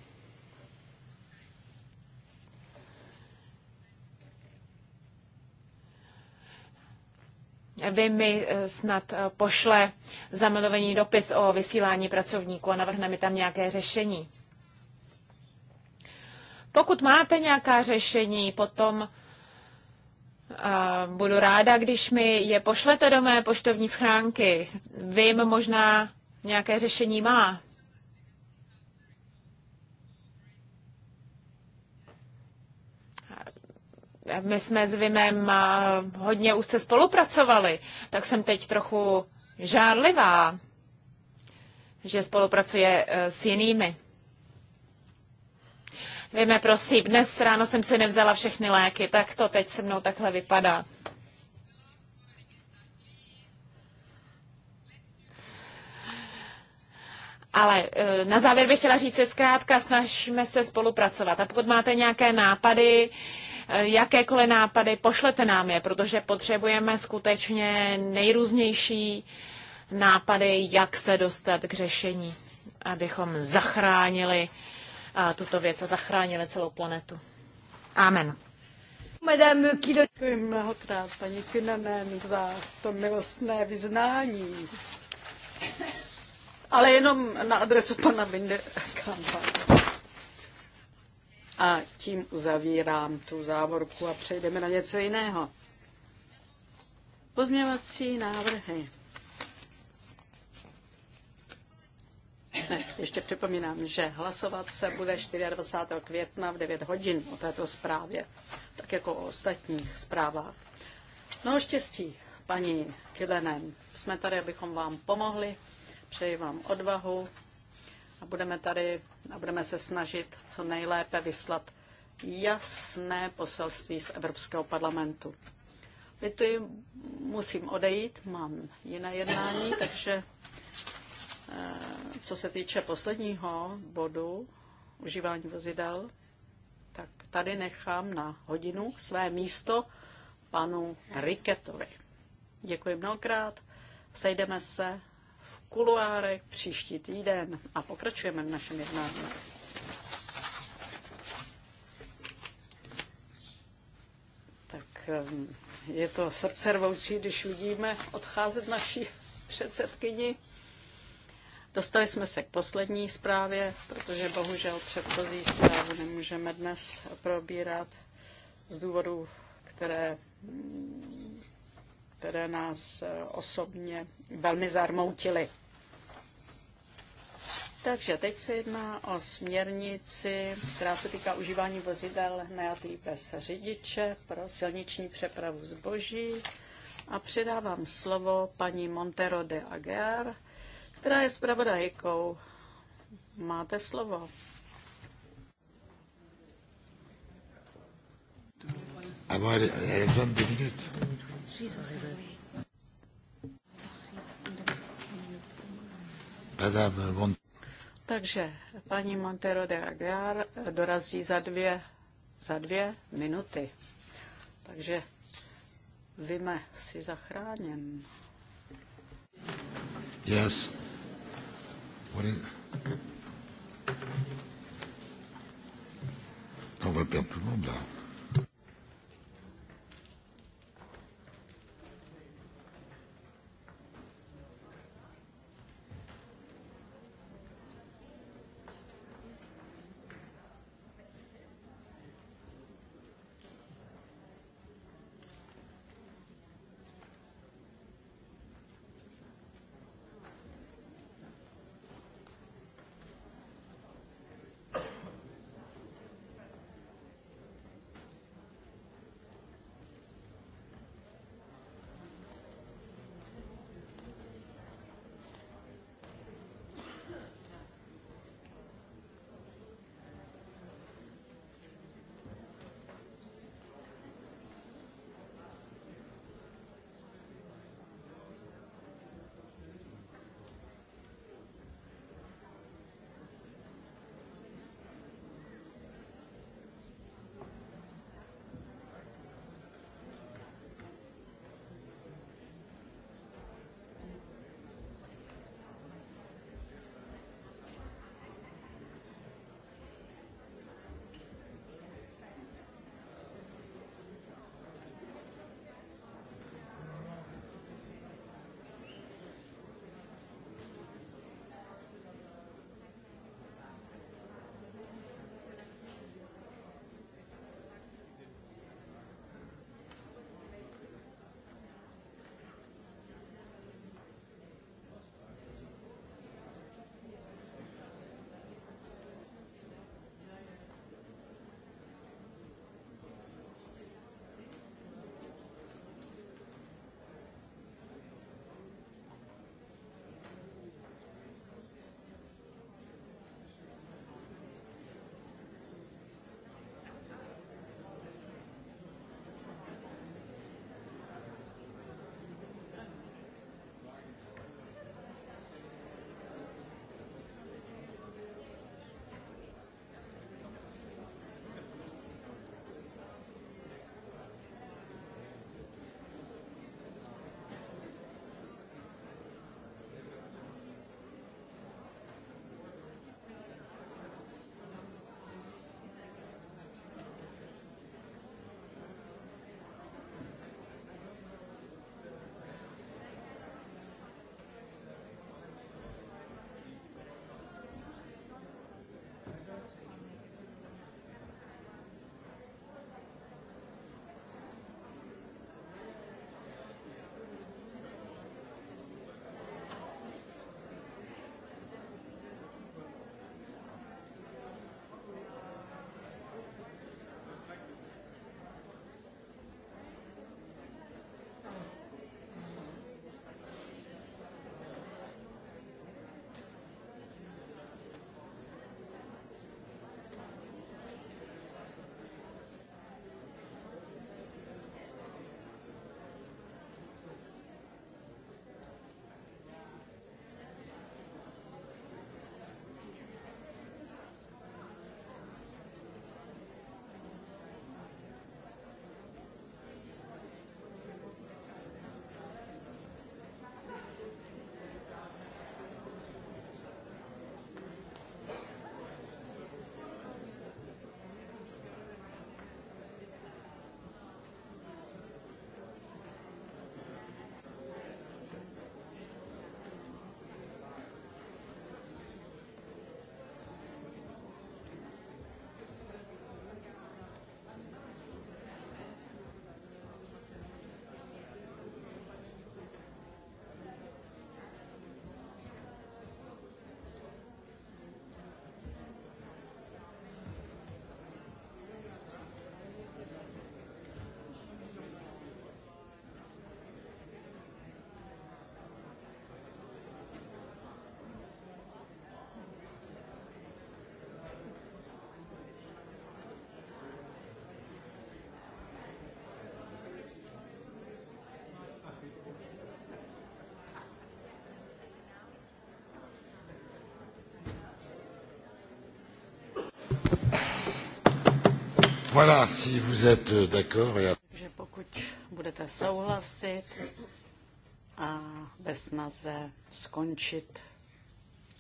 vy mi eh, snad eh, pošle zamilovaný dopis o vysílání pracovníků a navrhne mi tam nějaké řešení. Pokud máte nějaká řešení, potom eh, budu ráda, když mi je pošlete do mé poštovní schránky. Vím možná nějaké řešení má. my jsme s Vimem hodně úzce spolupracovali, tak jsem teď trochu žárlivá, že spolupracuje e, s jinými. Víme, prosím, dnes ráno jsem si nevzala všechny léky, tak to teď se mnou takhle vypadá. Ale e, na závěr bych chtěla říct, že zkrátka snažíme se spolupracovat. A pokud máte nějaké nápady, jakékoliv nápady, pošlete nám je, protože potřebujeme skutečně nejrůznější nápady, jak se dostat k řešení, abychom zachránili tuto věc a zachránili celou planetu. Amen. Madame Kilo. Děkuji mnohokrát, paní Kynanen, za to milostné vyznání. Ale jenom na adresu pana Vindekampa. A tím uzavírám tu závorku a přejdeme na něco jiného. Pozměvací návrhy. Ne, ještě připomínám, že hlasovat se bude 24. května v 9 hodin o této zprávě, tak jako o ostatních zprávách. No štěstí, paní Kilenem, jsme tady, abychom vám pomohli. Přeji vám odvahu, a budeme tady a budeme se snažit co nejlépe vyslat jasné poselství z Evropského parlamentu. Lituji, musím odejít, mám jiné jednání, takže eh, co se týče posledního bodu, užívání vozidel, tak tady nechám na hodinu své místo panu Riketovi. Děkuji mnohokrát, sejdeme se kuloárech příští týden a pokračujeme v našem jednání. Tak eh, je to srdce rvoucí, když vidíme odcházet naší předsedkyni. Dostali jsme se k poslední zprávě, protože bohužel předchozí zprávu nemůžeme dnes probírat z důvodů, které mm, které nás eh, osobně velmi zarmoutily. Takže teď se jedná o směrnici, která se týká užívání vozidel najatý bez řidiče pro silniční přepravu zboží. A předávám slovo paní Montero de Aguiar, která je zpravodajkou. Máte slovo. Avoir bon, euh, de minutes. Takže paní Montero de Aguiar dorazí za dvě, za dvě minuty. Takže víme si zachráněn. Yes. What is... On va perdre tout le monde là. Voilà, si vous êtes euh, d'accord. Takže pokud budete souhlasit a bez snaze skončit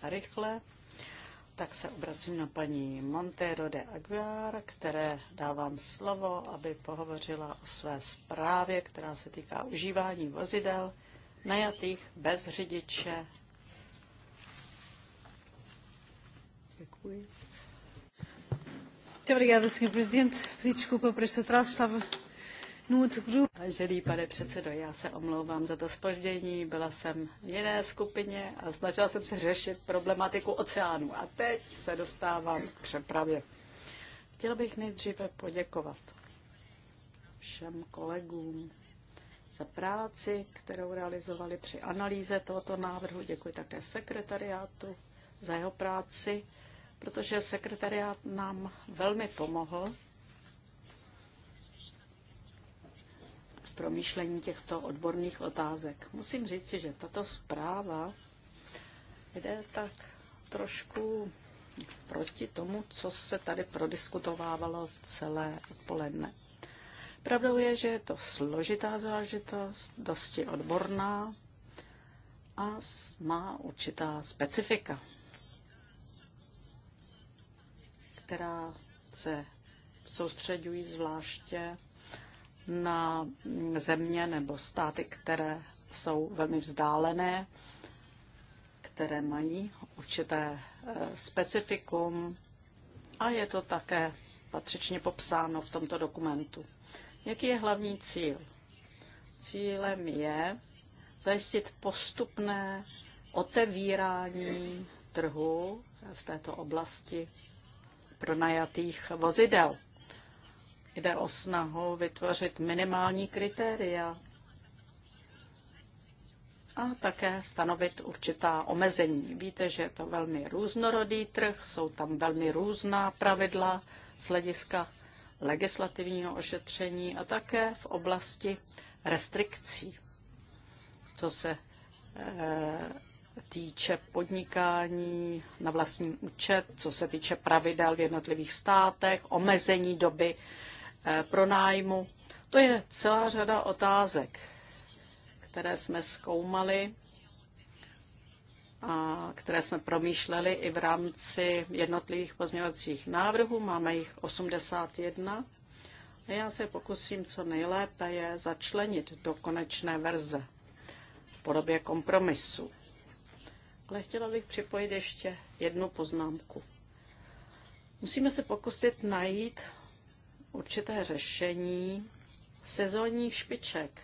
rychle, tak se obracím na paní Montero de Aguiar, které dávám slovo, aby pohovořila o své zprávě, která se týká užívání vozidel najatých bez řidiče Muito obrigada, Sr. Presidente. Pedi desculpa por este atraso, estava outro grupo. Vážený pane předsedo, já se omlouvám za to spoždění, byla jsem v jiné skupině a snažila jsem se řešit problematiku oceánu. A teď se dostávám k přepravě. Chtěla bych nejdříve poděkovat všem kolegům za práci, kterou realizovali při analýze tohoto návrhu. Děkuji také sekretariátu za jeho práci protože sekretariát nám velmi pomohl v promýšlení těchto odborných otázek. Musím říct, že tato zpráva jde tak trošku proti tomu, co se tady prodiskutovávalo celé odpoledne. Pravdou je, že je to složitá záležitost, dosti odborná a má určitá specifika. která se soustředují zvláště na země nebo státy, které jsou velmi vzdálené, které mají určité eh, specifikum a je to také patřičně popsáno v tomto dokumentu. Jaký je hlavní cíl? Cílem je zajistit postupné otevírání trhu v této oblasti pronajatých vozidel. Jde o snahu vytvořit minimální kritéria a také stanovit určitá omezení. Víte, že je to velmi různorodý trh, jsou tam velmi různá pravidla z hlediska legislativního ošetření a také v oblasti restrikcí, co se eh, týče podnikání na vlastní účet, co se týče pravidel v jednotlivých státech, omezení doby eh, pronájmu. To je celá řada otázek, které jsme zkoumali a které jsme promýšleli i v rámci jednotlivých pozměňovacích návrhů. Máme jich 81. A já se pokusím co nejlépe je začlenit do konečné verze v podobě kompromisu ale chtěla bych připojit ještě jednu poznámku. Musíme se pokusit najít určité řešení sezónních špiček,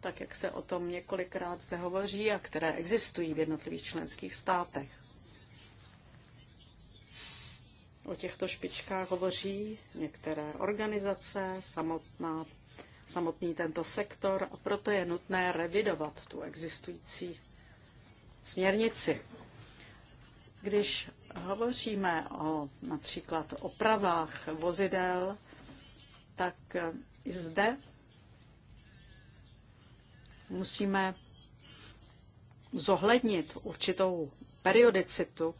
tak jak se o tom několikrát zde hovoří a které existují v jednotlivých členských státech. O těchto špičkách hovoří některé organizace, samotná, samotný tento sektor a proto je nutné revidovat tu existující směrnici. Když hovoříme o například opravách vozidel, tak i zde musíme zohlednit určitou periodicitu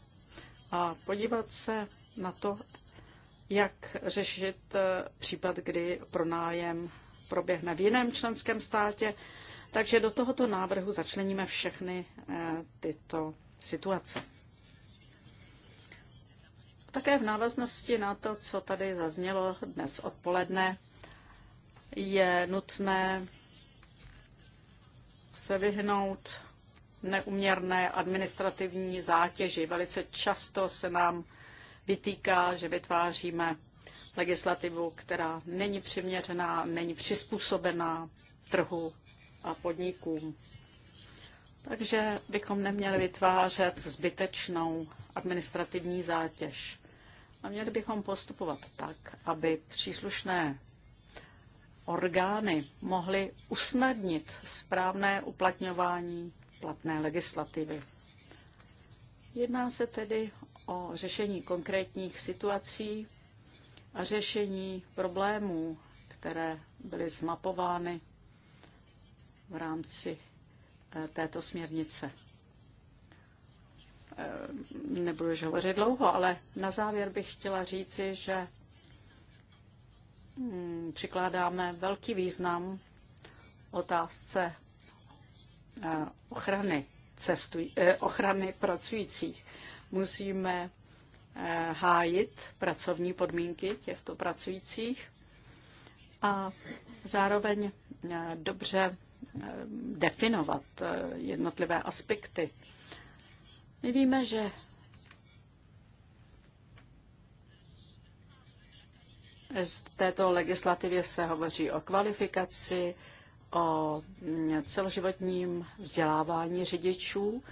a podívat se na to, jak řešit případ, kdy pronájem proběhne v jiném členském státě takže do tohoto návrhu začleníme všechny eh, tyto situace. Také v návaznosti na to, co tady zaznělo dnes odpoledne, je nutné se vyhnout neuměrné administrativní zátěži. Velice často se nám vytýká, že vytváříme legislativu, která není přiměřená, není přizpůsobená trhu a podnikům. Takže bychom neměli vytvářet zbytečnou administrativní zátěž. A měli bychom postupovat tak, aby příslušné orgány mohly usnadnit správné uplatňování platné legislativy. Jedná se tedy o řešení konkrétních situací a řešení problémů, které byly zmapovány v rámci eh, této směrnice. Eh, Nebudu už hovořit dlouho, ale na závěr bych chtěla říci, že mm, přikládáme velký význam otázce eh, ochrany, cestu, ochrany pracujících. Musíme hájit pracovní podmínky těchto pracujících a zároveň dobře Eh, definovat eh, jednotlivé aspekty. My víme, že z této legislativě se hovoří o kvalifikaci, o celoživotním vzdělávání řidičů.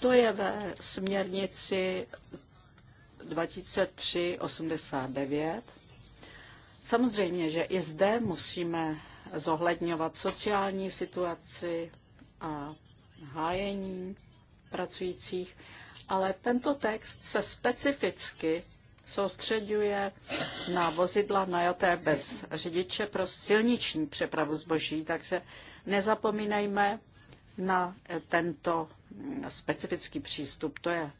To je ve směrnici 2389. Samozřejmě, že i zde musíme zohledňovat sociální situaci a hájení pracujících, ale tento text se specificky soustředuje na vozidla najaté bez řidiče pro silniční přepravu zboží, takže nezapomínejme na tento specifický přístup. To je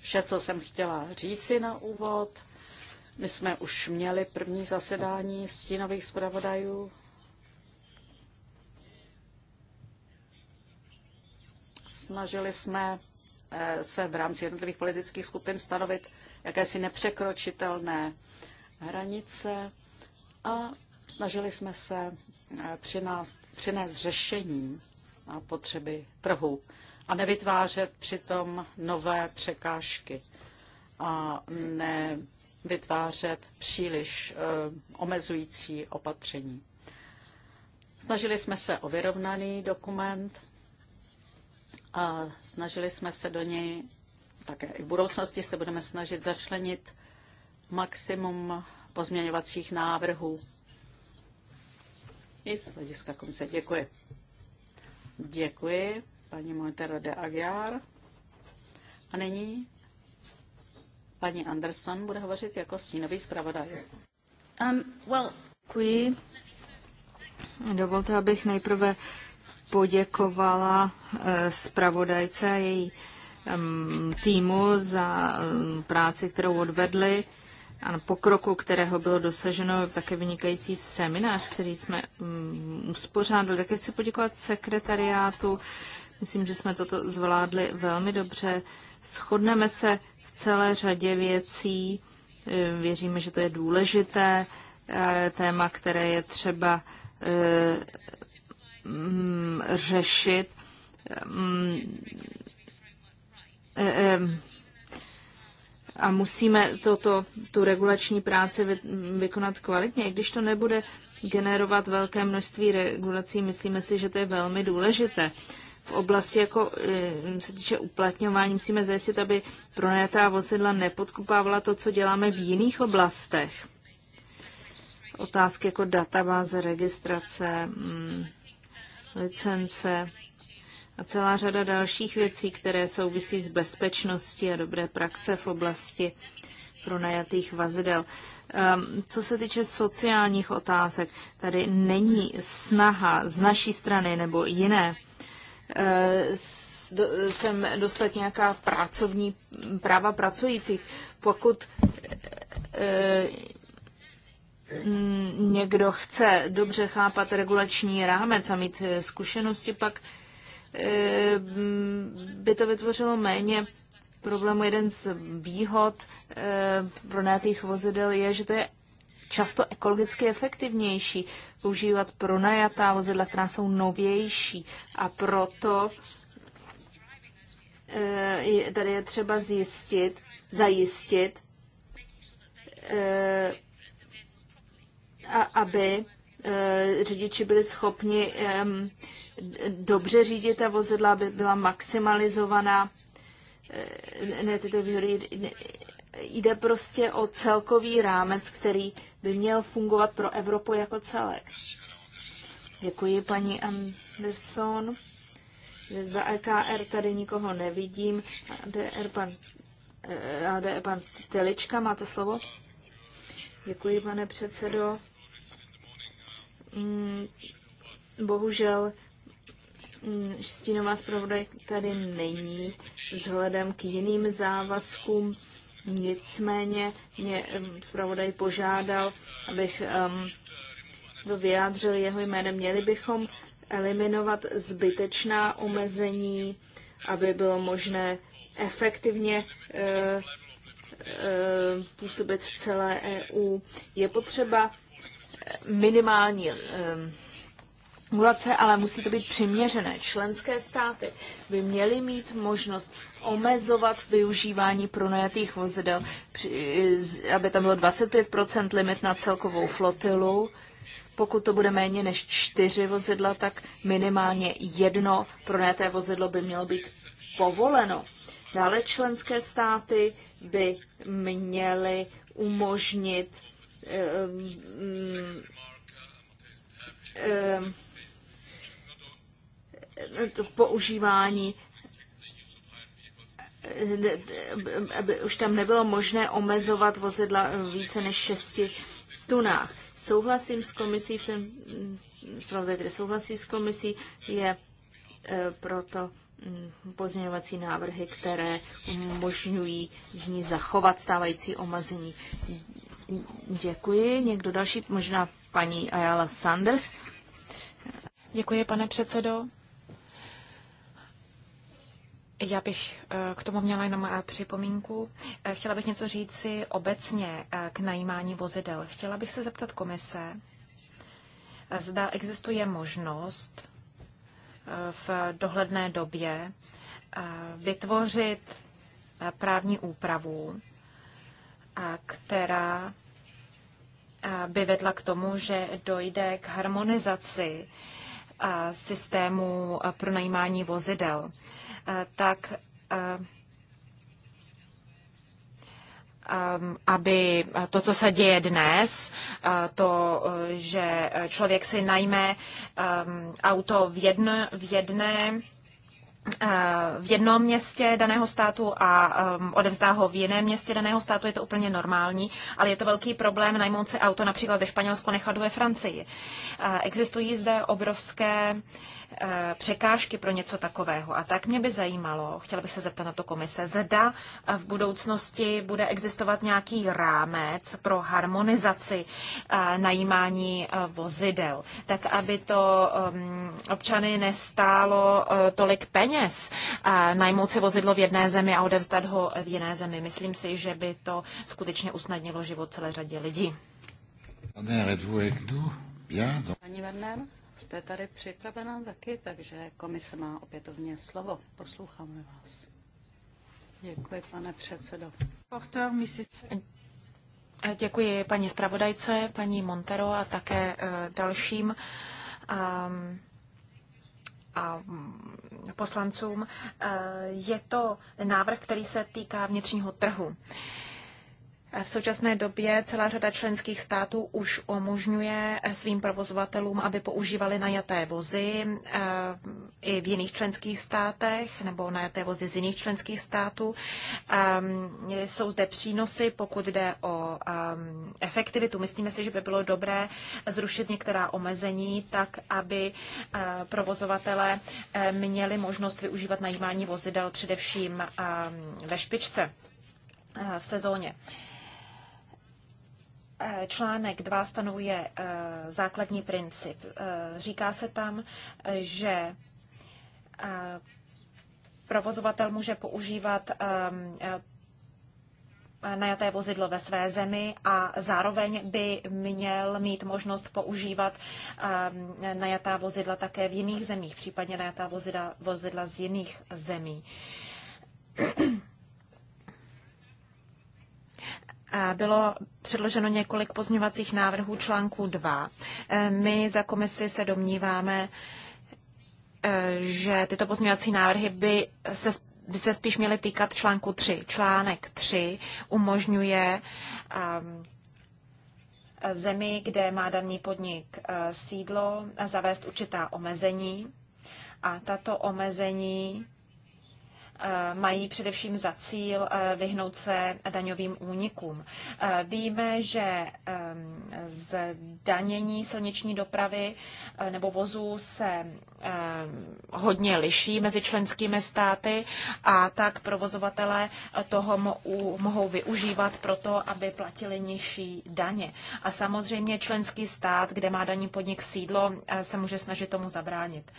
vše, co jsem chtěla říci na úvod. My jsme už měli první zasedání stínových zpravodajů Snažili jsme eh, se v rámci jednotlivých politických skupin stanovit jakési nepřekročitelné hranice a snažili jsme se eh, přinést, přinést řešení na potřeby trhu a nevytvářet přitom nové překážky a nevytvářet příliš eh, omezující opatření. Snažili jsme se o vyrovnaný dokument, a snažili jsme se do něj, také i v budoucnosti se budeme snažit začlenit maximum pozměňovacích návrhů. I z hlediska komise. Děkuji. Děkuji, paní Montero de Aguiar. A nyní paní Anderson bude hovořit jako stínový zpravodaj. Um, well, děkuji. Dovolte, abych nejprve poděkovala eh, zpravodajce a její týmu za práci, kterou odvedli a pokroku, kterého bylo dosaženo, také vynikající seminář, který jsme uspořádali. Také chci poděkovat sekretariátu. Myslím, že jsme toto zvládli velmi dobře. Shodneme se v celé řadě věcí. Věříme, že to je důležité eh, téma, které je třeba eh, Mm, řešit mm, e, e, a musíme toto, tu regulační práci vy, vykonat kvalitně. I když to nebude generovat velké množství regulací, myslíme si, že to je velmi důležité. V oblasti, jako e, se týče uplatňování, musíme zajistit, aby pronajatá vozidla nepodkupávala to, co děláme v jiných oblastech. Otázky jako databáze, registrace, mm, licence a celá řada dalších věcí, které souvisí s bezpečností a dobré praxe v oblasti pronajatých vazidel. Ehm, co se týče sociálních otázek, tady není snaha z naší strany nebo jiné ehm, sem dostat nějaká pracovní práva pracujících. Pokud ehm, Mm, někdo chce dobře chápat regulační rámec a mít eh, zkušenosti, pak eh, mm, by to vytvořilo méně problémů. Jeden z výhod eh, pronajatých vozidel je, že to je často ekologicky efektivnější používat pronajatá vozidla, která jsou novější. A proto tady je třeba zjistit, zajistit, aby eh, řidiči byli schopni dobře řídit ta vozidla, aby byla maximalizovaná eh, ne tyto výhody. Jde prostě o celkový rámec, který by měl fungovat pro Evropu jako celek. Děkuji paní Anderson. Za EKR tady nikoho nevidím. ADR pan, eh, ADR pan Telička, máte slovo? Děkuji, pane předsedo. Mm, bohužel mm, stínová zpravodaj tady není vzhledem k jiným závazkům. Nicméně mě zpravodaj požádal, abych um, vyjádřil jeho jménem. Měli bychom eliminovat zbytečná omezení, aby bylo možné efektivně uh, působit v celé EU. Je potřeba minimální regulace, eh, ale musí to být přiměřené. Členské státy by měly mít možnost omezovat využívání pronajatých vozidel, aby tam bylo 25 limit na celkovou flotilu. Pokud to bude méně než čtyři vozidla, tak minimálně jedno pronajaté vozidlo by mělo být povoleno. Dále členské státy by měly umožnit Ehm, ehm, to používání aby už tam nebylo možné omezovat vozidla více než šesti tunách. Souhlasím s komisí, v ten, zpravodaj kde souhlasí s komisí, je eh, proto hm, pozměňovací návrhy, které umožňují v ní zachovat stávající omazení. Děkuji. Někdo další? Možná paní Ayala Sanders. Děkuji, pane předsedo. Já bych eh, k tomu měla jenom eh, připomínku. Eh, chtěla bych něco říci obecně k najímání vozidel. Chtěla bych se zeptat komise, zda existuje možnost v dohledné době vytvořit právní úpravu, která by vedla k tomu, že dojde k harmonizaci systému najímání vozidel, tak um, aby to, co se děje dnes, to, že člověk si najme um, auto v jedné, v jedné Eh, v jednom městě daného státu a ehm, odevzdá ho v jiném městě daného státu, je to úplně normální, ale je to velký problém najmout si auto například ve Španělsku nechat ve Francii. Eh, existují zde obrovské Eh, překážky pro něco takového. A tak mě by zajímalo, chtěla bych se zeptat na to komise, zda eh, v budoucnosti bude existovat nějaký rámec pro harmonizaci eh, najímání vozidel, tak aby to občany nestálo tolik peněz najmout si vozidlo v jedné zemi a odevzdat ho v jiné zemi. Myslím si, že by to skutečně usnadnilo život celé řadě lidí. Pani Werner, Jste tady připravená taky, takže komise má opětovně slovo. Posloucháme vás. Děkuji, pane předsedo. Děkuji paní zpravodajce, paní Montero a také eh, dalším ehm, a mm, poslancům. Eh, je to návrh, který se týká vnitřního trhu. V současné době celá řada členských států už umožňuje svým provozovatelům, aby používali najaté vozy eh, i v jiných členských státech nebo najaté vozy z jiných členských států. Eh, jsou zde přínosy, pokud jde o eh, efektivitu. Myslíme si, že by bylo dobré zrušit některá omezení, tak aby provozovatele měli možnost využívat najímání vozidel především ve špičce v sezóně. Eh, článek 2 stanovuje eh, základní princip. Eh, říká se tam, že provozovatel může používat najaté vozidlo ve své zemi a zároveň by měl mít možnost používat najatá vozidla také v jiných zemích, případně najatá vozidla, vozidla z jiných zemí. Bylo předloženo několik pozměňovacích návrhů článku 2. E, my za komisi se domníváme, e, že tyto pozměňovací návrhy by se by se spíš měly týkat článku 3. Článek 3 umožňuje um, zemi, kde má daný podnik e, sídlo, zavést určitá omezení. A tato omezení Eh, mají především za cíl eh, vyhnout se daňovým únikům. Eh, víme, že zdanění silniční dopravy nebo vozů se hodně liší mezi členskými státy a tak provozovatele toho mohou využívat proto, aby platili nižší daně. A samozřejmě členský stát, kde má daní podnik sídlo, se může snažit tomu zabránit.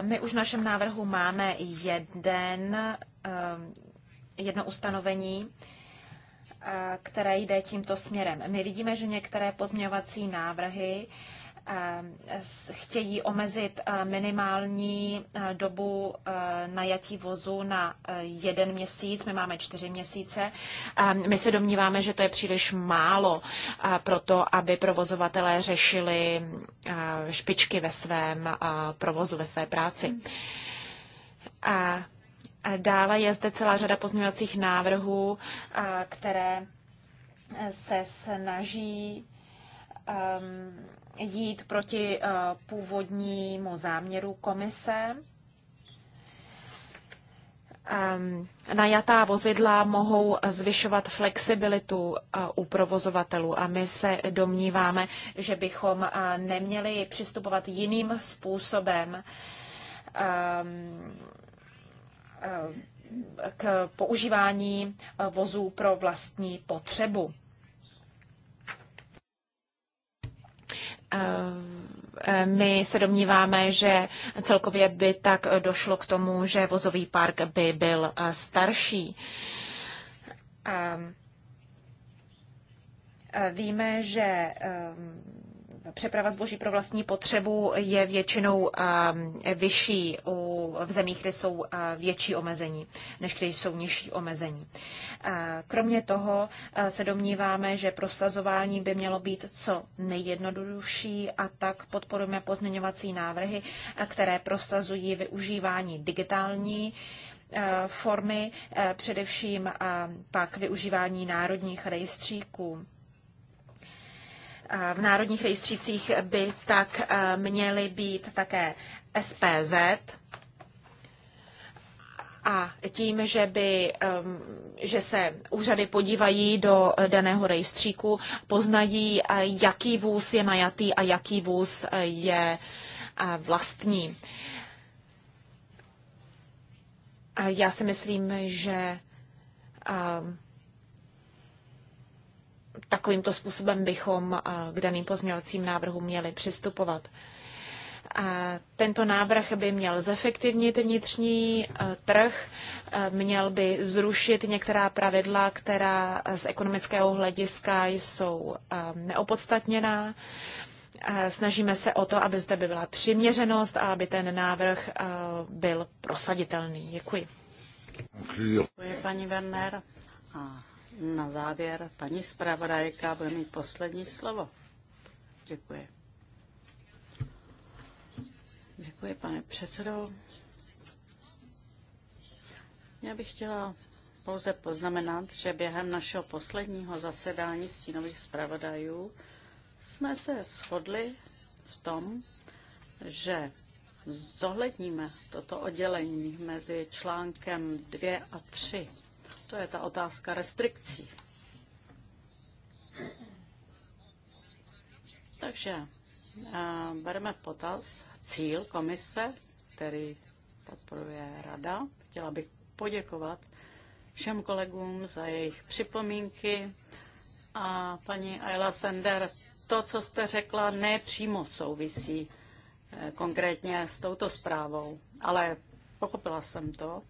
My už v našem návrhu máme jeden, ehm, jedno ustanovení, ehm, které jde tímto směrem. My vidíme, že některé pozměňovací návrhy Eh, chtějí omezit eh, minimální eh, dobu najatí vozu na jeden měsíc, my máme čtyři měsíce. My se domníváme, že to je příliš málo pro to, aby provozovatelé řešili špičky ve svém provozu, ve své práci. A hmm. dále je zde celá řada pozměňovacích návrhů, které se snaží um, jít proti eh, původnímu záměru komise. Ehm, najatá vozidla mohou zvyšovat flexibilitu eh, u provozovatelů a my se domníváme, že bychom eh, neměli přistupovat jiným způsobem ehm, k používání vozů pro vlastní potřebu. Eh, my se domníváme, že celkově by tak došlo k tomu, že vozový park by byl eh, starší. Eh, víme, že přeprava zboží pro vlastní potřebu je většinou um, vyšší v zemích, kde jsou uh, větší omezení, než kde jsou nižší omezení. Uh, kromě toho uh, se domníváme, že prosazování by mělo být co nejjednodušší a tak podporujeme pozměňovací návrhy, které prosazují využívání digitální formy, především pak využívání národních rejstříků v národních rejstřících by tak eh, měly být také SPZ a tím, že, by, ehm, že se úřady podívají do daného rejstříku, poznají, eh, jaký vůz je najatý a jaký vůz eh, je vlastní. Já si myslím, že ehm, takovýmto způsobem bychom k daným pozměňovacím návrhům měli přistupovat. A tento návrh by měl zefektivnit vnitřní e, trh, e, měl by zrušit některá pravidla, která z ekonomického hlediska jsou e, neopodstatněná. Snažíme se o to, aby zde by byla přiměřenost a aby ten návrh byl prosaditelný. Děkuji. Děkuji, paní Werner na závěr paní zpravodajka bude mít poslední slovo. Děkuji. Děkuji, pane předsedo. Já bych chtěla pouze poznamenat, že během našeho posledního zasedání stínových zpravodajů jsme se shodli v tom, že zohledníme toto oddělení mezi článkem 2 a 3 to je ta otázka restrikcí. Takže eh, bereme v potaz cíl komise, který podporuje rada. Chtěla bych poděkovat všem kolegům za jejich připomínky. A paní Ayla Sender, to, co jste řekla, nepřímo souvisí eh, konkrétně s touto zprávou, ale pochopila jsem to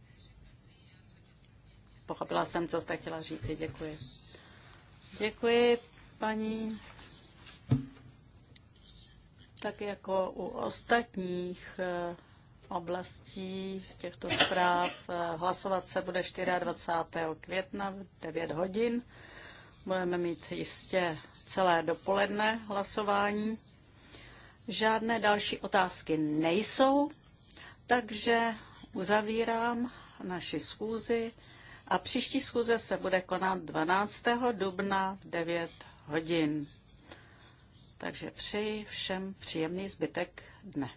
Pochopila jsem, co jste chtěla říct. Děkuji. Děkuji, paní. Tak jako u ostatních eh, oblastí těchto zpráv eh, hlasovat se bude 24. května v 9 hodin. Budeme mít jistě celé dopoledne hlasování. Žádné další otázky nejsou, takže uzavírám naši schůzi a příští schůze se bude konat 12. dubna v 9 hodin. Takže přeji všem příjemný zbytek dne.